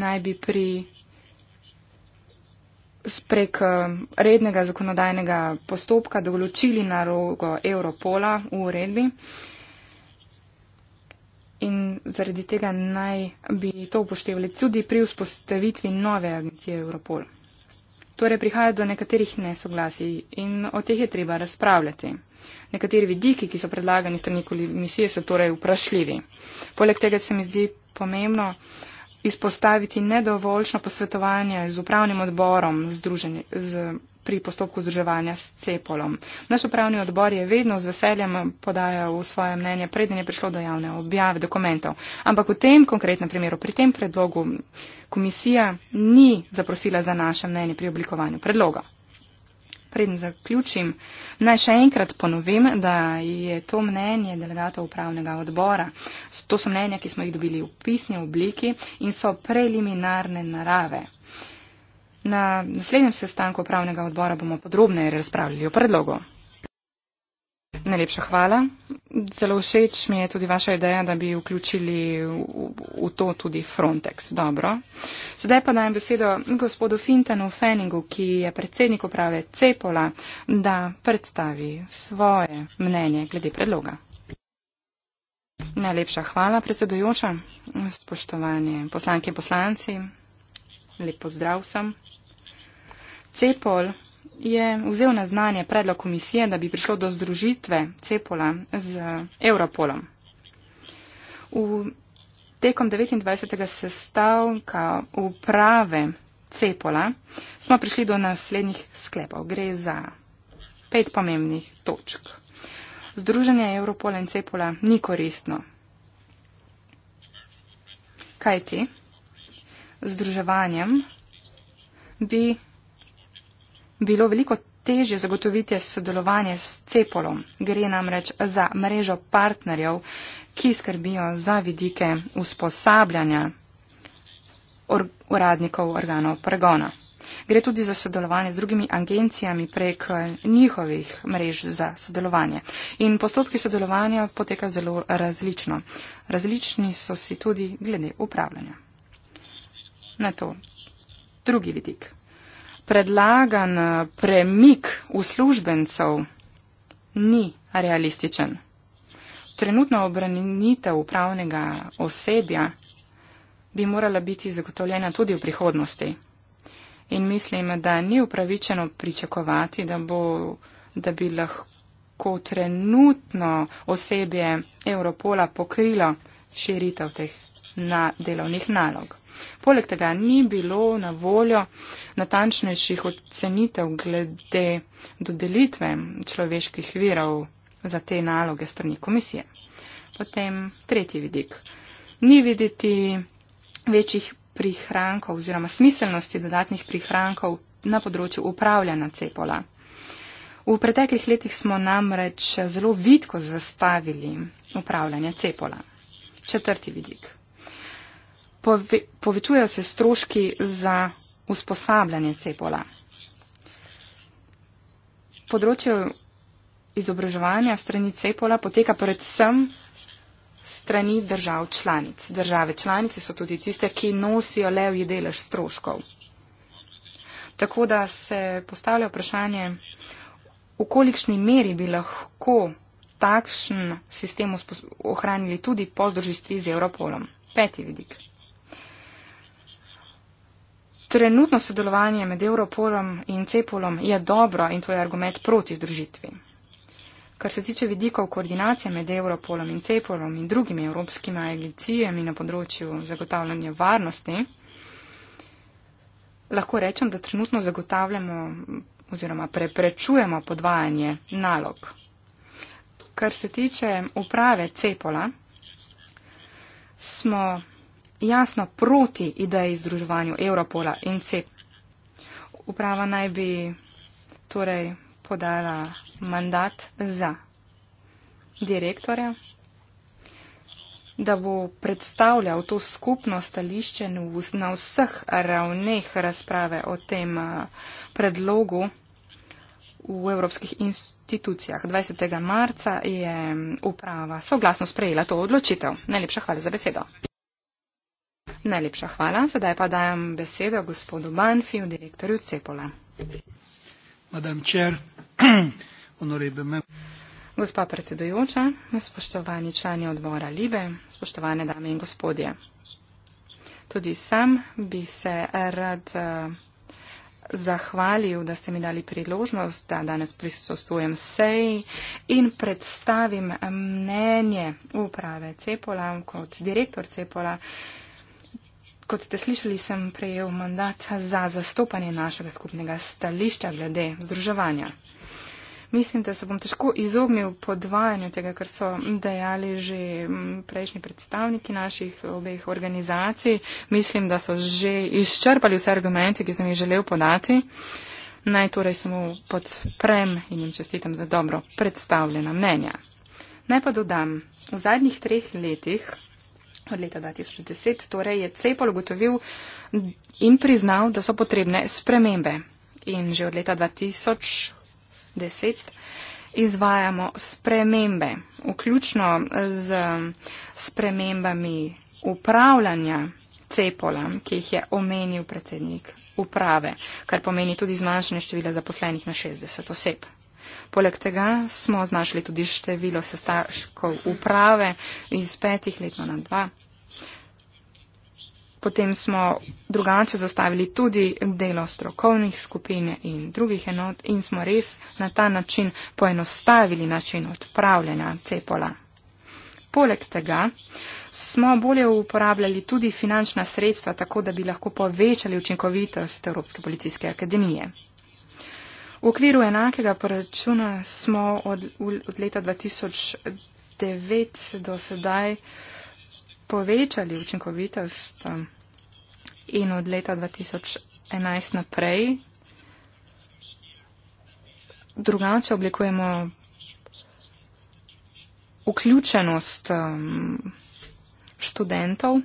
naj bi pri prek eh, rednega zakonodajnega postopka določili narogo Europola v uredbi. In zaradi tega naj bi to upoštevali tudi pri vzpostavitvi nove agencije Europol. Torej prihaja do nekaterih nesoglasij in o teh je treba razpravljati. Nekateri vidiki, ki so predlagani strani komisije, so torej vprašljivi. Poleg tega se mi zdi pomembno izpostaviti nedovoljšno posvetovanje z upravnim odborom združenja pri postopku združevanja s cepolom. Naš upravni odbor je vedno z veseljem podajal svoje mnenje, preden je prišlo do javne objave dokumentov. Ampak v tem konkretnem primeru, pri tem predlogu, komisija ni zaprosila za naše mnenje pri oblikovanju predloga. Preden zaključim, naj še enkrat ponovim, da je to mnenje delegatov upravnega odbora. To so mnenja, ki smo jih dobili v pisni obliki in so preliminarne narave. Uh, Na naslednjem sestanku upravnega odbora bomo podrobneje razpravljali o predlogu. Najlepša hvala. Zelo všeč mi je tudi vaša ideja, da bi vključili v, v to tudi Frontex. Dobro. Sedaj pa dajem besedo gospodu Fintanu Feningu, ki je predsednik uprave Cepola, da predstavi svoje mnenje glede predloga. Najlepša hvala, predsedujoča. Spoštovanje poslanke in poslanci. Lep pozdrav vsem. Cepol je vzel na znanje predlog komisije, da bi prišlo do združitve Cepola z Europolom. V tekom 29. sestavka uprave Cepola smo prišli do naslednjih sklepov. Gre za pet pomembnih točk. Združenje Europola in Cepola ni koristno. Kaj ti? Združevanjem bi bilo veliko težje zagotoviti sodelovanje s Cepolom. Gre namreč za mrežo partnerjev, ki skrbijo za vidike usposabljanja or uradnikov organov pregona. Gre tudi za sodelovanje z drugimi agencijami prek eh, njihovih mrež za sodelovanje. In postopki sodelovanja potekajo zelo različno. Različni so si tudi glede upravljanja. Na to drugi vidik predlagan eh, premik uslužbencev ni realističen. Trenutna obranitev upravnega osebja bi morala biti zagotovljena tudi v prihodnosti. In mislim, da ni upravičeno pričakovati, da, bo, da bi lahko trenutno osebje Europola pokrilo širitev teh na delovnih nalog. Poleg tega ni bilo na voljo natančnejših ocenitev glede dodelitve človeških virov za te naloge strani komisije. Potem tretji vidik. Ni videti večjih prihrankov oziroma smiselnosti dodatnih prihrankov na področju upravljanja cepola. V preteklih letih smo namreč zelo vidko zastavili upravljanje cepola. Četrti vidik pove, povečujejo se stroški za usposabljanje cepola. Področje izobraževanja strani cepola poteka predvsem strani držav članic. Države članice so tudi tiste, ki nosijo levji delež stroškov. Tako da se postavlja vprašanje, v kolikšni meri bi lahko takšen sistem ohranili tudi po združitvi z Europolom. Peti vidik. Trenutno sodelovanje med Europolom in Cepolom je dobro in to je argument proti združitvi. Kar se tiče vidikov koordinacije med Europolom in Cepolom in drugimi evropskimi agencijami na področju zagotavljanja varnosti, lahko rečem, da trenutno zagotavljamo oziroma preprečujemo podvajanje nalog. Kar se tiče uprave Cepola, smo jasno proti ideji združevanju Europola in CEP. Uprava naj bi torej podala mandat za direktorja, da bo predstavljal to skupno stališče na vseh ravneh razprave o tem predlogu v evropskih institucijah. 20. marca je uprava soglasno sprejela to odločitev. Najlepša hvala za besedo. Najlepša hvala. Sedaj pa dajem besedo gospodu Banfiju, direktorju Cepola. Madam Čer, honorable member. Gospa predsedujoča, spoštovani člani odbora Libe, spoštovane dame in gospodje. Tudi sam bi se rad eh, zahvalil, da ste mi dali priložnost, da danes prisostujem sej in predstavim mnenje uprave Cepola kot direktor Cepola, Kot ste slišali, sem prejel mandat za zastopanje našega skupnega stališča glede združevanja. Mislim, da se bom težko izognil podvajanju tega, kar so dejali že prejšnji predstavniki naših obeh organizacij. Mislim, da so že izčrpali vse argumente, ki sem jih želel podati. Naj torej samo podprem in jim čestitam za dobro predstavljena mnenja. Naj pa dodam, v zadnjih treh letih od leta 2010, torej je Cepol ugotovil in priznal, da so potrebne spremembe. In že od leta 2010 izvajamo spremembe, vključno z spremembami upravljanja Cepola, ki jih je omenil predsednik uprave, kar pomeni tudi zmanjšanje števila zaposlenih na 60 oseb. Poleg tega smo znašli tudi število sestaškov uprave iz petih letno na dva. Potem smo drugače zastavili tudi delo strokovnih skupin in drugih enot in smo res na ta način poenostavili način odpravljanja cepola. Poleg tega smo bolje uporabljali tudi finančna sredstva, tako da bi lahko povečali učinkovitost Evropske policijske akademije. V okviru enakega proračuna smo od, od leta 2009 do sedaj povečali učinkovitost um, in od leta 2011 naprej drugače oblikujemo vključenost um, študentov.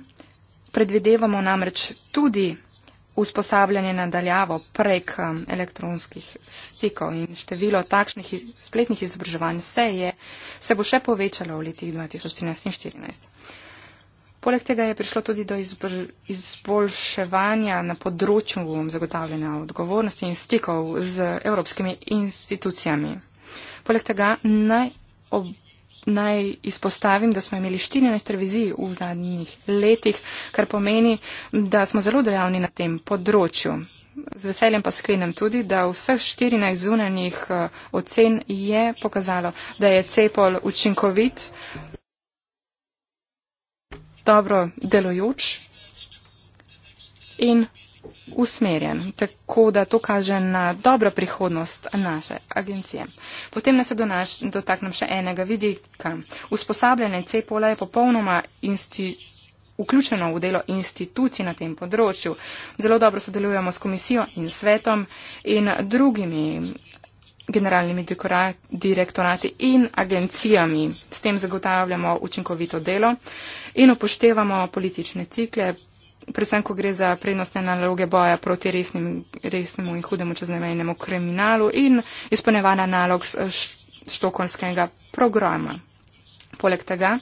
Predvidevamo namreč tudi usposabljanje nadaljavo prek um, elektronskih stikov in število takšnih iz, spletnih izobraževanj se, je, se bo še povečalo v letih 2013 in 2014. Poleg tega je prišlo tudi do izbr, izboljševanja na področju zagotavljanja odgovornosti in stikov z evropskimi institucijami. Poleg tega naj ob naj izpostavim, da smo imeli 14 revizij v zadnjih letih, kar pomeni, da smo zelo dejavni na tem področju. Z veseljem pa sklenem tudi, da vseh 14 zunanjih eh, ocen je pokazalo, da je cepol učinkovit, dobro delujoč in usmerjen, tako da to kaže na dobro prihodnost naše agencije. Potem ne se donaš, dotaknem še enega vidika. Usposabljanje CEPOL-a je popolnoma insti, vključeno v delo institucij na tem področju. Zelo dobro sodelujemo s komisijo in svetom in drugimi generalnimi direktorati in agencijami. S tem zagotavljamo učinkovito delo in upoštevamo politične cikle, predvsem ko gre za prednostne naloge boja proti resnim, resnemu in hudemu čezmejnemu kriminalu in izpolnjevanja nalog štokonskega programa. Poleg tega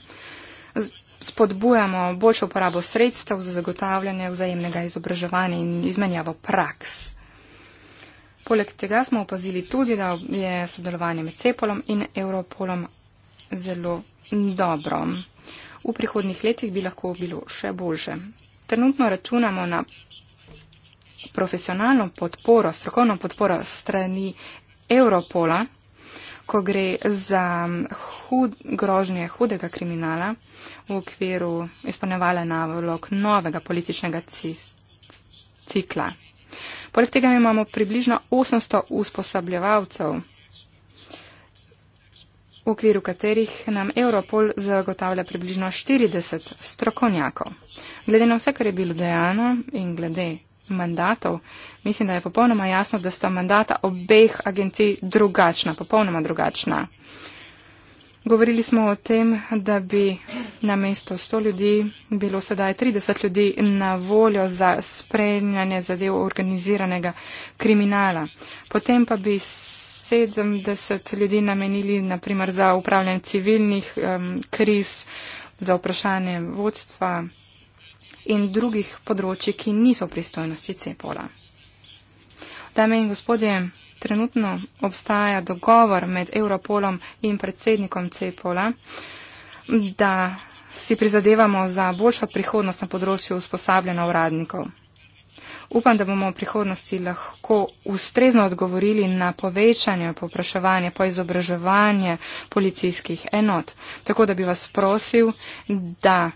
spodbujamo boljšo uporabo sredstev za zagotavljanje vzajemnega izobraževanja in izmenjavo praks. Poleg tega smo opazili tudi, da je sodelovanje med Cepolom in Europolom zelo dobro. V prihodnih letih bi lahko bilo še boljše trenutno računamo na profesionalno podporo, strokovno podporo strani Europola, ko gre za hud, grožnje hudega kriminala v okviru izpolnjevala navolok novega političnega cikla. Poleg tega imamo približno 800 usposabljavcev v okviru katerih nam Europol zagotavlja približno 40 strokovnjakov. Glede na vse, kar je bilo dejano in glede mandatov, mislim, da je popolnoma jasno, da sta mandata obeh agencij drugačna, popolnoma drugačna. Govorili smo o tem, da bi na mesto 100 ljudi bilo sedaj 30 ljudi na voljo za spremljanje zadev organiziranega kriminala. Potem pa bi 70 ljudi namenili, naprimer za upravljanje civilnih um, kriz, za vprašanje vodstva in drugih področji, ki niso v pristojnosti CEPOL-a. Dame in gospodje, trenutno obstaja dogovor med Europolom in predsednikom CEPOL-a, da si prizadevamo za boljšo prihodnost na področju usposabljanja uradnikov. Upam, da bomo v prihodnosti lahko ustrezno odgovorili na povečanje popraševanja po izobraževanje policijskih enot. Tako da bi vas prosil, da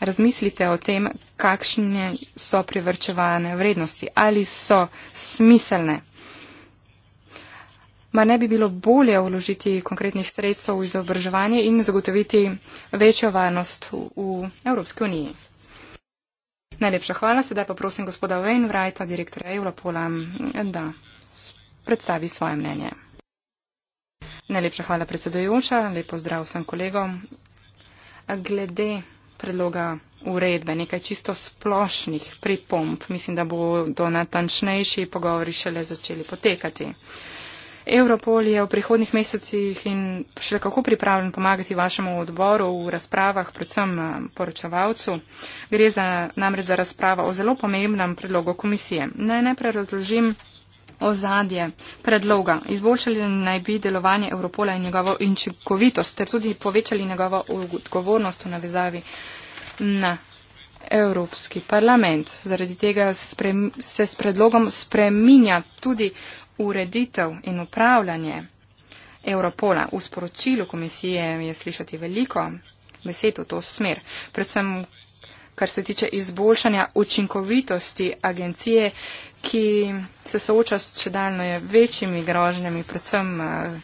razmislite o tem, kakšne so privrčevane vrednosti, ali so smiselne. Ma ne bi bilo bolje vložiti konkretnih sredstev v izobraževanje in zagotoviti večjo varnost v Evropski uniji. Najlepša hvala. Sedaj pa prosim gospoda Wainwrighta, direktorja Europola, da predstavi svoje mnenje. Najlepša hvala, predsedujoča. Lepo zdrav vsem kolegom. Glede predloga uredbe, nekaj čisto splošnih pripomp. Mislim, da bodo natančnejši pogovori šele začeli potekati. Uh, Europol je v prihodnih mesecih in še kako pripravljen pomagati vašemu odboru v razpravah, predvsem eh, poročevalcu. Gre za, namreč za razpravo o zelo pomembnem predlogu komisije. Naj najprej razložim ozadje predloga. Izboljšali naj bi delovanje Europola in njegovo učinkovitost ter tudi povečali njegovo odgovornost v navezavi na. Evropski parlament. Zaradi tega se s predlogom spreminja tudi ureditev in upravljanje Europola. V sporočilu komisije je slišati veliko besed v to smer, predvsem kar se tiče izboljšanja učinkovitosti agencije, ki se sooča s še daljno večjimi grožnjami, predvsem eh,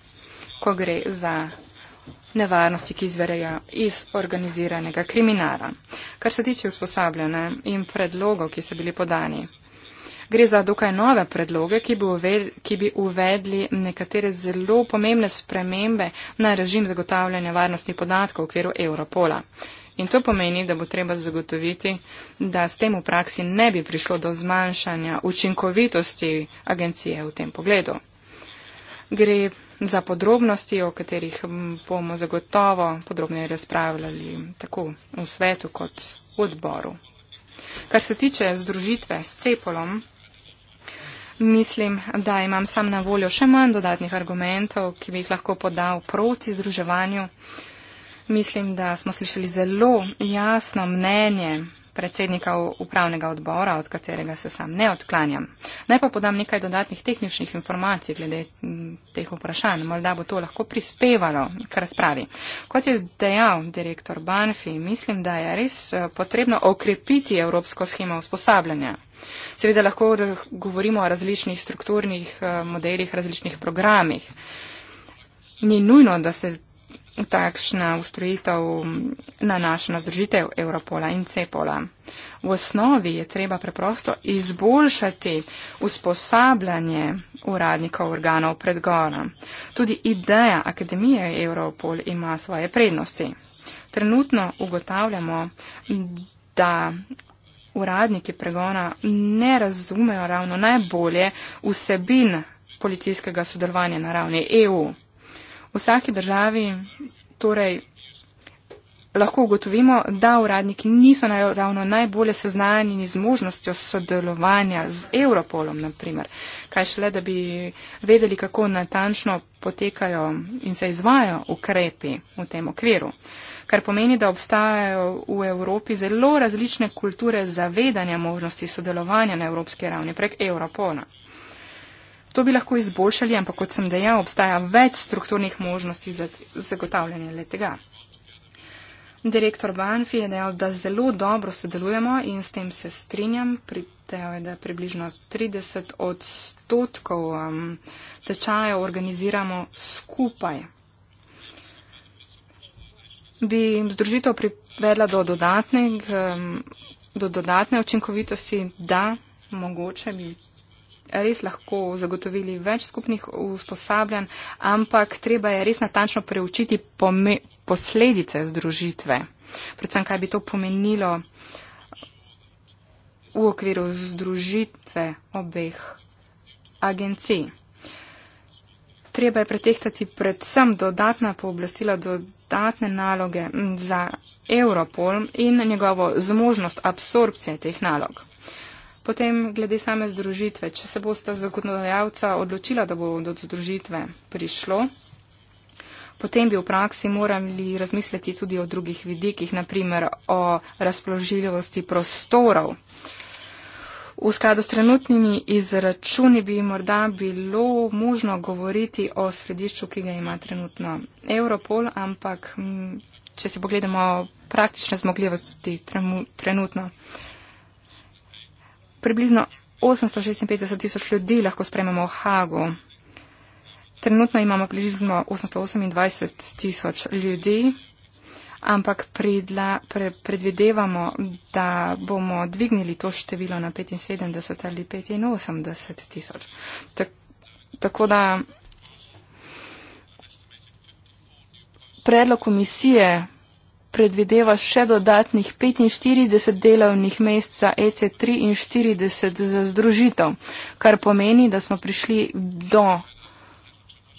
ko gre za nevarnosti, ki izverejo iz organiziranega kriminala. Kar se tiče usposabljanja in predlogov, ki so bili podani, Gre za dokaj nove predloge, ki bi, uvedli, ki bi uvedli nekatere zelo pomembne spremembe na režim zagotavljanja varnostnih podatkov v okviru Europola. In to pomeni, da bo treba zagotoviti, da s tem v praksi ne bi prišlo do zmanjšanja učinkovitosti agencije v tem pogledu. Gre za podrobnosti, o katerih bomo zagotovo podrobneje razpravljali tako v svetu kot v odboru. Kar se tiče združitve s Cepolom, mislim, da imam sam na voljo še manj dodatnih argumentov, ki bi jih lahko podal proti združevanju. Mislim, da smo slišali zelo jasno mnenje predsednika upravnega odbora, od katerega se sam ne odklanjam. Naj pa podam nekaj dodatnih tehničnih informacij glede teh vprašanj. Morda bo to lahko prispevalo k razpravi. Kot je dejal direktor Banfi, mislim, da je res eh, potrebno okrepiti evropsko schemo usposabljanja. Seveda lahko govorimo o različnih strukturnih eh, modelih, različnih programih. Ni nujno, da se takšna ustrojitev nanaša na združitev Europola in Cepola. V osnovi je treba preprosto izboljšati usposabljanje uradnikov organov predgona. Tudi ideja Akademije Europol ima svoje prednosti. Trenutno ugotavljamo, da uradniki pregona ne razumejo ravno najbolje vsebin policijskega sodelovanja na ravni EU vsaki državi torej, lahko ugotovimo, da uradniki niso ravno najbolje seznanjeni z možnostjo sodelovanja z Europolom, naprimer. kaj šele, da bi vedeli, kako natančno potekajo in se izvajo ukrepi v tem okviru. Kar pomeni, da obstajajo v Evropi zelo različne kulture zavedanja možnosti sodelovanja na evropski ravni prek Europola. To bi lahko izboljšali, ampak kot sem dejal, obstaja več strukturnih možnosti za zagotavljanje letega. Direktor Banfi je dejal, da zelo dobro sodelujemo in s tem se strinjam. Dejal je, da približno 30 odstotkov um, tečajev organiziramo skupaj. Bi jim združitev privedla do, dodatne, um, do dodatne učinkovitosti, da mogoče bi res lahko zagotovili več skupnih usposabljanj, ampak treba je res natančno preučiti posledice združitve. Predvsem, kaj bi to pomenilo v okviru združitve obeh agencij. Treba je pretehtati predvsem dodatna pooblastila, dodatne naloge za Europol in njegovo zmožnost absorpcije teh nalog. Potem glede same združitve, če se boste zakonodajalca odločila, da bo do združitve prišlo, potem bi v praksi morali razmisliti tudi o drugih vidikih, naprimer o razpoložljivosti prostorov. V skladu s trenutnimi izračuni bi morda bilo možno govoriti o središču, ki ga ima trenutno Europol, ampak če si pogledamo praktične zmogljivosti trenutno približno 856 tisoč ljudi lahko sprememo v Hagu. Trenutno imamo približno 828 tisoč ljudi, ampak predla, pre, predvidevamo, da bomo dvignili to število na 75 ali 85 tisoč. Tak, tako da predlog komisije predvideva še dodatnih 45 delovnih mest za EC43 za združitev, kar pomeni, da smo prišli do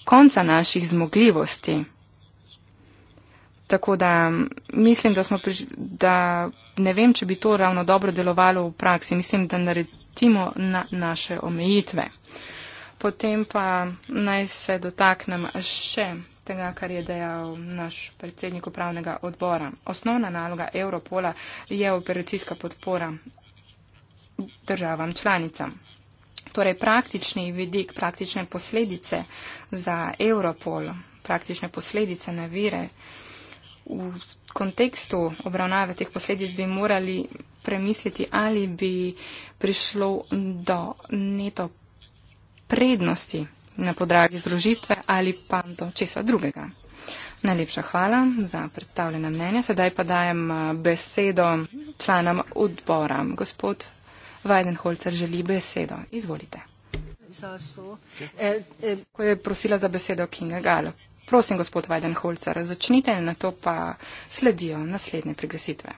konca naših zmogljivosti. Tako da mislim, da, smo, da ne vem, če bi to ravno dobro delovalo v praksi. Mislim, da naredimo na naše omejitve. Potem pa naj se dotaknem še tega, kar je dejal naš predsednik upravnega odbora. Osnovna naloga Europola je operacijska podpora državam članicam. Torej praktični vidik, praktične posledice za Europol, praktične posledice na vire. V kontekstu obravnave teh posledic bi morali premisliti, ali bi prišlo do neto prednosti na podragi združitve ali pa do česa drugega. Najlepša hvala za predstavljena mnenja. Sedaj pa dajem eh, besedo članom odbora. Gospod Weidenholzer želi besedo. Izvolite. Ko je prosila za besedo Kinga Gala. Prosim, gospod Weidenholzer, začnite in na to pa sledijo naslednje pregresitve.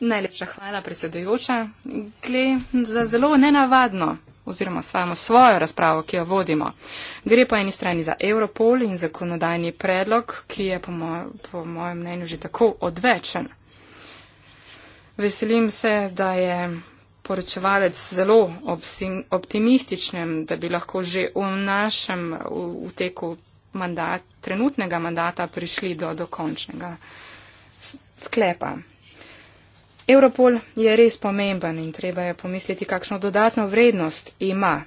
Najlepša hvala, predsedujoča. Gle za zelo nenavadno oziroma samo svojo razpravo, ki jo vodimo. Gre po eni strani za Europol in zakonodajni predlog, ki je po, moj, po mojem mnenju že tako odvečen. Veselim se, da je poročevalec zelo optimističen, da bi lahko že v našem v teku mandat, trenutnega mandata prišli do dokončnega sklepa. Europol je res pomemben in treba je pomisliti, kakšno dodatno vrednost ima.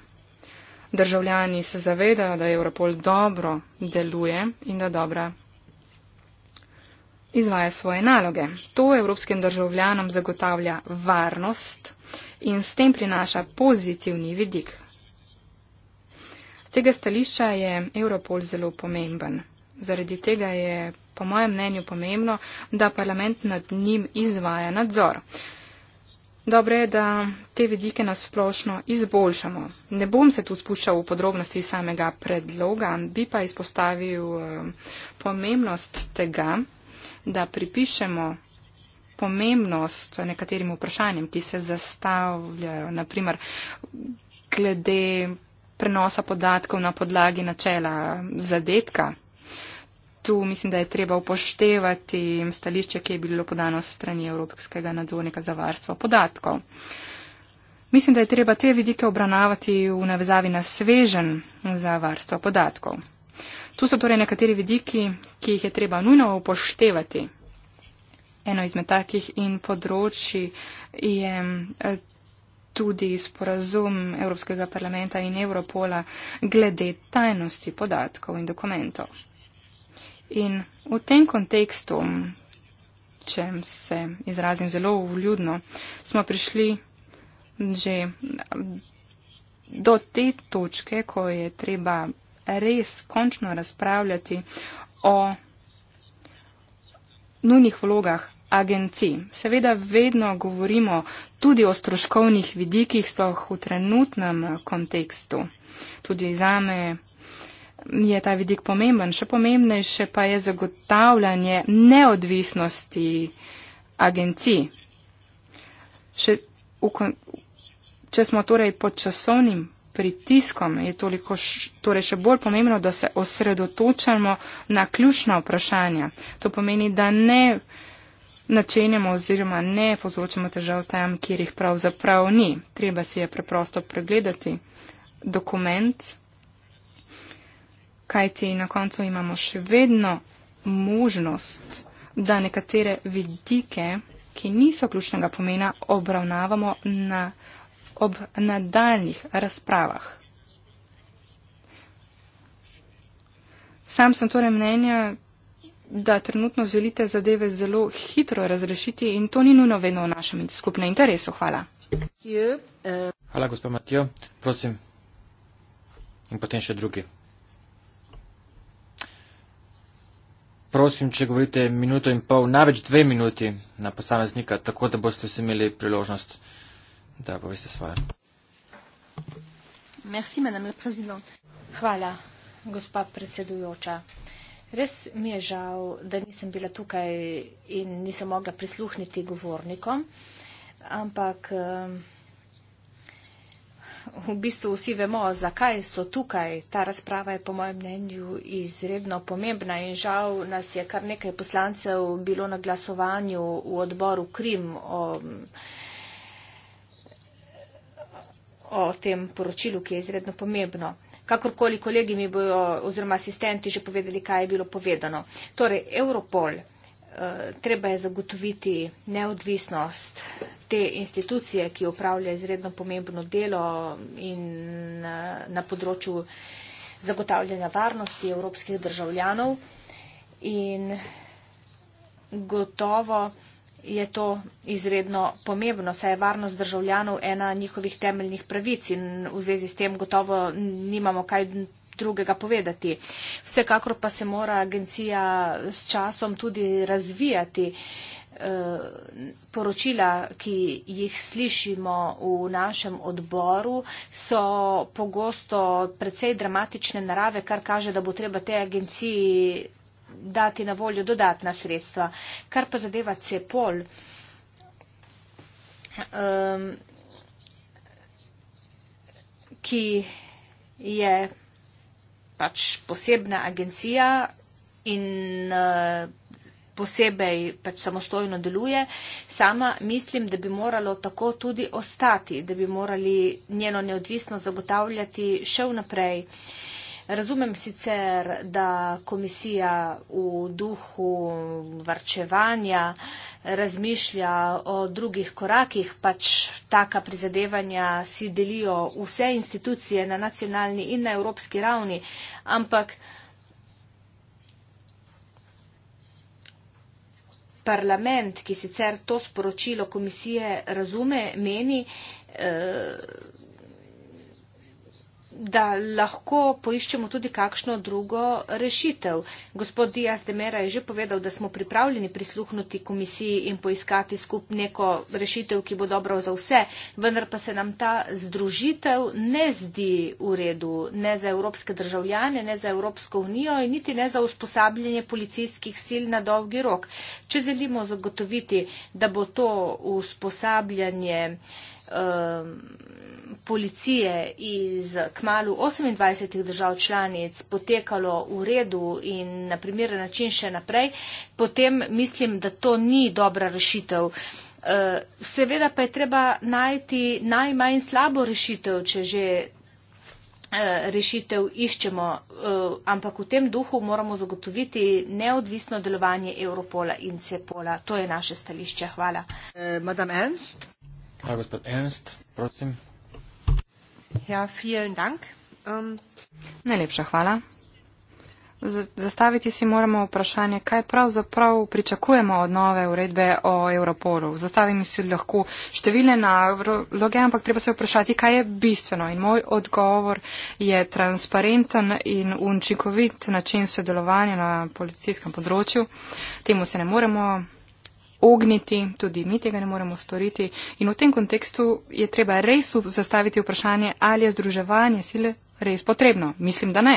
Državljani se zavedajo, da Europol dobro deluje in da dobro izvaja svoje naloge. To evropskim državljanom zagotavlja varnost in s tem prinaša pozitivni vidik. Z tega stališča je Europol zelo pomemben. Zaradi tega je po mojem mnenju pomembno, da parlament nad njim izvaja nadzor. Dobro je, da te vidike nas splošno izboljšamo. Ne bom se tu spuščal v podrobnosti samega predloga, bi pa izpostavil eh, pomembnost tega, da pripišemo pomembnost nekaterim vprašanjem, ki se zastavljajo, naprimer glede prenosa podatkov na podlagi načela zadetka tu mislim, da je treba upoštevati stališče, ki je bilo podano strani Evropskega nadzornika za varstvo podatkov. Mislim, da je treba te vidike obravnavati v navezavi na svežen za varstvo podatkov. Tu so torej nekateri vidiki, ki jih je treba nujno upoštevati. Eno izmed takih in področji je eh, tudi sporazum Evropskega parlamenta in Evropola glede tajnosti podatkov in dokumentov. In v tem kontekstu, če se izrazim zelo vljudno, smo prišli že do te točke, ko je treba res končno razpravljati o nujnih vlogah agencij. Seveda vedno govorimo tudi o stroškovnih vidikih, sploh v trenutnem kontekstu. Tudi zame je ta vidik pomemben. Še pomembnejše pa je zagotavljanje neodvisnosti agencij. Še, kon, če smo torej pod časovnim pritiskom, je toliko š, torej še bolj pomembno, da se osredotočamo na ključna vprašanja. To pomeni, da ne načenjamo oziroma ne povzročamo težav tam, kjer jih pravzaprav ni. Treba si je preprosto pregledati dokument kajti na koncu imamo še vedno možnost, da nekatere vidike, ki niso ključnega pomena, obravnavamo na, ob nadaljnih razpravah. Sam sem torej mnenja, da trenutno želite zadeve zelo hitro razrešiti in to ni nujno vedno v našem skupnem interesu. Hvala. Hvala, gospod Matijo. Prosim. In potem še drugi. prosim, če govorite minuto in pol, največ dve minuti na posameznika, tako da boste vsi imeli priložnost, da poveste svoje. Merci, Hvala, gospa predsedujoča. Res mi je žal, da nisem bila tukaj in nisem mogla prisluhniti govornikom, ampak. Uh, v bistvu vsi vemo, zakaj so tukaj. Ta razprava je po mojem mnenju izredno pomembna in žal nas je kar nekaj poslancev bilo na glasovanju v odboru Krim o, o tem poročilu, ki je izredno pomembno. Kakorkoli kolegi mi bojo oziroma asistenti že povedali, kaj je bilo povedano. Torej, Europol. Eh, treba je zagotoviti neodvisnost te institucije, ki upravlja izredno pomembno delo in na področju zagotavljanja varnosti evropskih državljanov. In gotovo je to izredno pomembno, saj je varnost državljanov ena njihovih temeljnih pravic in v zvezi s tem gotovo nimamo kaj drugega povedati. Vsekakor pa se mora agencija s časom tudi razvijati. Uh, Eh, poročila, ki jih slišimo v našem odboru, so pogosto precej dramatične narave, kar kaže, da bo treba te agenciji dati na voljo dodatna sredstva. Kar pa zadeva CEPOL, um, ki je pač posebna agencija in uh, posebej pač samostojno deluje. Sama mislim, da bi moralo tako tudi ostati, da bi morali njeno neodvisnost zagotavljati še vnaprej. Razumem sicer, da komisija v duhu varčevanja razmišlja o drugih korakih, pač taka prizadevanja si delijo vse institucije na nacionalni in na evropski ravni, ampak parlament, ki sicer to sporočilo komisije razume, meni, eh, da lahko poiščemo tudi kakšno drugo rešitev. Gospod Dias de Mera je že povedal, da smo pripravljeni prisluhnuti komisiji in poiskati skup neko rešitev, ki bo dobro za vse, vendar pa se nam ta združitev ne zdi v redu, ne za evropske državljane, ne za Evropsko unijo in niti ne za usposabljanje policijskih sil na dolgi rok. Če želimo zagotoviti, da bo to usposabljanje um, policije iz kmalu 28 držav članic potekalo v redu in na primeren način še naprej, potem mislim, da to ni dobra rešitev. Uh, seveda pa je treba najti najmanj slabo rešitev, če že uh, rešitev iščemo, uh, ampak v tem duhu moramo zagotoviti neodvisno delovanje Europola in Cepola. To je naše stališče. Hvala. Eh, madame Ernst. Herr Gospod Ernst, prosim. Ja, vielen Dank. Um, Najlepša hvala. Z zastaviti si moramo vprašanje, kaj pravzaprav pričakujemo od nove uredbe o Europolu. Zastavimo si lahko številne naloge, ampak treba se vprašati, kaj je bistveno. In moj odgovor je transparenten in učinkovit način sodelovanja na policijskem področju. Temu se ne moremo ogniti, tudi mi tega ne moremo storiti. In v tem kontekstu je treba res zastaviti vprašanje, ali je združevanje sile res potrebno. Mislim, da ne.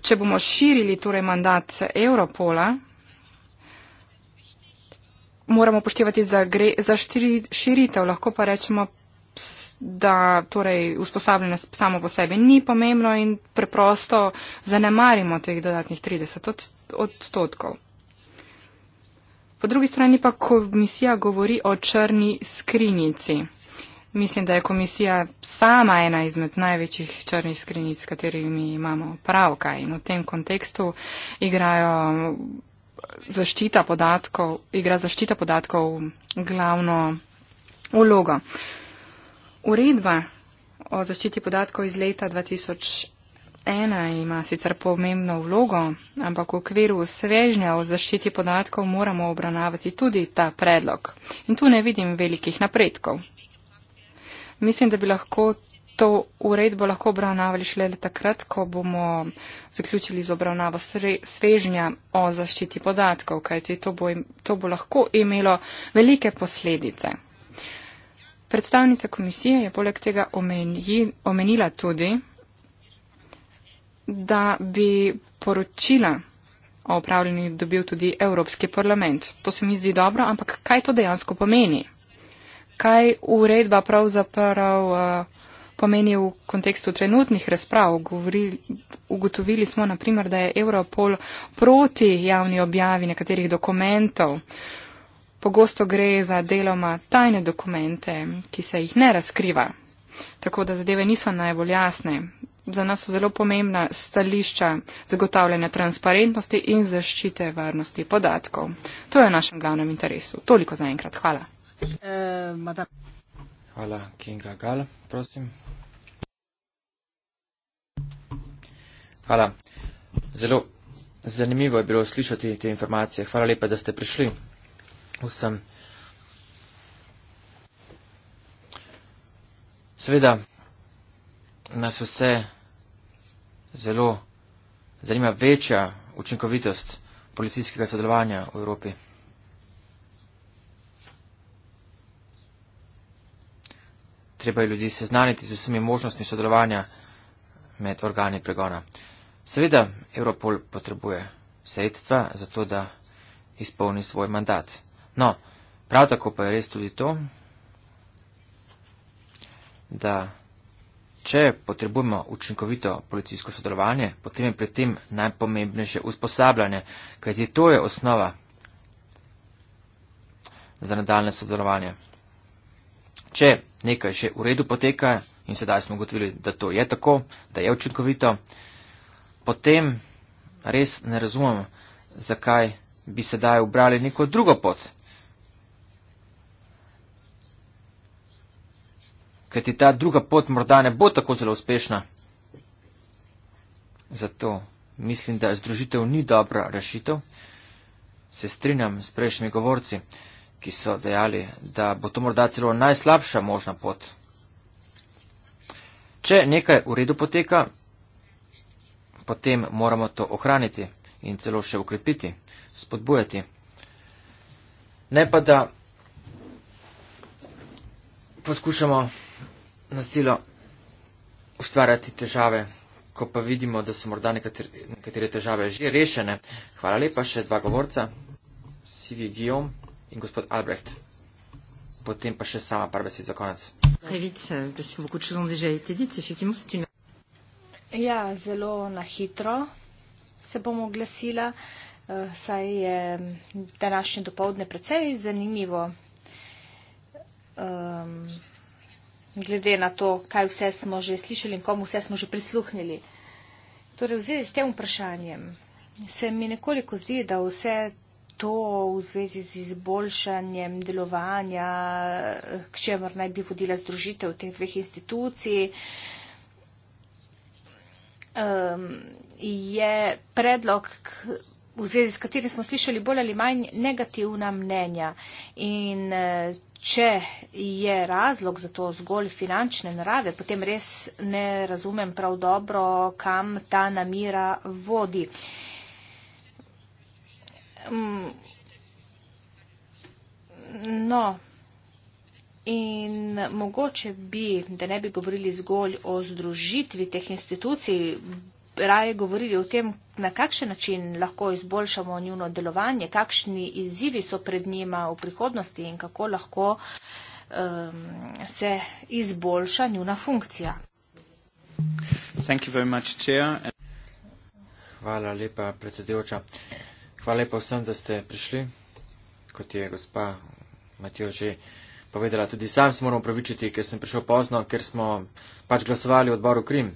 Če bomo širili torej mandat Europola, moramo poštevati, da gre za širitev, lahko pa rečemo, da torej usposabljanje samo po sebi ni pomembno in preprosto zanemarimo teh dodatnih 30 odstotkov. Od Po drugi strani pa komisija govori o črni skrinjici. Mislim, da je komisija sama ena izmed največjih črnih skrinjic, s katerimi imamo pravka in v tem kontekstu igrajo zaščita podatkov, igra zaščita podatkov glavno vlogo. Uredba o zaščiti podatkov iz leta 2001 ena ima sicer pomembno vlogo, ampak v okviru svežnja o zaščiti podatkov moramo obravnavati tudi ta predlog. In tu ne vidim velikih napredkov. Mislim, da bi lahko to uredbo lahko obravnavali šele takrat, ko bomo zaključili z obravnavo svežnja o zaščiti podatkov, kajti to bo, to bo lahko imelo velike posledice. Predstavnica komisije je poleg tega omenila tudi, da bi poročila o upravljanju dobil tudi Evropski parlament. To se mi zdi dobro, ampak kaj to dejansko pomeni? Kaj uredba pravzaprav uh, pomeni v kontekstu trenutnih razprav? Govori, ugotovili smo, naprimer, da je Europol proti javni objavi nekaterih dokumentov. Pogosto gre za deloma tajne dokumente, ki se jih ne razkriva. Tako da zadeve niso najbolj jasne za nas so zelo pomembna stališča zagotavljanja transparentnosti in zaščite varnosti podatkov. To je v našem glavnem interesu. Toliko za enkrat. Hvala. Eh, Hvala, Kinga Gal, prosim. Hvala. Zelo zanimivo je bilo slišati te informacije. Hvala lepa, da ste prišli vsem. Seveda nas vse zelo zanima večja učinkovitost policijskega sodelovanja v Evropi. Treba je ljudi seznaniti z vsemi možnostmi sodelovanja med organi pregona. Seveda, Europol potrebuje sredstva za to, da izpolni svoj mandat. No, prav tako pa je res tudi to, da Če potrebujemo učinkovito policijsko sodelovanje, potem je pred tem najpomembnejše usposabljanje, kajti to je osnova za nadaljne sodelovanje. Če nekaj že v redu poteka in sedaj smo ugotovili, da to je tako, da je učinkovito, potem res ne razumem, zakaj bi sedaj ubrali neko drugo pot, ker ti ta druga pot morda ne bo tako zelo uspešna. Zato mislim, da združitev ni dobra rešitev. Se strinjam s prejšnjimi govorci, ki so dejali, da bo to morda celo najslabša možna pot. Če nekaj v redu poteka, potem moramo to ohraniti in celo še ukrepiti, spodbujati. Ne pa da poskušamo na silo ustvarjati težave, ko pa vidimo, da so morda nekatere, nekatere težave že rešene. Hvala lepa še dva govorca, Sivi Gijom in gospod Albrecht. Potem pa še sama par besed za konec. Ja, zelo na hitro se bomo oglasila, eh, saj je mm, današnje dopoledne precej zanimivo. Um, glede na to, kaj vse smo že slišali in komu vse smo že prisluhnili. Torej, v zvezi s tem vprašanjem se mi nekoliko zdi, da vse to v zvezi z izboljšanjem delovanja, k čemer naj bi vodila združitev teh dveh institucij, um, je predlog, v zvezi s katerim smo slišali bolj ali manj negativna mnenja. In, uh, Če je razlog za to zgolj finančne narave, potem res ne razumem prav dobro, kam ta namira vodi. Mm. No, in mogoče bi, da ne bi govorili zgolj o združitvi teh institucij, raje govorili o tem, na kakšen način lahko izboljšamo njuno delovanje, kakšni izzivi so pred njima v prihodnosti in kako lahko um, se izboljša njuna funkcija. Much, Hvala lepa, predsedujoča. Hvala lepa vsem, da ste prišli. Kot je gospa Matijo že povedala, tudi sam se moram upravičiti, ker sem prišel pozno, ker smo pač glasovali v odboru Krim. Uh,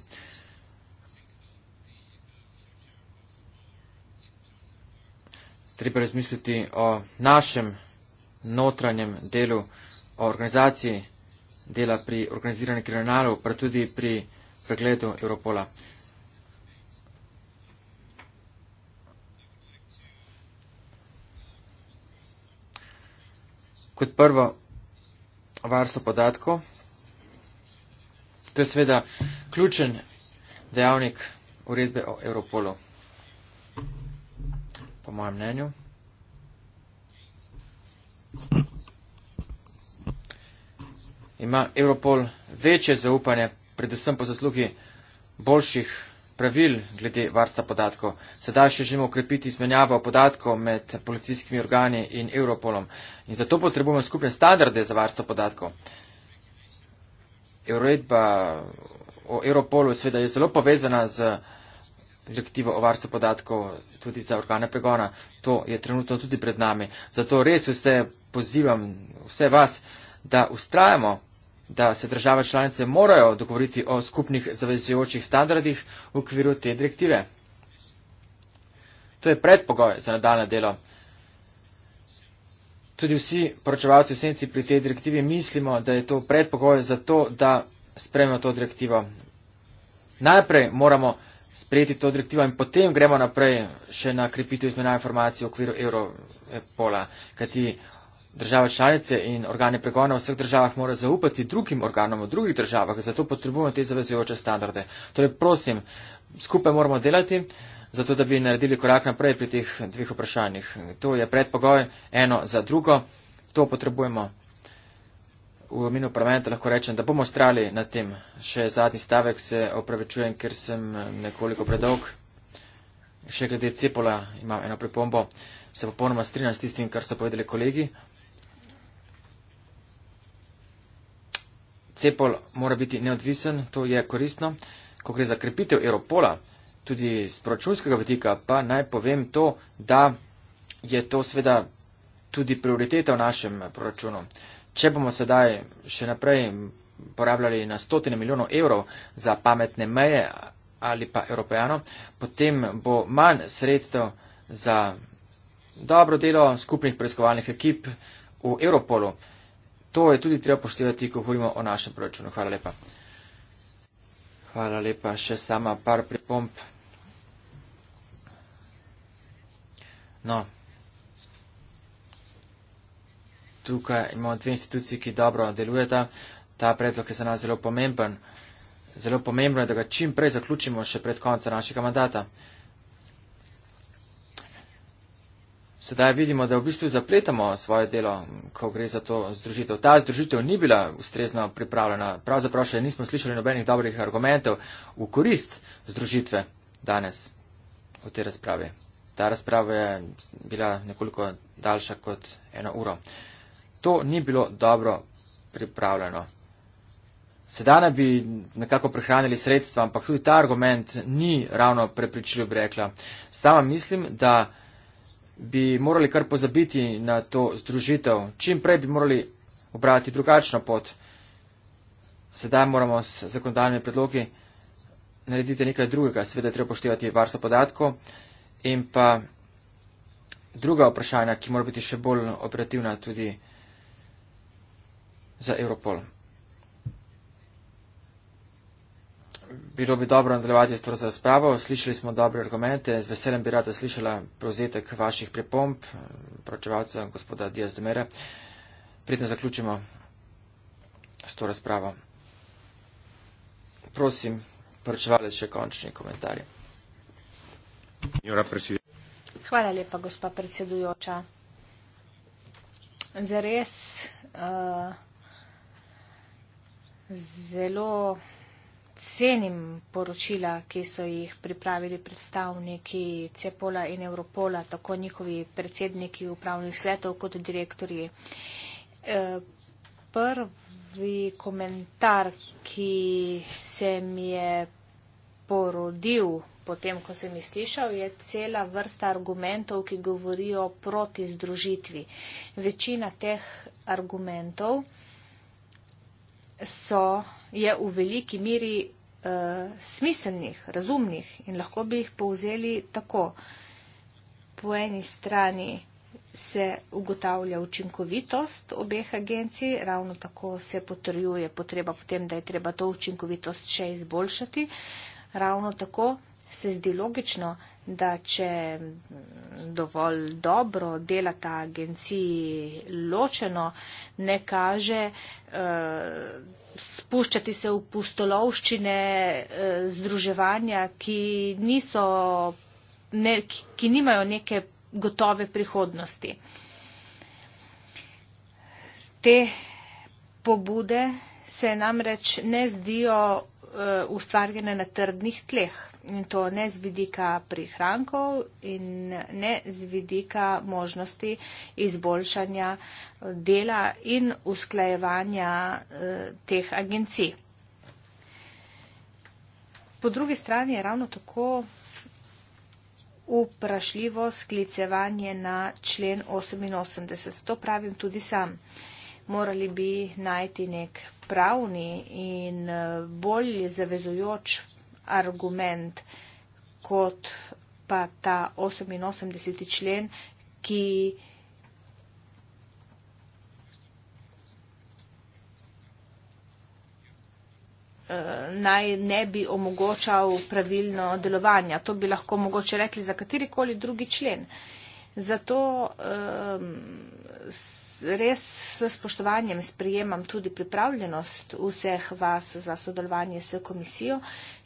treba razmisliti o našem notranjem delu, o organizaciji dela pri organiziranih kriminalov, pa tudi pri pregledu Europola. Kot prvo, varstvo podatkov. To je seveda ključen dejavnik uredbe o Europolu po mojem mnenju. Ima Europol večje zaupanje, predvsem po zaslugi boljših pravil glede varsta podatkov. Sedaj še želimo ukrepiti izmenjavo podatkov med policijskimi organi in Europolom. In zato potrebujemo skupne standarde za varsta podatkov. Uredba o Europolu je seveda zelo povezana z direktivo o varstvu podatkov tudi za organe pregona. To je trenutno tudi pred nami. Zato res vse pozivam vse vas, da ustrajamo, da se države članice morajo dogovoriti o skupnih zavezujočih standardih v okviru te direktive. To je predpogoj za nadaljne delo. Tudi vsi poročevalci v senci pri tej direktivi mislimo, da je to predpogoj za to, da spremljamo to direktivo. Najprej moramo sprejeti to direktivo in potem gremo naprej še na krepitev izmenjave informacij v okviru Europola, kajti države članice in organe pregona v vseh državah morajo zaupati drugim organom v drugih državah, zato potrebujemo te zavezujoče standarde. Torej, prosim, skupaj moramo delati, zato da bi naredili korak naprej pri teh dveh vprašanjih. To je predpogoj eno za drugo, to potrebujemo v imenu parlamenta lahko rečem, da bomo strali na tem. Še zadnji stavek se opravičujem, ker sem nekoliko predolg. Še glede cepola imam eno pripombo. Se popolnoma strinjam s tistim, kar so povedali kolegi. Cepol mora biti neodvisen, to je koristno. Ko gre za krepitev Europola, tudi z proračunskega vidika, pa naj povem to, da je to sveda tudi prioriteta v našem proračunu če bomo sedaj še naprej porabljali na stotine milijonov evrov za pametne meje ali pa evropejano, potem bo manj sredstev za dobro delo skupnih preiskovalnih ekip v Evropolu. To je tudi treba poštevati, ko govorimo o našem proračunu. Hvala lepa. Hvala lepa. Še sama par pripomp. No, tukaj imamo dve instituciji, ki dobro delujeta. Ta predlog je za nas zelo pomemben. Zelo pomembno je, da ga čim prej zaključimo še pred konca našega mandata. Sedaj vidimo, da v bistvu zapletamo svoje delo, ko gre za to združitev. Ta združitev ni bila ustrezno pripravljena. Pravzaprav še nismo slišali nobenih dobrih argumentov v korist združitve danes v tej razpravi. Ta razprava je bila nekoliko daljša kot eno uro to ni bilo dobro pripravljeno. Sedaj naj bi nekako prihranili sredstva, ampak tudi ta argument ni ravno prepričljiv, bi rekla. Sama mislim, da bi morali kar pozabiti na to združitev. Čim prej bi morali obrati drugačno pot. Sedaj moramo s zakonodajnimi predlogi narediti nekaj drugega. Seveda treba poštevati varstvo podatkov in pa druga vprašanja, ki mora biti še bolj operativna tudi za Europol. Bilo bi dobro nadaljevati s to razpravo. Slišali smo dobre argumente. Z veseljem bi rada slišala prevzetek vaših pripomp, pročevalca gospoda Diaz de Mere. Predne zaključimo s to razpravo. Prosim, pročevalec, še končni komentarji. Hvala lepa, gospa predsedujoča. Zares. Uh zelo cenim poročila, ki so jih pripravili predstavniki Cepola in Europola, tako njihovi predsedniki upravnih svetov kot direktorji. Eh, prvi komentar, ki se mi je porodil potem, ko sem jih slišal, je cela vrsta argumentov, ki govorijo proti združitvi. Večina teh argumentov so, je v veliki miri uh, eh, smiselnih, razumnih in lahko bi jih povzeli tako. Po eni strani se ugotavlja učinkovitost obeh agencij, ravno tako se potrjuje potreba potem, da je treba to učinkovitost še izboljšati, ravno tako se zdi logično, da če dovolj dobro delata agenciji ločeno, ne kaže eh, spuščati se v pustolovščine eh, združevanja, ki, niso, ne, ki, ki nimajo neke gotove prihodnosti. Te pobude se namreč ne zdijo uh, ustvarjene na trdnih tleh. In to ne z vidika prihrankov in ne z vidika možnosti izboljšanja dela in usklajevanja uh, teh agencij. Po drugi strani je ravno tako vprašljivo sklicevanje na člen 88. To pravim tudi sam. Uh, morali bi najti nek pravni in eh, bolj zavezujoč argument kot pa ta 88. člen, ki eh, naj ne bi omogočal pravilno delovanje. To bi lahko mogoče rekli za katerikoli drugi člen. Zato um, res s spoštovanjem sprijemam tudi pripravljenost vseh vas za sodelovanje s komisijo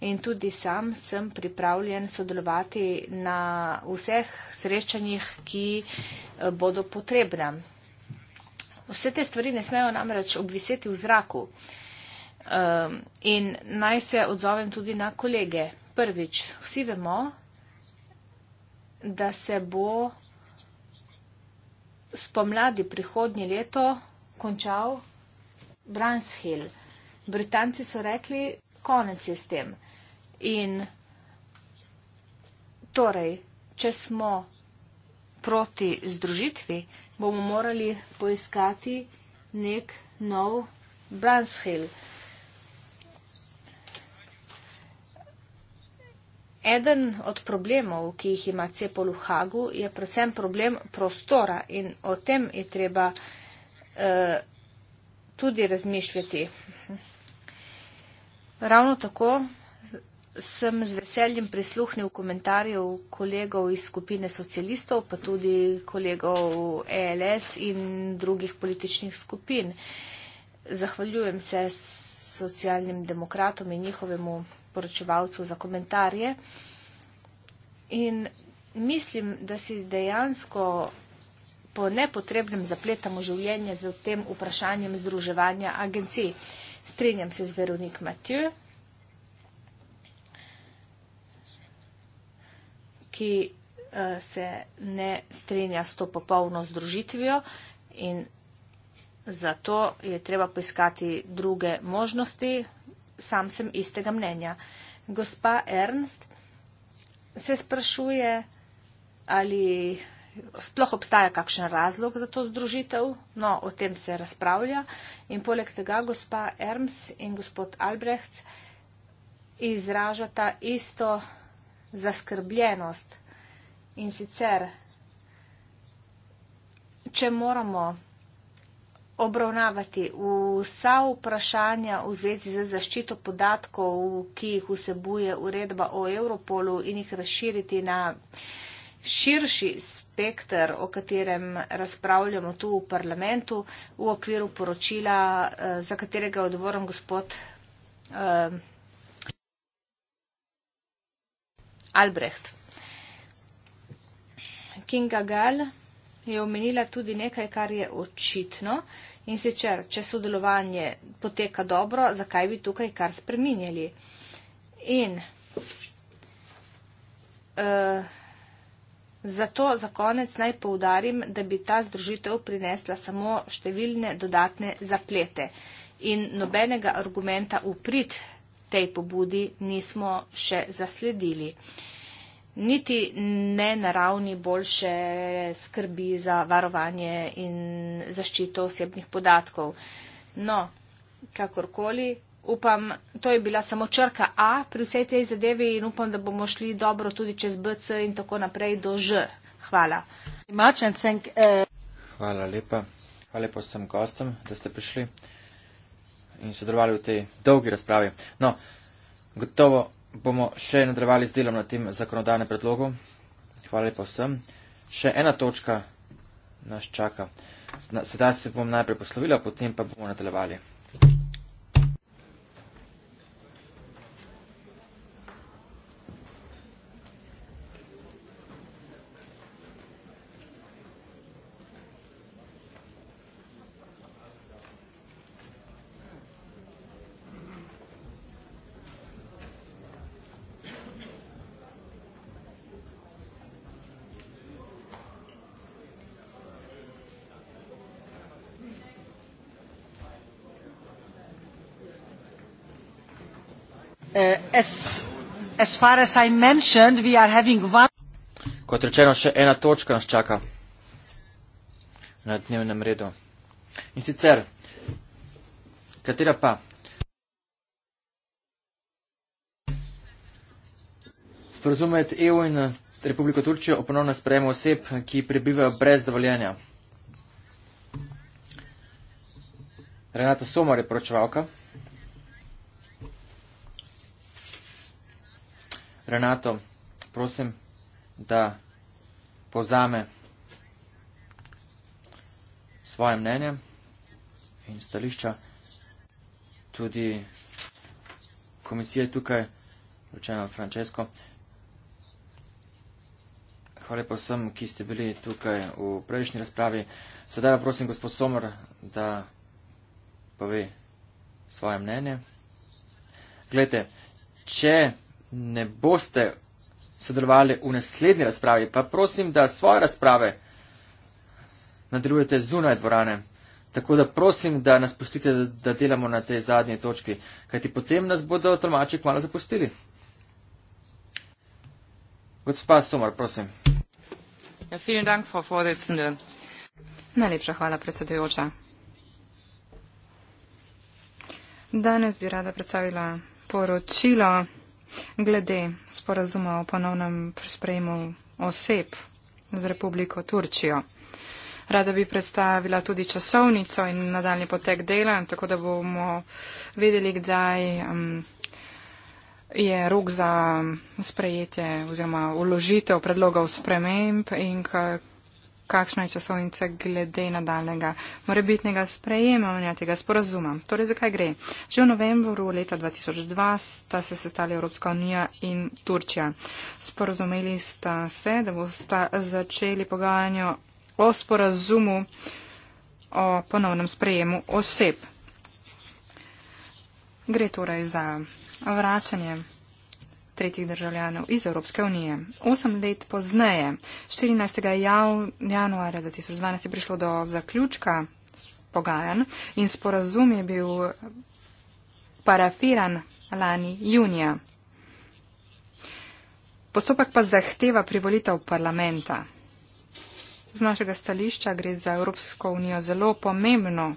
in tudi sam sem pripravljen sodelovati na vseh srečanjih, ki eh, bodo potrebna. Vse te stvari ne smejo namreč obviseti v zraku. Ehm, in naj se odzovem tudi na kolege. Prvič, vsi vemo, da se bo spomladi prihodnje leto končal Brans Hill. Britanci so rekli, konec je s tem. In torej, če smo proti združitvi, bomo morali poiskati nek nov Brans Hill. Eden od problemov, ki jih ima cepol v Hagu, je predvsem problem prostora in o tem je treba uh, tudi razmišljati. Ravno tako sem z veseljem prisluhnil komentarjev kolegov iz skupine socialistov, pa tudi kolegov ELS in drugih političnih skupin. Zahvaljujem se socialnim demokratom in njihovemu sporočevalcev za komentarje. In mislim, da si dejansko po nepotrebnem zapletamo življenje z tem vprašanjem združevanja agencij. Strenjam se z Veronik Matjo, ki eh, se ne strenja s to popolno združitvijo in zato je treba poiskati druge možnosti, sam sem istega mnenja. Gospa Ernst se sprašuje, ali sploh obstaja kakšen razlog za to združitev. No, o tem se razpravlja. In poleg tega gospa Ernst in gospod Albrecht izražata isto zaskrbljenost. In sicer, če moramo obravnavati vsa vprašanja v zvezi z zaščito podatkov, ki jih vsebuje uredba o Europolu in jih razširiti na širši spektr, o katerem razpravljamo tu v parlamentu v okviru poročila, eh, za katerega odvoram gospod uh, Albrecht. Kinga Gal je omenila tudi nekaj, kar je očitno in sicer, če sodelovanje poteka dobro, zakaj bi tukaj kar spreminjali. In uh, zato za konec naj poudarim, da bi ta združitev prinesla samo številne dodatne zaplete in nobenega argumenta uprit tej pobudi nismo še zasledili. Uh, niti ne na ravni boljše skrbi za varovanje in zaščito osebnih podatkov. No, kakorkoli, upam, to je bila samo črka A pri vsej tej zadevi in upam, da bomo šli dobro tudi čez BC in tako naprej do Ž. Hvala. Uh, Hvala lepa. Hvala lepa vsem gostom, da ste prišli in sodelovali v tej dolgi razpravi. No, gotovo bomo še nadaljevali z delom na tem zakonodajnem predlogu. Hvala lepa vsem. Še ena točka nas čaka. Sedaj se bom najprej poslovila, potem pa bomo nadaljevali. Eh, Kot rečeno, še ena točka nas čaka na dnevnem redu. In sicer, katera pa? Sporozumet EU in Republiko Turčijo o ponovno sprejemu oseb, ki prebivajo brez dovoljenja. Renata Somor je poročevalka. Renato, prosim, da povzame svoje mnenje in stališča. Tudi komisije tukaj, vrčeno Francesco. Hvala pa vsem, ki ste bili tukaj v prejšnji razpravi. Sedaj pa prosim gospod Somer, da pove svoje mnenje. Glede, če ne boste sodelovali v naslednji razpravi, pa prosim, da svoje razprave nadaljujete zunaj dvorane. Tako da prosim, da nas pustite, da delamo na tej zadnji točki, kajti potem nas bodo tolmači kmalo zapustili. Gospa Somar, prosim. Ja, dank, Najlepša hvala, predsedujoča. Danes bi rada predstavila poročilo glede sporazuma o ponovnem sprejemu oseb z Republiko Turčijo. Rada bi predstavila tudi časovnico in nadaljni potek dela, tako da bomo vedeli, kdaj um, je rok za sprejetje oziroma uložitev predlogov sprememb in kako kakšna je časovnica glede nadaljnega morebitnega sprejemanja tega sporazuma. Torej, zakaj gre? Že v novembru leta 2002 sta se sestali Evropska unija in Turčija. Sporazumeli sta se, da bosta začeli pogajanje o sporazumu o ponovnem sprejemu oseb. Gre torej za vračanje tretjih državljanov iz Evropske unije. Osem let pozneje, 14. Jav, januarja 2012, je prišlo do zaključka pogajanj in sporazum je bil parafiran lani junija. Postopek pa zahteva privolitev parlamenta. Z našega stališča gre za Evropsko unijo zelo pomembno,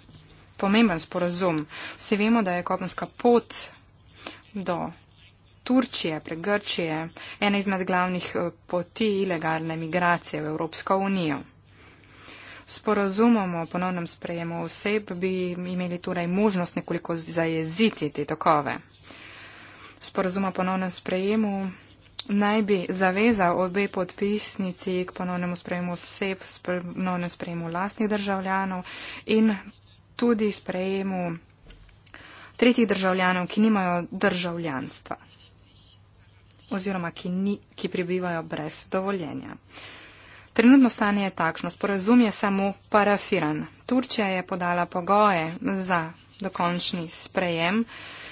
pomemben sporazum. Vsi vemo, da je kopenska pot do Turčije, prek Grčije, ena izmed glavnih eh, poti ilegalne migracije v Evropsko unijo. Sporazumom o ponovnem sprejemu oseb bi imeli torej možnost nekoliko zajeziti te tokove. Sporazum o ponovnem sprejemu naj bi zavezal obe podpisnici k ponovnemu sprejemu oseb, ponovnem sprejemu lastnih državljanov in tudi sprejemu tretjih državljanov, ki nimajo državljanstva oziroma ki, ni, ki prebivajo brez dovoljenja. Trenutno stanje je takšno, sporazum je samo parafiran. Turčija je podala pogoje za dokončni sprejem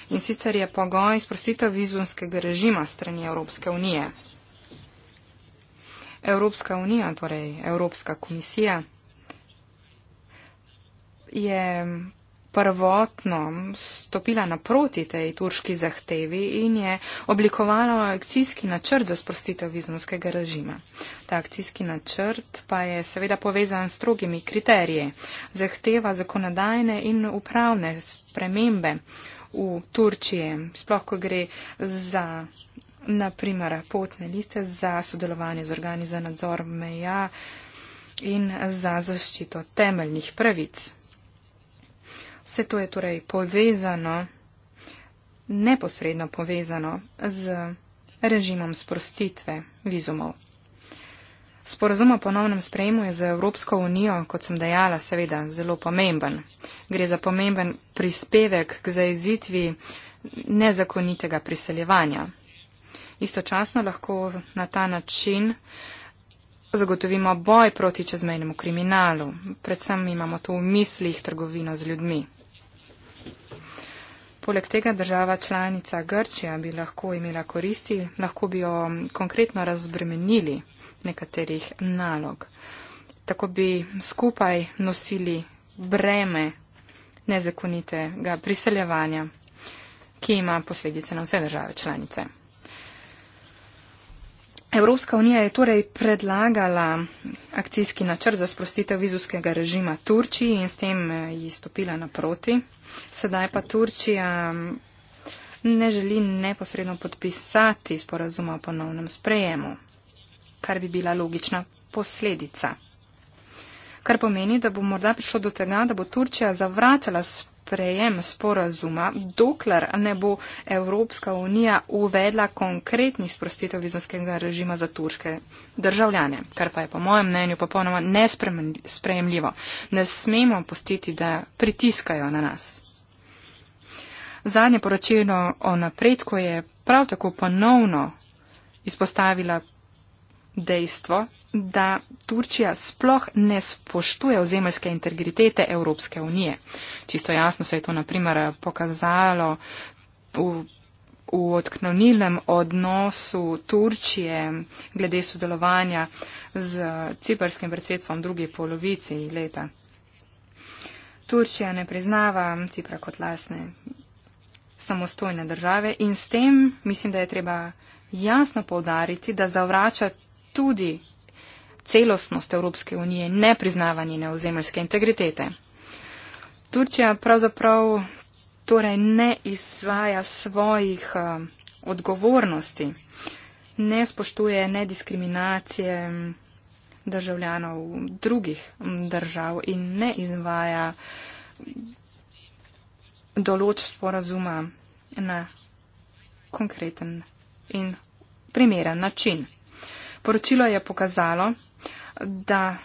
in sicer je pogoj sprostitev vizumskega režima strani Evropske unije. Evropska unija, torej Evropska komisija, je prvotno stopila naproti tej turški zahtevi in je oblikovala akcijski načrt za sprostitev vizumskega režima. Ta akcijski načrt pa je seveda povezan s drugimi kriteriji. Zahteva zakonodajne in upravne spremembe v Turčiji, sploh ko gre za naprimer potne liste za sodelovanje z organi za nadzor meja in za zaščito temeljnih pravic. Vse to je torej povezano, neposredno povezano z režimom sprostitve vizumov. Sporazum o ponovnem sprejemu je za Evropsko unijo, kot sem dejala, seveda zelo pomemben. Gre za pomemben prispevek k zaezitvi nezakonitega priseljevanja. Istočasno lahko na ta način uh, zagotovimo boj proti čezmejnemu kriminalu. Predvsem imamo to v mislih trgovino z ljudmi. Poleg tega država članica Grčija bi lahko imela koristi, lahko bi jo konkretno razbremenili nekaterih nalog. Tako bi skupaj nosili breme nezakonitega priseljevanja, ki ima posledice na vse države članice. Evropska unija je torej predlagala akcijski načrt za sprostitev vizuskega režima Turčiji in s tem eh, ji stopila naproti. Sedaj pa Turčija mm, ne želi neposredno podpisati sporazuma o ponovnem sprejemu, kar bi bila logična posledica. Kar pomeni, da bo morda prišlo do tega, da bo Turčija zavračala sporazum sprejem sporazuma, dokler ne bo Evropska unija uvedla konkretnih sprostitev vizonskega režima za turške državljane, kar pa je po mojem mnenju popolnoma nesprejemljivo. Ne smemo postiti, da pritiskajo na nas. Zadnje poročilo o napredku je prav tako ponovno izpostavila dejstvo, da Turčija sploh ne spoštuje ozemeljske integritete Evropske unije. Čisto jasno se je to naprimer pokazalo v, v odknonilnem odnosu Turčije glede sodelovanja z ciprskim predsedstvom v drugi polovici leta. Turčija ne priznava Cipra kot lasne samostojne države in s tem mislim, da je treba jasno povdariti, da zavrača tudi celostnost Evropske unije, ne priznavanje neozemljske integritete. Turčija pravzaprav torej ne izvaja svojih eh, odgovornosti, ne spoštuje nediskriminacije državljanov drugih mm, držav in ne izvaja mm, določ sporazuma na konkreten in primeren način. Poročilo je pokazalo, da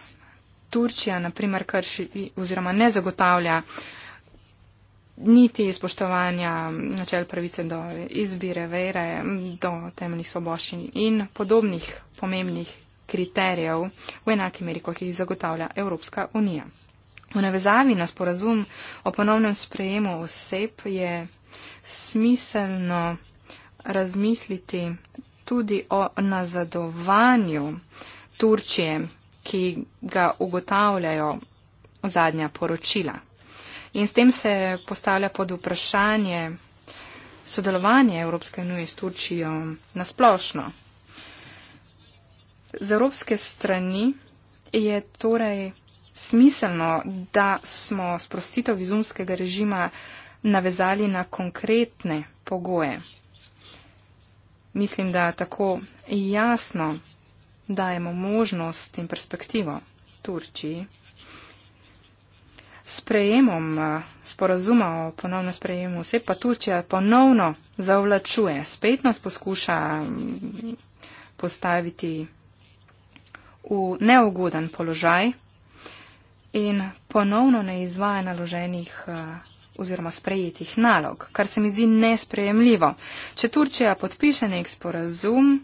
Turčija naprimer krši oziroma ne zagotavlja niti spoštovanja načel pravice do izbire vere, do temeljnih soboščin in podobnih pomembnih kriterijev v enaki meri, kot jih zagotavlja Evropska unija. V navezavi na sporazum o ponovnem sprejemu oseb je smiselno razmisliti tudi o nazadovanju Turčije ki ga ugotavljajo zadnja poročila. In s tem se postavlja pod vprašanje sodelovanje Evropske unije s Turčijo nasplošno. Z evropske strani je torej smiselno, da smo sprostitev vizumskega režima navezali na konkretne pogoje. Mislim, da tako jasno dajemo možnost in perspektivo Turčiji. Sprejemom eh, sporazuma o ponovnem sprejemu vse pa Turčija ponovno zavlačuje. Spet nas poskuša mm, postaviti v neugoden položaj in ponovno ne izvaja naloženih eh, oziroma sprejetih nalog, kar se mi zdi nesprejemljivo. Če Turčija podpiše nek sporazum,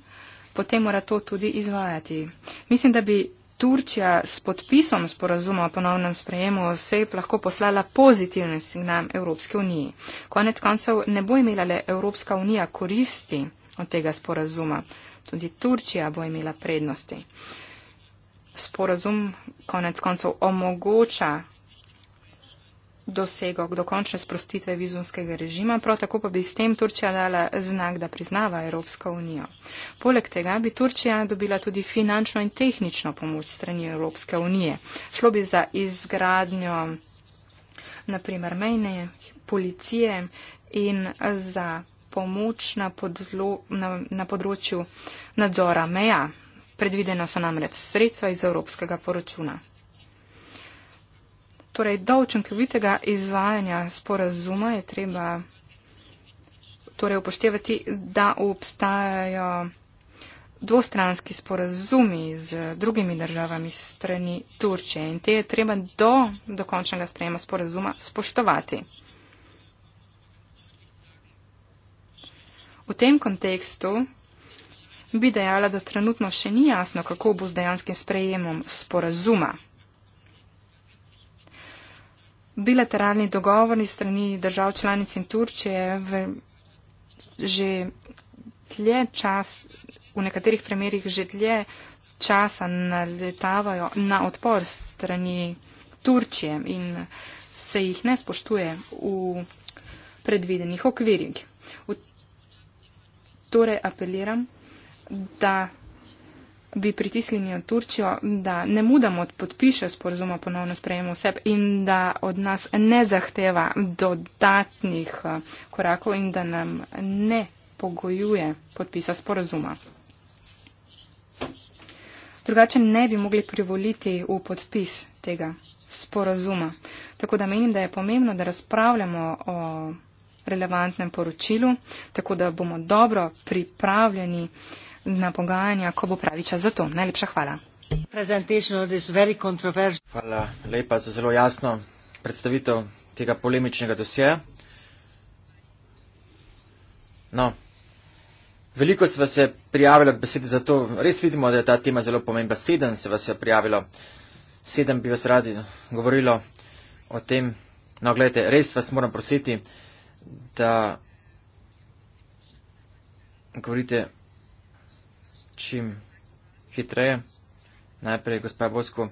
potem mora to tudi izvajati. Mislim, da bi Turčija s podpisom sporazuma o ponovnem sprejemu sej lahko poslala pozitivni signal Evropske unije. Konec koncev ne bo imela le Evropska unija koristi od tega sporazuma, tudi Turčija bo imela prednosti. Sporazum konec koncev omogoča dosego do končne sprostitve vizumskega režima, prav tako pa bi s tem Turčija dala znak, da priznava Evropsko unijo. Poleg tega bi Turčija dobila tudi finančno in tehnično pomoč strani Evropske unije. Šlo bi za izgradnjo naprimer mejne policije in za pomoč na, podlo, na, na področju nadzora meja. Predvideno so namreč sredstva iz evropskega poročuna. Torej, do učinkovitega izvajanja sporazuma je treba torej, upoštevati, da obstajajo dvostranski sporazumi z drugimi državami strani Turčije in te je treba do dokončnega sprejema sporazuma spoštovati. V tem kontekstu bi dejala, da trenutno še ni jasno, kako bo z dejanskim sprejemom sporazuma bilateralni dogovori strani držav članic in Turčije v že dlje čas, v nekaterih primerjih že dlje časa naletavajo na odpor strani Turčije in se jih ne spoštuje v predvidenih okvirjih. Torej apeliram, da bi pritisnili na Turčijo, da ne mudamo podpiše sporozuma ponovno sprejemu vseb in da od nas ne zahteva dodatnih eh, korakov in da nam ne pogojuje podpisa sporozuma. Drugače ne bi mogli privoliti v podpis tega sporozuma. Tako da menim, da je pomembno, da razpravljamo o relevantnem poročilu, tako da bomo dobro pripravljeni na pogajanja, ko bo pravi čas za to. Najlepša hvala. Hvala lepa za zelo jasno predstavitev tega polemičnega dosjeja. No, veliko se vas je prijavilo k besedi za to. Res vidimo, da je ta tema zelo pomembna. Sedem se vas je prijavilo. Sedem bi vas radi govorilo o tem. No, gledajte, res vas moram prositi, da govorite čim hitreje. Najprej, gospa Bosko.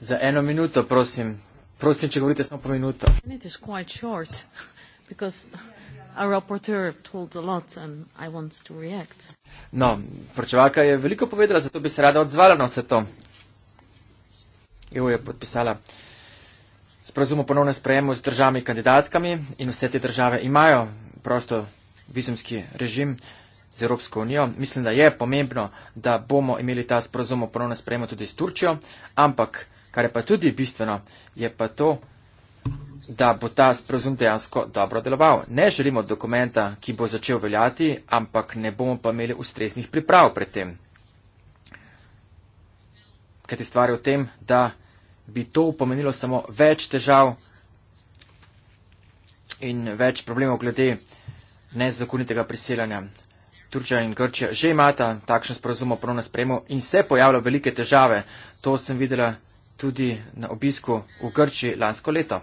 Za eno minuto, prosim. Prosim, če govorite samo po minuto. It is quite short, because our rapporteur told a lot and I want to react. No, pročevalka je veliko povedala, zato bi se rada odzvala na vse to. Jo je podpisala. Sprazumo ponovno sprejemu z državami kandidatkami in vse te države imajo prosto vizumski režim z Evropsko unijo. Mislim, da je pomembno, da bomo imeli ta sporozum o ponovno sprejemu tudi s Turčjo, ampak kar je pa tudi bistveno, je pa to, da bo ta sporozum dejansko dobro deloval. Ne želimo dokumenta, ki bo začel veljati, ampak ne bomo pa imeli ustreznih priprav pred tem. Kaj ti stvari o tem, da bi to pomenilo samo več težav in več problemov glede nezakonitega priseljanja. Turčija in Grčija že imata takšen sporozum o ponovnem sprejemu in se pojavljajo velike težave. To sem videla tudi na obisku v Grčiji lansko leto.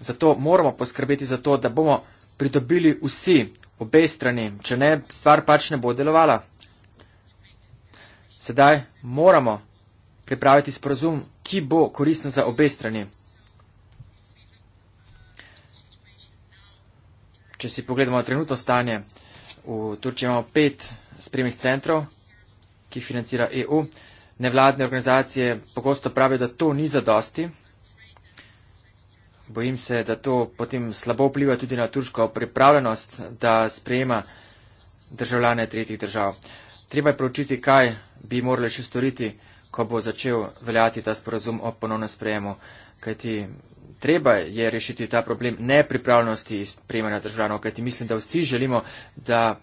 Zato moramo poskrbeti za to, da bomo pridobili vsi, obe strani, če ne, stvar pač ne bo delovala. Sedaj moramo pripraviti sporozum, ki bo koristen za obe strani. če si pogledamo trenutno stanje, v Turčiji imamo pet spremnih centrov, ki jih financira EU. Nevladne organizacije pogosto pravijo, da to ni zadosti. Bojim se, da to potem slabo vpliva tudi na turško pripravljenost, da sprejema državljane tretjih držav. Treba je proučiti, kaj bi morali še storiti, ko bo začel veljati ta sporazum o ponovnem sprejemu, kajti treba je rešiti ta problem nepripravljenosti sprejemanja državljanov, kajti mislim, da vsi želimo, da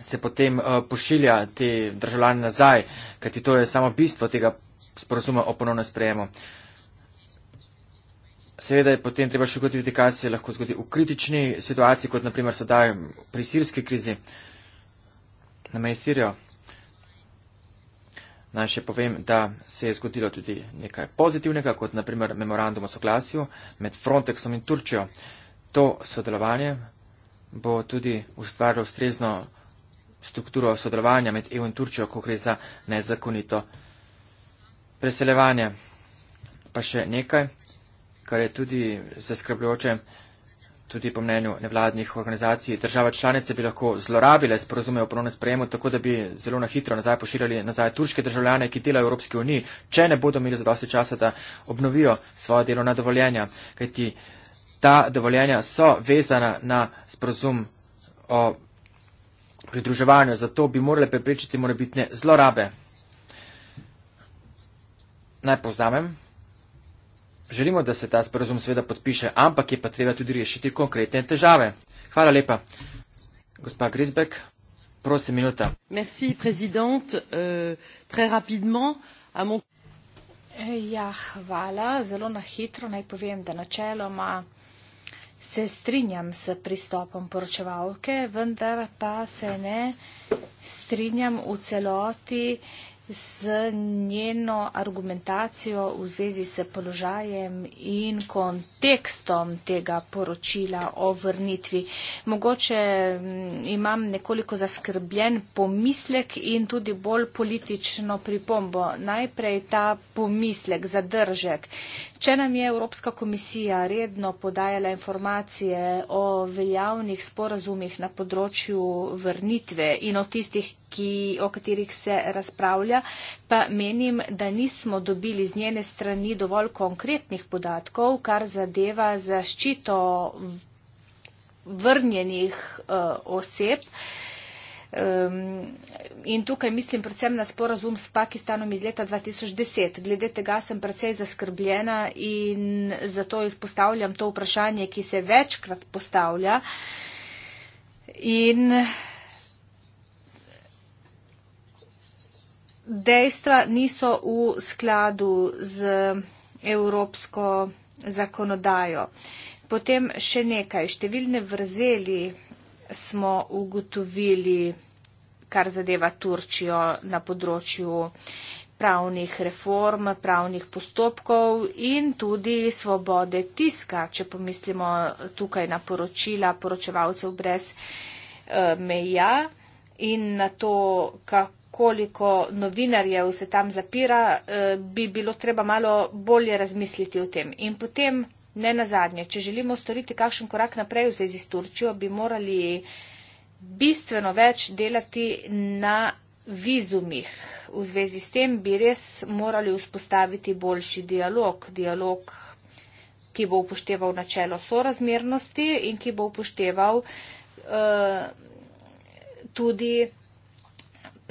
se potem uh, pošilja te državljane nazaj, kajti to je samo bistvo tega sporozuma o ponovnem sprejemu. Seveda je potem treba še ugotoviti, kaj se lahko zgodi v kritični situaciji, kot naprimer sedaj pri sirski krizi na meji Sirijo. Naj še povem, da se je zgodilo tudi nekaj pozitivnega, kot naprimer memorandum o soglasju med Frontexom in Turčjo. To sodelovanje bo tudi ustvarilo ustrezno strukturo sodelovanja med EU in Turčjo, ko gre za nezakonito preseljevanje. Pa še nekaj, kar je tudi zaskrbljujoče tudi po mnenju nevladnih organizacij, država članice bi lahko zlorabile sporozume o ponovnem sprejemu, tako da bi zelo na hitro nazaj pošiljali nazaj turške državljane, ki delajo v Evropski uniji, če ne bodo imeli zadosti časa, da obnovijo svoje delo na dovoljenja. Kajti ta dovoljenja so vezana na sporozum o pridruževanju, zato bi morali prepričati morebitne zlorabe. Naj povzamem. Želimo, da se ta sporozum seveda podpiše, ampak je pa treba tudi rešiti konkretne težave. Hvala lepa. Gospa Grisbek, prosim, minuta. Merci, prezident, uh, eh, très rapidement. Mon... Eh, ja, hvala. Zelo na hitro naj povem, da načeloma se strinjam s pristopom poročevalke, vendar pa se ne strinjam v celoti. Uh, z njeno argumentacijo v zvezi s položajem in kontekstom tega poročila o vrnitvi. Mogoče mm, imam nekoliko zaskrbljen pomislek in tudi bolj politično pripombo. Najprej ta pomislek, zadržek. Če nam je Evropska komisija redno podajala informacije o veljavnih sporazumih na področju vrnitve in o tistih ki, o katerih se razpravlja, pa menim, da nismo dobili z njene strani dovolj konkretnih podatkov, kar zadeva zaščito vrnjenih uh, oseb. Um, in tukaj mislim predvsem na sporazum s Pakistanom iz leta 2010. Glede tega sem precej zaskrbljena in zato izpostavljam to vprašanje, ki se večkrat postavlja. In uh, dejstva niso v skladu z evropsko zakonodajo. Potem še nekaj, številne vrzeli smo ugotovili, kar zadeva Turčijo na področju pravnih reform, pravnih postopkov in tudi svobode tiska, če pomislimo tukaj na poročila poročevalcev brez eh, meja in na to, kako koliko novinarjev se tam zapira, eh, bi bilo treba malo bolje razmisliti o tem. In potem, ne na zadnje, če želimo storiti kakšen korak naprej v zvezi s Turčijo, bi morali bistveno več delati na vizumih. V zvezi s tem bi res morali vzpostaviti boljši dialog, dialog, ki bo upošteval načelo sorazmernosti in ki bo upošteval uh, tudi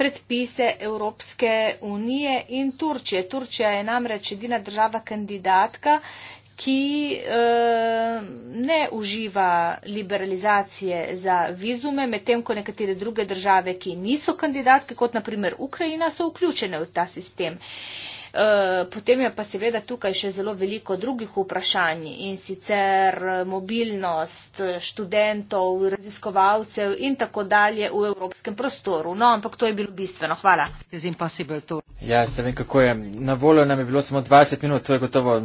predpise Evropske unije in Turčije. Turčija je namreč edina država kandidatka, ki eh, ne uživa liberalizacije za vizume, medtem ko nekatere druge države, ki niso kandidatke, kot naprimer Ukrajina, so vključene v ta sistem. Eh, Eh, potem je pa seveda tukaj še zelo veliko drugih vprašanj in sicer eh, mobilnost eh, študentov, raziskovalcev in tako dalje v evropskem prostoru. No, ampak to je bilo bistveno. Hvala. Ja, se vem, kako je. Na voljo nam je bilo samo 20 minut, to je gotovo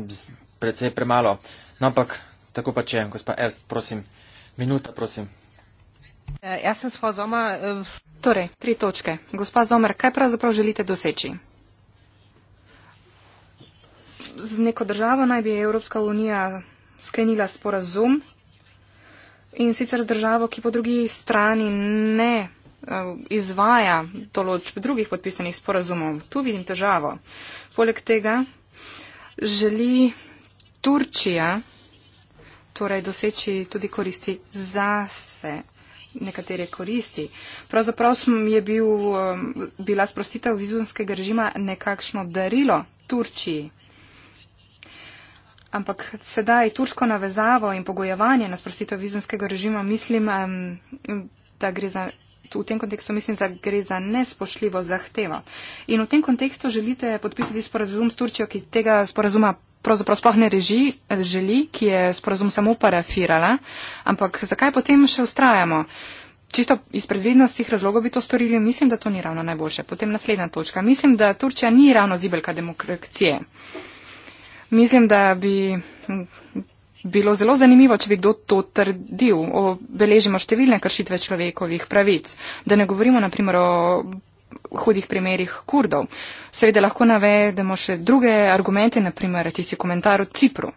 predvsej premalo. No, ampak tako pa če, gospa Erst, prosim, minuta, prosim. Jaz sem s pozoma, torej, tri točke. Gospa Zomer, kaj pravzaprav želite doseči? z neko državo naj bi Evropska unija sklenila sporazum in sicer z državo, ki po drugi strani ne eh, izvaja določb drugih podpisanih sporazumov. Tu vidim težavo. Poleg tega želi Turčija torej doseči tudi koristi zase nekatere koristi. Pravzaprav je bil, eh, bila sprostitev vizumskega režima nekakšno darilo Turčiji. Ampak sedaj turško navezavo in pogojevanje na sprostitev vizumskega režima mislim, da gre za. V tem kontekstu mislim, da gre za nespošljivo zahtevo. In v tem kontekstu želite podpisati sporazum s Turčijo, ki tega sporazuma pravzaprav sploh ne reži, želi, ki je sporazum samo parafirala. Ampak zakaj potem še ustrajamo? Čisto iz predvidnostih razlogov bi to storili, mislim, da to ni ravno najboljše. Potem naslednja točka. Mislim, da Turčija ni ravno zibelka demokracije. Mislim, da bi bilo zelo zanimivo, če bi kdo to trdil. Obeležimo številne kršitve človekovih pravic, da ne govorimo naprimer o hudih primerih kurdov. Seveda lahko navedemo še druge argumente, naprimer tisti komentar o Cipru.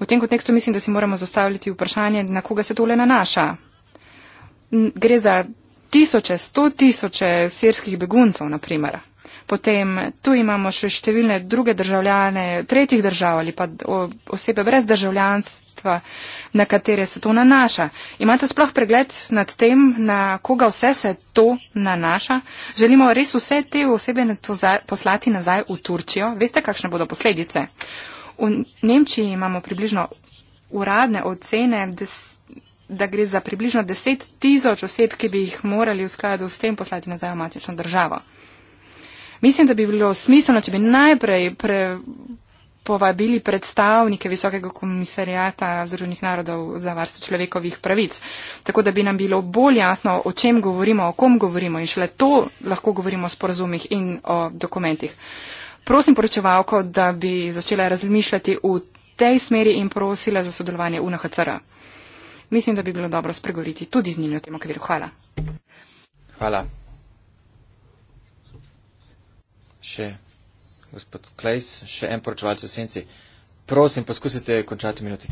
V tem kontekstu mislim, da si moramo zastavljati vprašanje, na koga se tole nanaša. Gre za tisoče, sto tisoče sirskih beguncev, naprimer. Potem tu imamo še številne druge državljane tretjih držav ali pa osebe brez državljanstva, na katere se to nanaša. Imate sploh pregled nad tem, na koga vse se to nanaša? Želimo res vse te osebe poslati nazaj v Turčijo? Veste, kakšne bodo posledice? V Nemčiji imamo približno uradne ocene, da gre za približno 10 tisoč oseb, ki bi jih morali v skladu s tem poslati nazaj v matično državo. Mislim, da bi bilo smiselno, če bi najprej pre povabili predstavnike Visokega komisarijata Združenih narodov za varstvo človekovih pravic, tako da bi nam bilo bolj jasno, o čem govorimo, o kom govorimo in šele to lahko govorimo o sporazumih in o dokumentih. Prosim poročevalko, da bi začela razmišljati v tej smeri in prosila za sodelovanje UNHCR. Mislim, da bi bilo dobro spregovoriti tudi z njimi o tem okviru. Hvala. Hvala. še gospod Klejs, še en poročevalce v senci. Prosim, poskusite končati minuti.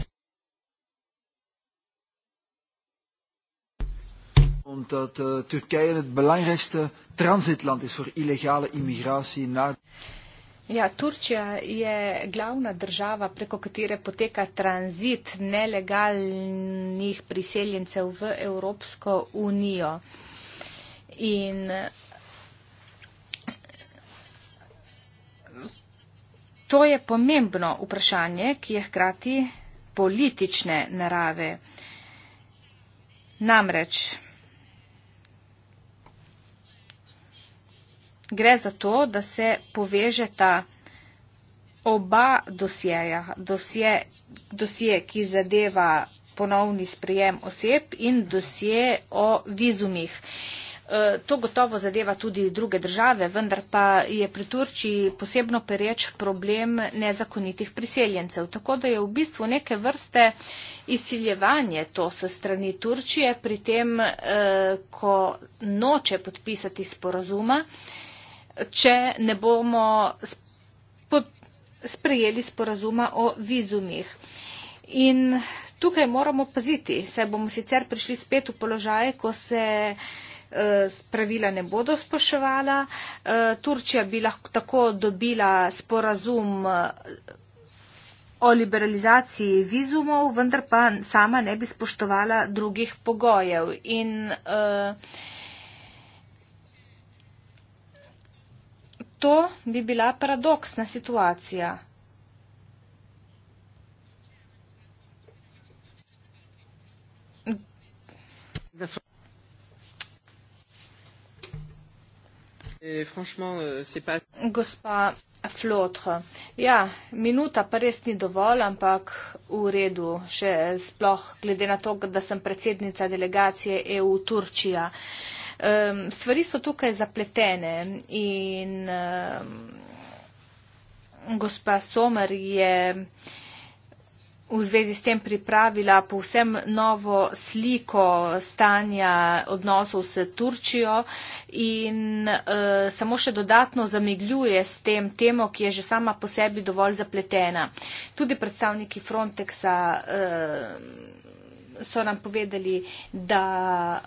Omdat uh, Turkije het belangrijkste transitland is voor illegale immigratie naar. Ja, Turčija je glavna država, preko katere poteka tranzit nelegalnih priseljencev v Evropsko unijo. In To je pomembno vprašanje, ki je hkrati politične narave. Namreč gre za to, da se povežeta oba dosjeja, dosje, dosje ki zadeva ponovni sprijem oseb in dosje o vizumih. Eh, to gotovo zadeva tudi druge države, vendar pa je pri Turčiji posebno pereč problem nezakonitih priseljencev. Tako da je v bistvu neke vrste izsiljevanje to se strani Turčije, pri tem, eh, ko noče podpisati sporazuma, če ne bomo sprejeli sporazuma o vizumih. In tukaj moramo paziti, saj bomo sicer prišli spet v položaj, ko se Eh, pravila ne bodo spoševala. Eh, Turčija bi lahko tako dobila sporazum eh, o liberalizaciji vizumov, vendar pa sama ne bi spoštovala drugih pogojev. In, To bi bila paradoksna situacija. Euh, gospa Flotre, ja, minuta pa res ni dovolj, ampak v redu, še sploh glede na to, da sem predsednica delegacije EU Turčija. Um, stvari so tukaj zapletene in um, gospa Somer je v zvezi s tem pripravila povsem novo sliko stanja odnosov s Turčijo in e, samo še dodatno zamegljuje s tem temo, ki je že sama po sebi dovolj zapletena. Tudi predstavniki Frontexa e, so nam povedali, da.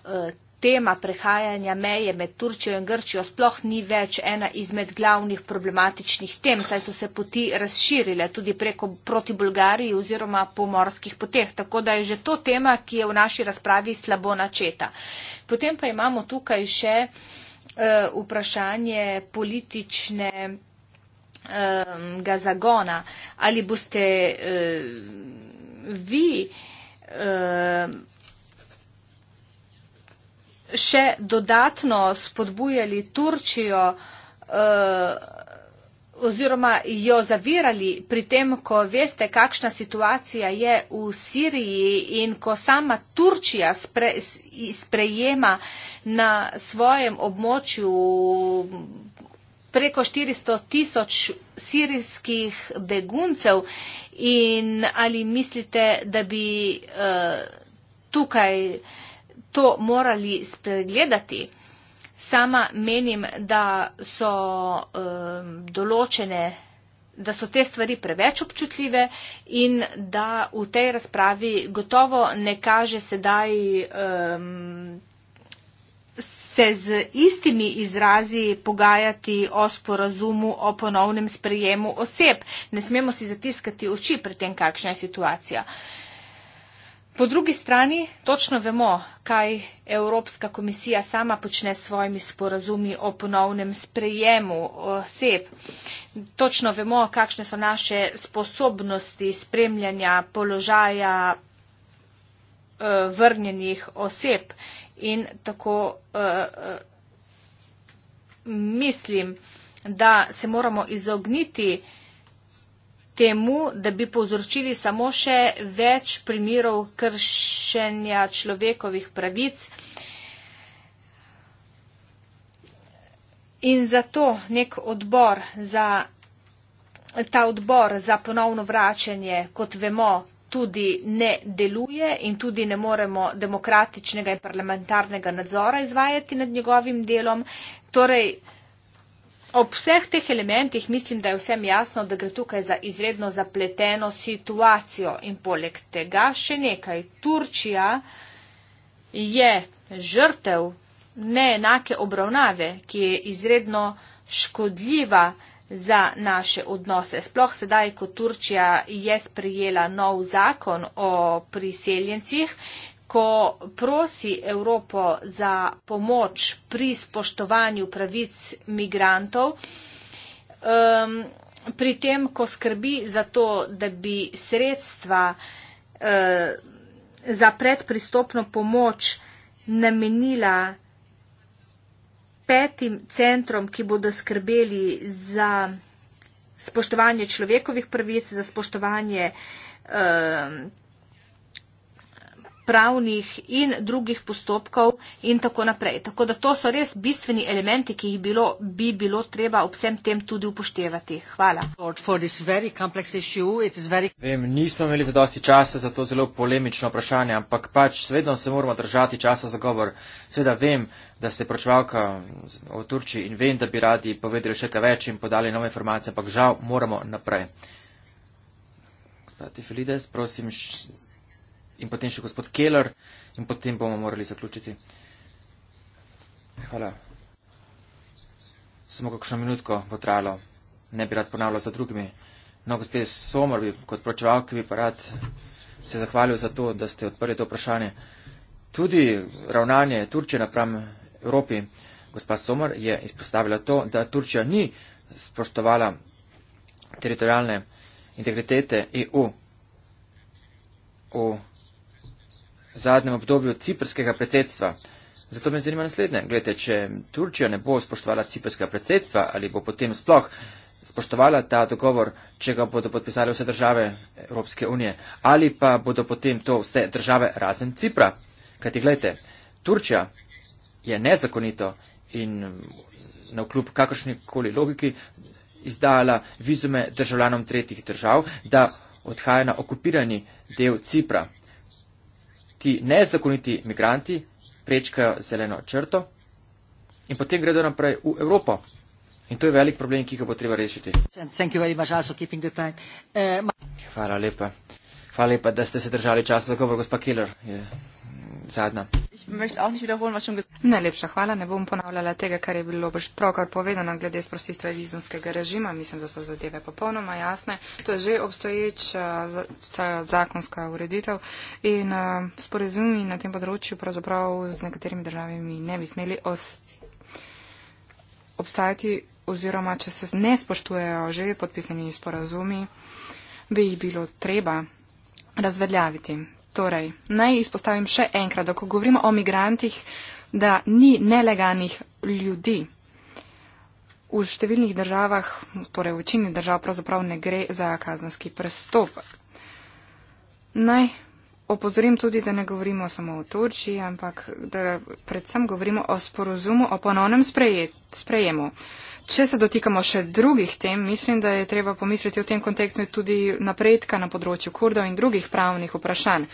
E, tema prehajanja meje med Turčjo in Grčijo sploh ni več ena izmed glavnih problematičnih tem, saj so se poti razširile tudi preko proti Bulgariji oziroma po morskih poteh. Tako da je že to tema, ki je v naši razpravi slabo načeta. Potem pa imamo tukaj še uh, vprašanje politične ga eh, zagona. Ali boste uh, vi uh, še dodatno spodbujali Turčijo eh, oziroma jo zavirali pri tem, ko veste, kakšna situacija je v Siriji in ko sama Turčija sprejema na svojem območju preko 400 tisoč sirijskih beguncev in ali mislite, da bi uh, tukaj uh, to morali spregledati. Sama menim, da so um, določene, da so te stvari preveč občutljive in da v tej razpravi gotovo ne kaže sedaj um, se z istimi izrazi pogajati o sporazumu, o ponovnem sprejemu oseb. Ne smemo si zatiskati oči pred tem, kakšna je situacija. Uh, Po drugi strani točno vemo, kaj Evropska komisija sama počne s svojimi sporazumi o ponovnem sprejemu oseb. Točno vemo, kakšne so naše sposobnosti spremljanja položaja e, vrnjenih oseb. In tako e, e, mislim, da se moramo izogniti temu, da bi povzročili samo še več primerov kršenja človekovih pravic. In zato nek odbor za ta odbor za ponovno vračanje, kot vemo, tudi ne deluje in tudi ne moremo demokratičnega in parlamentarnega nadzora izvajati nad njegovim delom. Torej, Ob vseh teh elementih mislim, da je vsem jasno, da gre tukaj za izredno zapleteno situacijo. In poleg tega še nekaj. Turčija je žrtev neenake obravnave, ki je izredno škodljiva za naše odnose. Sploh sedaj, ko Turčija je sprejela nov zakon o priseljencih, ko prosi Evropo za pomoč pri spoštovanju pravic migrantov, um, pri tem, ko skrbi za to, da bi sredstva uh, za predpristopno pomoč namenila petim centrom, ki bodo skrbeli za spoštovanje človekovih pravic, za spoštovanje pravnih in drugih postopkov in tako naprej. Tako da to so res bistveni elementi, ki jih bilo, bi bilo treba ob vsem tem tudi upoštevati. Hvala. Vem, nismo imeli za dosti časa za to zelo polemično vprašanje, ampak pač vedno se moramo držati časa za govor. Sveda vem, da ste pročevalka o Turčiji in vem, da bi radi povedali še kaj več in podali nove informacije, ampak žal moramo naprej. Gospod Tifilides, prosim. Š in potem še gospod Keller in potem bomo morali zaključiti. Hvala. Samo kakšno minutko bo trajalo. Ne bi rad ponavljal za drugimi. No, gospod Somor, bi, kot pročeval, ki bi pa rad se zahvalil za to, da ste odprli to vprašanje. Tudi ravnanje Turčije napram Evropi, gospod Somor, je izpostavila to, da Turčija ni spoštovala teritorijalne integritete EU zadnjem obdobju ciprskega predsedstva. Zato me zanima naslednje. Glede, če Turčija ne bo spoštovala ciprskega predsedstva ali bo potem sploh spoštovala ta dogovor, če ga bodo podpisali vse države Evropske unije ali pa bodo potem to vse države razen Cipra. Kajti gledajte, Turčija je nezakonito in na vkljub kakršnikoli logiki izdala vizume državljanom tretjih držav, da odhaja na okupirani del Cipra ti nezakoniti migranti prečkajo zeleno črto in potem gredo naprej v Evropo. In to je velik problem, ki ga bo treba rešiti. Eh, Hvala lepa. Hvala lepa, da ste se držali časa za govor, gospa Keller. Yeah zadnja. Najlepša hvala, ne bom ponavljala tega, kar je bilo boš pač pravkar povedano glede sprostitve vizumskega režima, mislim, da so zadeve popolnoma jasne. To je že obstoječ zakonska ureditev in eh, sporezumi na tem področju pravzaprav z nekaterimi državami ne bi smeli obstajati oziroma, če se ne spoštujejo že podpisani sporazumi, bi jih bilo treba razvedljaviti. Torej, naj izpostavim še enkrat, da ko govorimo o migrantih, da ni nelegalnih ljudi. V številnih državah, torej v večini držav, pravzaprav ne gre za kazanski prestopek. Naj opozorim tudi, da ne govorimo samo o Turčiji, ampak da predvsem govorimo o sporozumu o ponovnem sprejet, sprejemu. Če se dotikamo še drugih tem, mislim, da je treba pomisliti v tem kontekstu tudi napredka na področju kurdov in drugih pravnih vprašanj.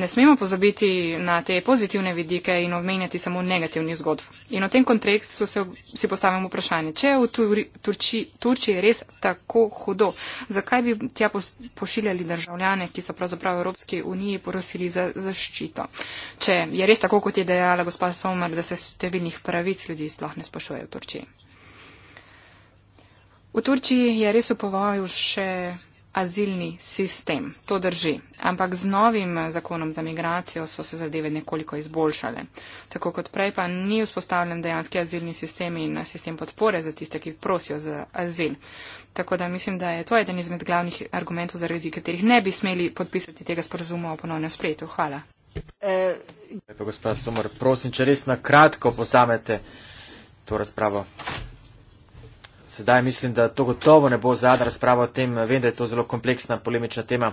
Ne smemo pozabiti na te pozitivne vidike in omenjati samo negativnih zgodb. In v tem kontekstu se, si postavimo vprašanje, če je v Turčiji res tako hudo, zakaj bi tja pošiljali državljane, ki so pravzaprav v Evropski uniji porosili za zaščito? Če je res tako, kot je dejala gospa Somar, da se številnih pravic ljudi sploh ne spošuje v Turčiji? Turčiji. V Turčiji je res v povoju še azilni sistem, to drži, ampak z novim eh, zakonom za migracijo so se zadeve nekoliko izboljšale. Tako kot prej pa ni vzpostavljen dejanski azilni sistem in eh, sistem podpore za tiste, ki prosijo za azil. Tako da mislim, da je to eden izmed glavnih argumentov, zaradi katerih ne bi smeli podpisati tega sporazuma o ponovnem sprejetu. Hvala. E... Eh, Gospod Somor, prosim, če res na kratko posamete to razpravo. Sedaj mislim, da to gotovo ne bo zadnja razprava o tem. Vem, da je to zelo kompleksna, polemična tema.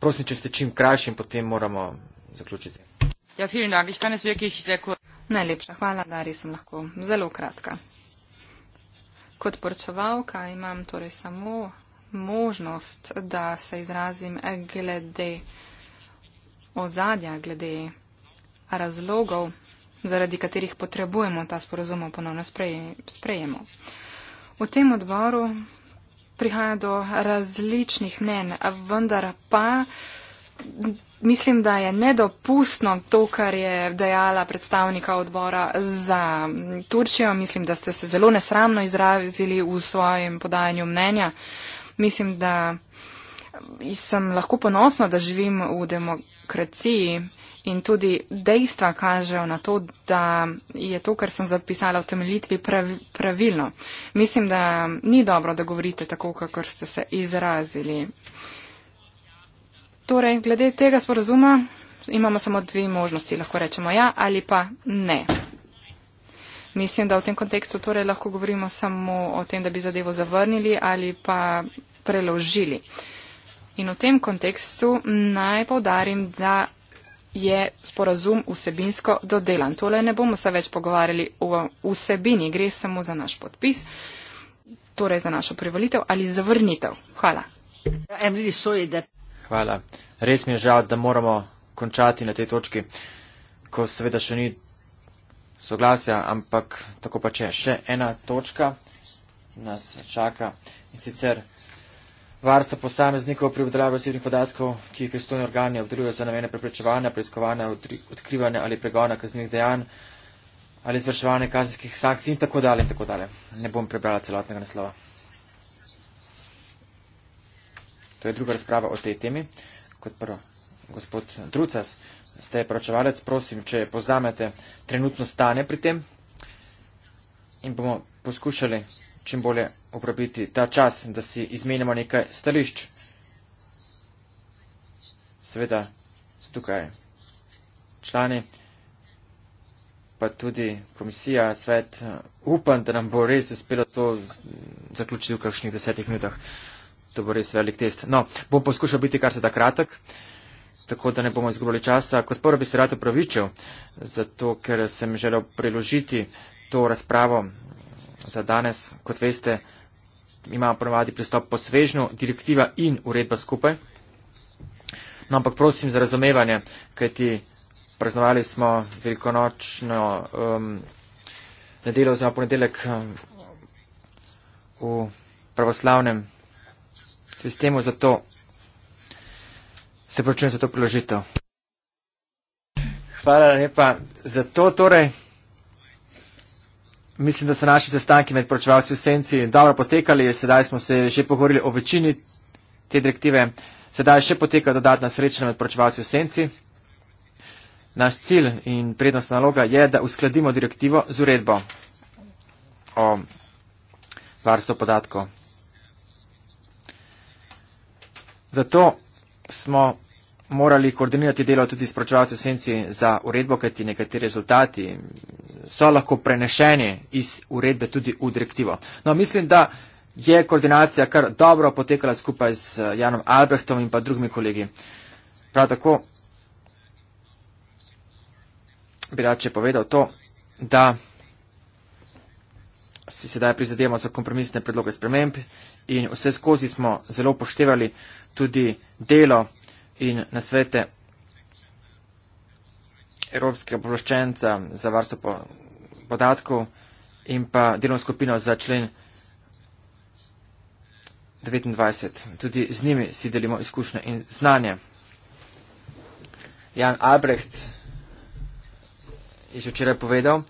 Prosim, če ste čim krajši in potem moramo zaključiti. Ja, filmno, ki ste nas vjekih izrekli. Najlepša hvala, da res sem lahko zelo kratka. Kot poročevalka imam torej samo možnost, da se izrazim glede ozadja, glede razlogov zaradi katerih potrebujemo ta sporozum o ponovno sprejemu. V tem odboru prihaja do različnih mnen, vendar pa mislim, da je nedopustno to, kar je dejala predstavnika odbora za Turčijo. Mislim, da ste se zelo nesramno izrazili v svojem podajanju mnenja. Mislim, da sem lahko ponosno, da živim v demokraciji demokraciji in tudi dejstva kažejo na to, da je to, kar sem zapisala v temeljitvi, pravilno. Mislim, da ni dobro, da govorite tako, kakor ste se izrazili. Torej, glede tega sporozuma imamo samo dve možnosti, lahko rečemo ja ali pa ne. Mislim, da v tem kontekstu torej lahko govorimo samo o tem, da bi zadevo zavrnili ali pa preložili. Uh, In v tem kontekstu naj povdarim, da je sporazum vsebinsko dodelan. Tole ne bomo se več pogovarjali o vsebini, gre samo za naš podpis, torej za našo privolitev ali zavrnitev. Hvala. Hvala. Res mi je žal, da moramo končati na tej točki, ko seveda še ni soglasja, ampak tako pa če je še ena točka, nas čaka in sicer varstva posameznikov pri obdravi osebnih podatkov, ki jih pristojni organi obdelujejo za namene preprečevanja, preiskovanja, odkrivanja ali pregona kaznih dejanj ali izvrševanja kazenskih sankcij in tako dalje in tako dalje. Ne bom prebrala celotnega naslova. To je druga razprava o tej temi. Kot prvo, gospod Drucas, ste pročevalec, prosim, če pozamete trenutno stane pri tem in bomo poskušali čim bolje uporabiti ta čas, da si izmenjamo nekaj stališč. Seveda so tukaj člani, pa tudi komisija, svet. Eh, upam, da nam bo res uspelo to zaključiti v kakšnih desetih minutah. To bo res velik test. No, bom poskušal biti kar se da kratek, tako da ne bomo izgubili časa. Kot prvo bi se rad upravičil, zato ker sem želel preložiti to razpravo za danes, kot veste, imamo ponovadi pristop po svežnju, direktiva in uredba skupaj. No, ampak prosim za razumevanje, kajti praznovali smo velikonočno um, nedeljo oziroma ponedeljek um, v pravoslavnem sistemu, zato se pravčujem za to priložitev. Hvala lepa za to torej mislim, da so naši sestanki med poročevalci v senci dobro potekali. Sedaj smo se že pogovorili o večini te direktive. Sedaj še poteka dodatna srečanja med poročevalci v senci. Naš cilj in prednostna naloga je, da uskladimo direktivo z uredbo o varstvu podatkov. Zato smo morali koordinirati delo tudi s pročevalci v senci za uredbo, kajti nekateri rezultati so lahko prenešeni iz uredbe tudi v direktivo. No, mislim, da je koordinacija kar dobro potekala skupaj z eh, Janom Albrechtom in pa drugimi kolegi. Prav tako bi rače povedal to, da si sedaj prizadevamo za kompromisne predloge sprememb in vse skozi smo zelo poštevali tudi delo in na svete Evropskega obroščenca za varstvo podatkov in pa delovno skupino za člen 29. Tudi z njimi si delimo izkušnje in znanje. Jan Albrecht je že včeraj povedal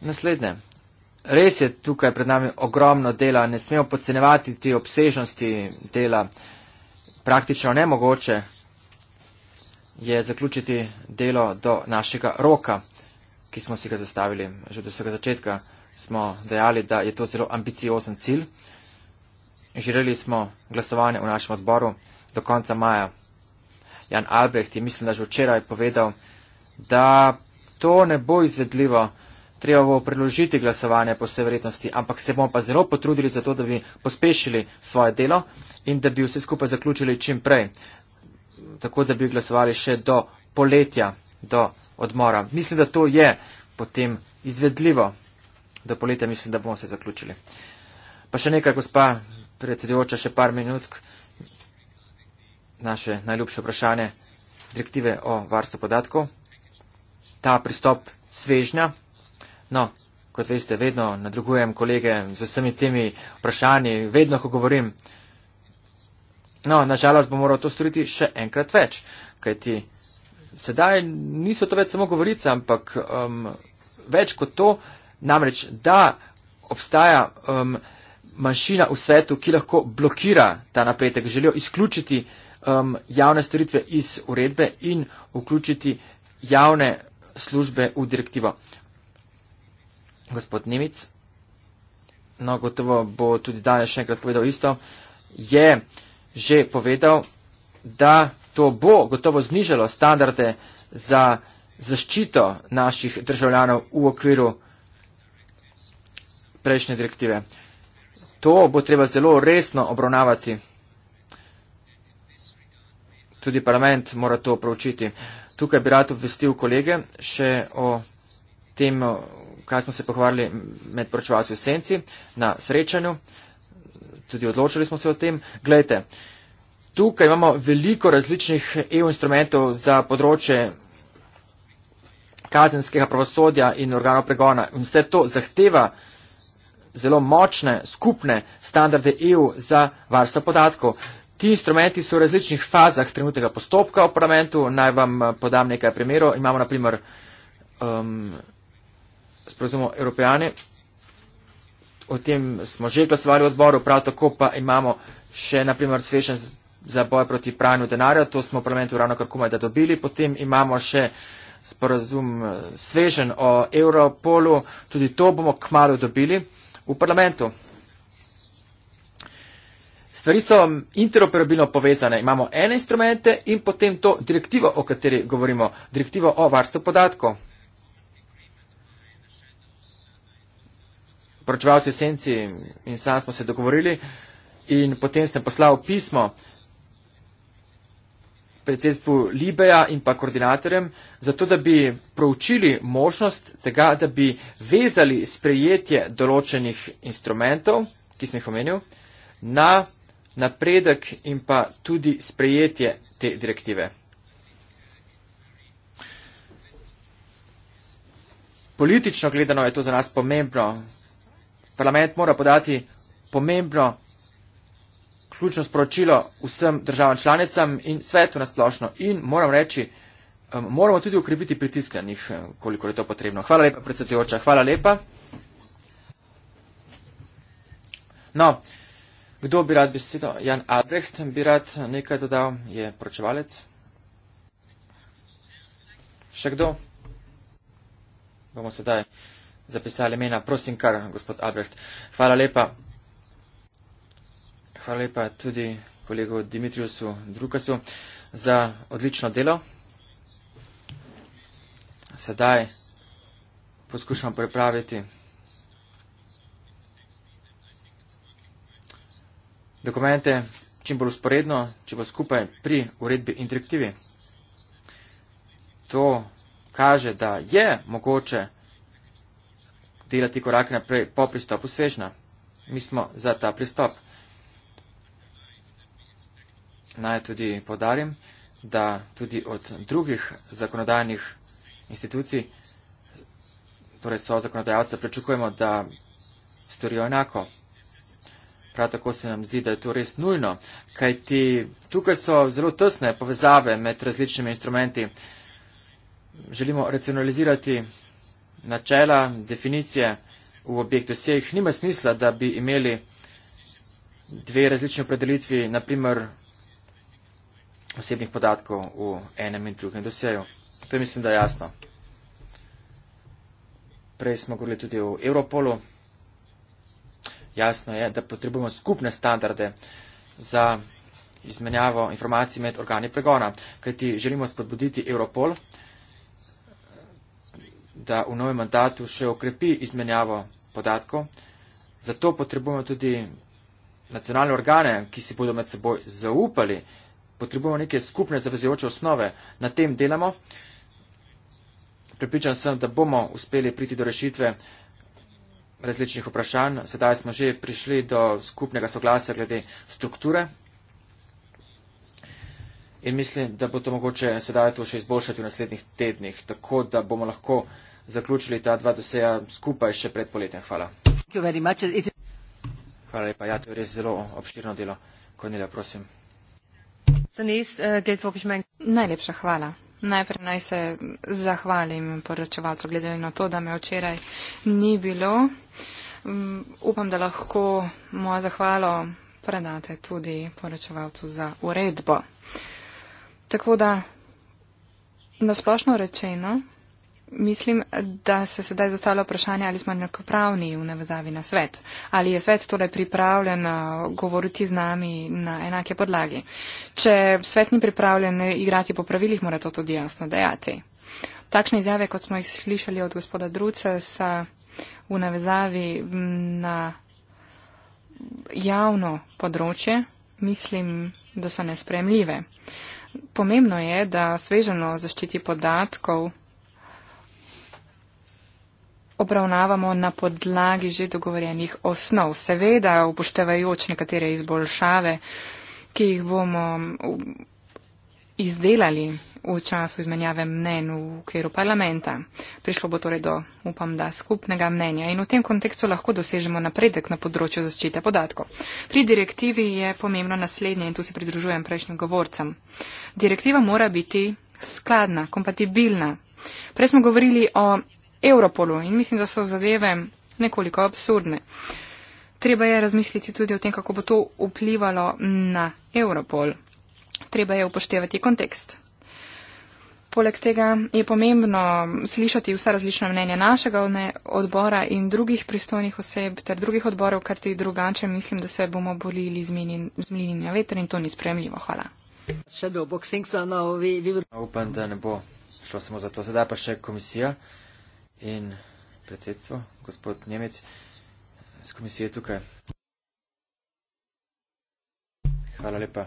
naslednje. Res je tukaj pred nami ogromno dela, ne smemo podcenevati te obsežnosti dela praktično nemogoče je zaključiti delo do našega roka, ki smo si ga zastavili. Že do vsega začetka smo dejali, da je to zelo ambiciozen cilj. Želeli smo glasovanje v našem odboru do konca maja. Jan Albrecht je mislim, da že včeraj povedal, da to ne bo izvedljivo treba bo preložiti glasovanje po vsej vrednosti, ampak se bomo pa zelo potrudili za to, da bi pospešili svoje delo in da bi vse skupaj zaključili čim prej, tako da bi glasovali še do poletja, do odmora. Mislim, da to je potem izvedljivo. Do poletja mislim, da bomo se zaključili. Pa še nekaj, gospa predsedujoča, še par minutk. Naše najljubše vprašanje direktive o varstvu podatkov. Ta pristop svežnja, No, kot veste, vedno nadrugujem kolege z vsemi temi vprašanji, vedno, ko govorim. No, nažalost bom moral to storiti še enkrat več, kajti sedaj niso to več samo govorice, ampak um, več kot to, namreč da obstaja um, manjšina v svetu, ki lahko blokira ta napredek, želijo izključiti um, javne storitve iz uredbe in vključiti javne službe v direktivo gospod Nemec, no gotovo bo tudi danes še enkrat povedal isto, je že povedal, da to bo gotovo znižalo standarde za zaščito naših državljanov v okviru prejšnje direktive. To bo treba zelo resno obravnavati. Tudi parlament mora to proučiti. Tukaj bi rad obvestil kolege še o tem, eh, kaj smo se pohvalili med poročevalci v senci na srečanju, tudi odločili smo se o tem. Glejte, tukaj imamo veliko različnih EU instrumentov za področje kazenskega pravosodja in organov pregona. In vse to zahteva zelo močne skupne standarde EU za varstvo podatkov. Ti instrumenti so v različnih fazah trenutnega postopka v parlamentu. Naj vam eh, podam nekaj primerov. Imamo na primer um, sporozumov Evropejane. O tem smo že glasovali v odboru, prav tako pa imamo še, naprimer, svešen za boj proti pranju denarja, to smo v parlamentu ravno kar komaj da dobili. Potem imamo še sporozum eh, svežen o Europolu, tudi to bomo kmalo dobili v parlamentu. Stvari so interoperabilno povezane. Imamo ene instrumente in potem to direktivo, o kateri govorimo, direktivo o varstvu podatkov. poročevalci v senci in sam smo se dogovorili in potem sem poslal pismo predsedstvu Libeja in pa koordinatorjem, zato da bi proučili možnost tega, da bi vezali sprejetje določenih instrumentov, ki sem jih omenil, na napredek in pa tudi sprejetje te direktive. Politično gledano je to za nas pomembno, parlament mora podati pomembno ključno sporočilo vsem državam članicam in svetu nasplošno. In moram reči, moramo tudi ukrepiti pritisk na njih, koliko je to potrebno. Hvala lepa, predsedujoča. Hvala lepa. No, kdo bi rad besedo? Jan Albrecht bi rad nekaj dodal, je pročevalec. Še kdo? Bomo sedaj zapisali imena. Prosim kar, gospod Albert. Hvala lepa. Hvala lepa tudi kolegu Dimitriusu Drukasu za odlično delo. Sedaj poskušam pripraviti dokumente čim bolj usporedno, če bo skupaj pri uredbi in direktivi. To kaže, da je mogoče delati korak naprej po pristopu svežna. Mi smo za ta pristop. Naj tudi podarim, da tudi od drugih zakonodajnih institucij, torej so zakonodajalce, prečukujemo, da storijo enako. Prav tako se nam zdi, da je to res nujno, kajti tukaj so zelo tesne povezave med različnimi instrumenti. Želimo racionalizirati načela, definicije v objektu vseh, nima smisla, da bi imeli dve različne predelitvi, naprimer osebnih podatkov v enem in drugem doseju. To je mislim, da jasno. Prej smo govorili tudi o Europolu. Jasno je, da potrebujemo skupne standarde za izmenjavo informacij med organi pregona, kajti želimo spodbuditi Europol, da v novem mandatu še okrepi izmenjavo podatkov. Zato potrebujemo tudi nacionalne organe, ki si bodo med seboj zaupali. Potrebujemo neke skupne zavezujoče osnove. Na tem delamo. Pripričan sem, da bomo uspeli priti do rešitve različnih vprašanj. Sedaj smo že prišli do skupnega soglasja glede strukture. In mislim, da bo to mogoče sedaj to še izboljšati v naslednjih tednih, tako da bomo lahko zaključili ta dva doseja skupaj še pred poletjem. Hvala. Hvala lepa. Ja, to je res zelo obširno delo. Kornelja, prosim. Eh, Najlepša hvala. Najprej naj se zahvalim poročevalcu, gledali na to, da me včeraj ni bilo. Mm, upam, da lahko moja zahvalo predate tudi poročevalcu za uredbo. Tako da, na splošno rečeno, Mislim, da se sedaj zastavlja vprašanje, ali smo enakopravni v nevezavi na svet. Ali je svet torej pripravljen uh, govoriti z nami na enake podlagi. Če svet ni pripravljen igrati po pravilih, mora to tudi jasno dejati. Takšne izjave, kot smo jih slišali od gospoda Druce, so v nevezavi na javno področje, mislim, da so nespremljive. Pomembno je, da sveženo zaščiti podatkov obravnavamo na podlagi že dogovorjenih osnov, seveda upoštevajoč nekatere izboljšave, ki jih bomo izdelali v času izmenjave mnen v okviru parlamenta. Prišlo bo torej do, upam, da skupnega mnenja in v tem kontekstu lahko dosežemo napredek na področju zaščite podatkov. Pri direktivi je pomembno naslednje in tu se pridružujem prejšnjim govorcem. Direktiva mora biti skladna, kompatibilna. Prej smo govorili o Europolu in mislim, da so zadeve nekoliko absurdne. Treba je razmisliti tudi o tem, kako bo to vplivalo na Europol. Treba je upoštevati kontekst. Poleg tega je pomembno slišati vsa različna mnenja našega odbora in drugih pristojnih oseb ter drugih odborov, ker ti drugače mislim, da se bomo borili z mlinjenja vetra in to ni spremljivo. Hvala. No, Upam, da ne bo šlo samo za to. Sedaj pa še komisija in predsedstvo, gospod Nemec, s komisije tukaj. Hvala lepa.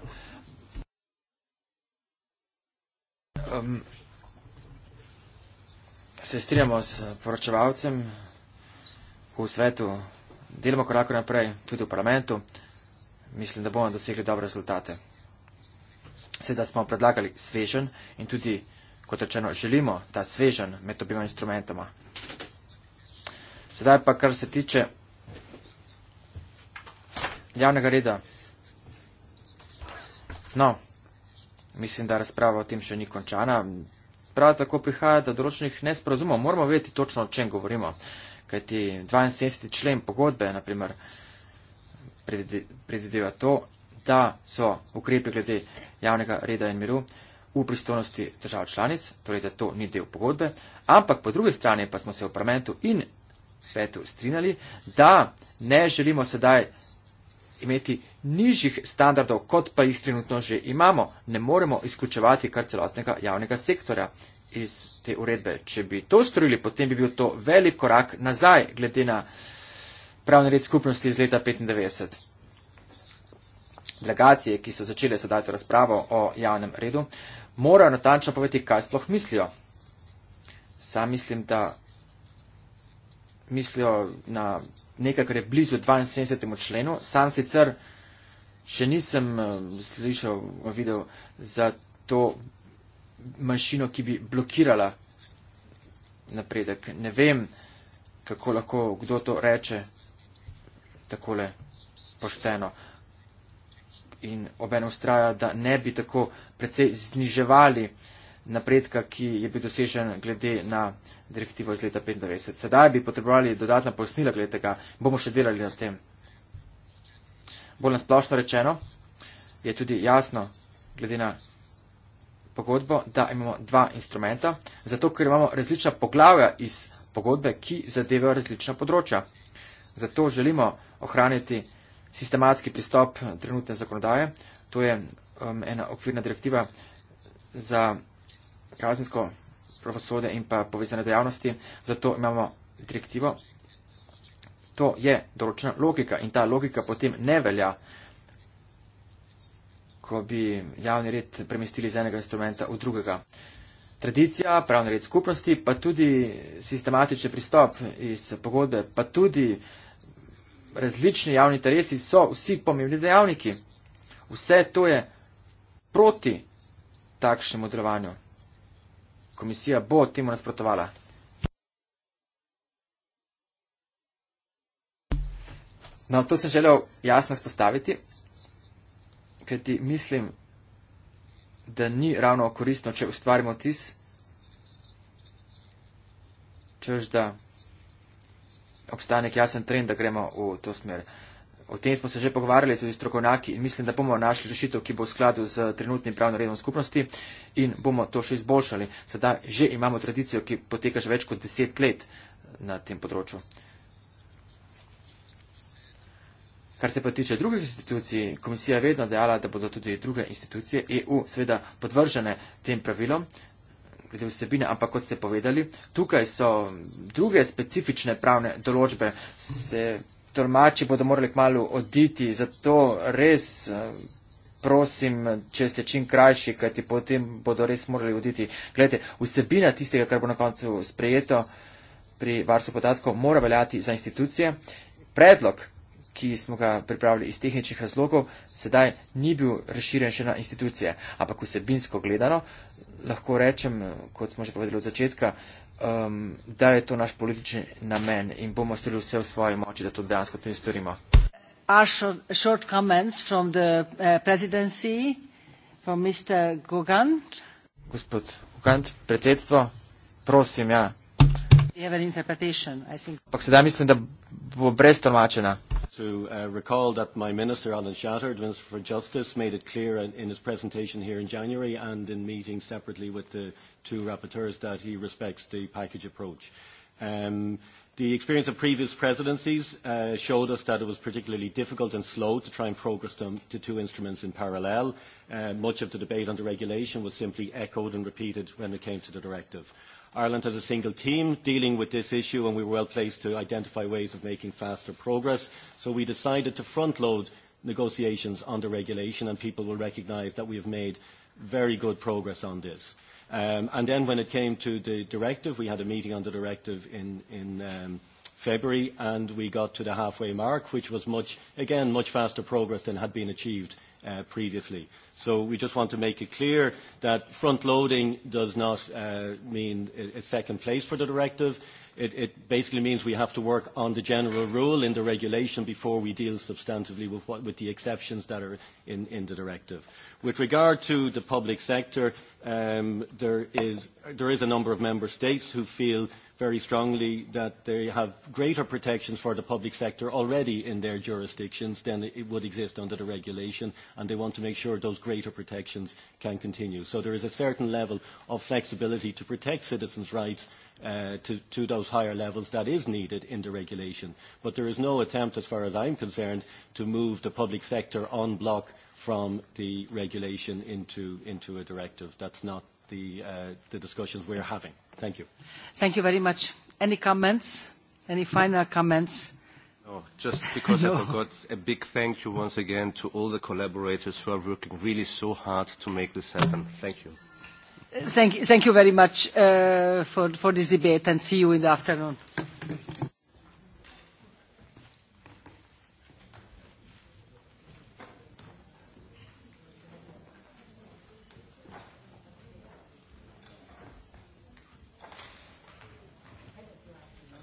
Um, se strinjamo s poročevalcem v svetu, delamo korak naprej tudi v parlamentu. Mislim, da bomo dosegli dobre rezultate. Sedaj smo predlagali svežen in tudi kot rečeno, želimo ta svežen med obima instrumentoma. Sedaj pa, kar se tiče javnega reda. No, mislim, da razprava o tem še ni končana. Prav tako prihaja do določenih nesporazumov. Moramo vedeti točno, o čem govorimo. Kajti 72. člen pogodbe, naprimer, predvideva to, da so ukrepe glede javnega reda in miru v pristojnosti držav članic, torej da to ni del pogodbe, ampak po druge strani pa smo se v parlamentu in svetu strinjali, da ne želimo sedaj imeti nižjih standardov, kot pa jih trenutno že imamo. Ne moremo izključevati kar celotnega javnega sektorja iz te uredbe. Če bi to storili, potem bi bil to velik korak nazaj, glede na pravni red skupnosti iz leta 95. Delegacije, ki so začele sedaj to razpravo o javnem redu, morajo natančno povedati, kaj sploh mislijo. Sam mislim, da mislijo na nekaj, kar je blizu 72. členu. Sam sicer še nisem eh, slišal, eh, videl za to manjšino, ki bi blokirala napredek. Ne vem, kako lahko kdo to reče takole pošteno in obenostraja, da ne bi tako predvsej zniževali napredka, ki je bil dosežen glede na direktivo iz leta 95. Sedaj bi potrebovali dodatna pojasnila glede tega, bomo še delali na tem. Bolj nasplošno rečeno je tudi jasno glede na pogodbo, da imamo dva instrumenta, zato ker imamo različna poglavja iz pogodbe, ki zadevajo različna področja. Zato želimo ohraniti sistematski pristop trenutne zakonodaje, to je um, ena okvirna direktiva za kazensko pravosode in pa povezane dejavnosti. Zato imamo direktivo. To je določena logika in ta logika potem ne velja, ko bi javni red premestili iz enega instrumenta v drugega. Tradicija, pravni red skupnosti, pa tudi sistematični pristop iz pogodbe, pa tudi različni javni interesi so vsi pomembni dejavniki. Vse to je proti takšnemu delovanju. Komisija bo temu nasprotovala. No, to sem želel jasno spostaviti, ker ti mislim, da ni ravno koristno, če ustvarimo tis, čež da obstane nek jasen trend, da gremo v to smer. O tem smo se že pogovarjali tudi strokovnjaki in mislim, da bomo našli rešitev, ki bo v skladu z trenutnim pravno redom skupnosti in bomo to še izboljšali. Sedaj že imamo tradicijo, ki poteka že več kot deset let na tem področju. Kar se pa tiče drugih institucij, komisija je vedno dejala, da bodo tudi druge institucije EU seveda podvržene tem pravilom glede vsebine, ampak kot ste povedali, tukaj so druge specifične pravne določbe. Se tolmači bodo morali kmalo oditi, zato res eh, prosim, če ste čim krajši, kajti potem bodo res morali oditi. Glede, vsebina tistega, kar bo na koncu sprejeto pri varstvu podatkov, mora veljati za institucije. Predlog, ki smo ga pripravili iz tehničnih razlogov, sedaj ni bil razširjen še na institucije, ampak vsebinsko gledano, lahko rečem, kot smo že povedali od začetka, um, da je to naš politični namen in bomo storili vse v svoji moči, da to dejansko tudi storimo. Uh, Gospod Gugant, predsedstvo, prosim, ja. Ampak sedaj mislim, da bo brez tolmačena. To, uh, minister, Shattard, justice, in, in January, rapporteurs, um, The experience of previous presidencies uh, showed us that it was particularly difficult and slow to try and progress them to two instruments in parallel. Uh, much of the debate on the regulation was simply echoed and repeated when it came to the directive. Ireland as a single team dealing with this issue and we were well placed to identify ways of making faster progress. So we decided to front load negotiations on the regulation and people will recognise that we have made very good progress on this. Um, and then when it came to the directive, we had a meeting on the directive in, in um, February, and we got to the halfway mark, which was much, again, much faster progress than had been achieved uh, previously. So we just want to make it clear that front-loading does not uh, mean a second place for the directive it, it basically means we have to work on the general rule in the regulation before we deal substantively with, what, with the exceptions that are in, in the directive. With regard to the public sector, um, there, is, there is a number of member states who feel very strongly that they have greater protections for the public sector already in their jurisdictions than it would exist under the regulation, and they want to make sure those greater protections can continue. So there is a certain level of flexibility to protect citizens' rights Uh, to those higher levels that is needed in the regulation. But there is no attempt, as far as I'm concerned, to move the public sector en bloc from the regulation into a directive. That's not uh, the discussions we're having. Thank you. Thank you very much. Any comments? Any final comments? No, just because I no. forgot, a big thank you once again to all the collaborators who are working really so hard to make this happen. Thank you thank you very much uh, for this debate and see you in the afternoon.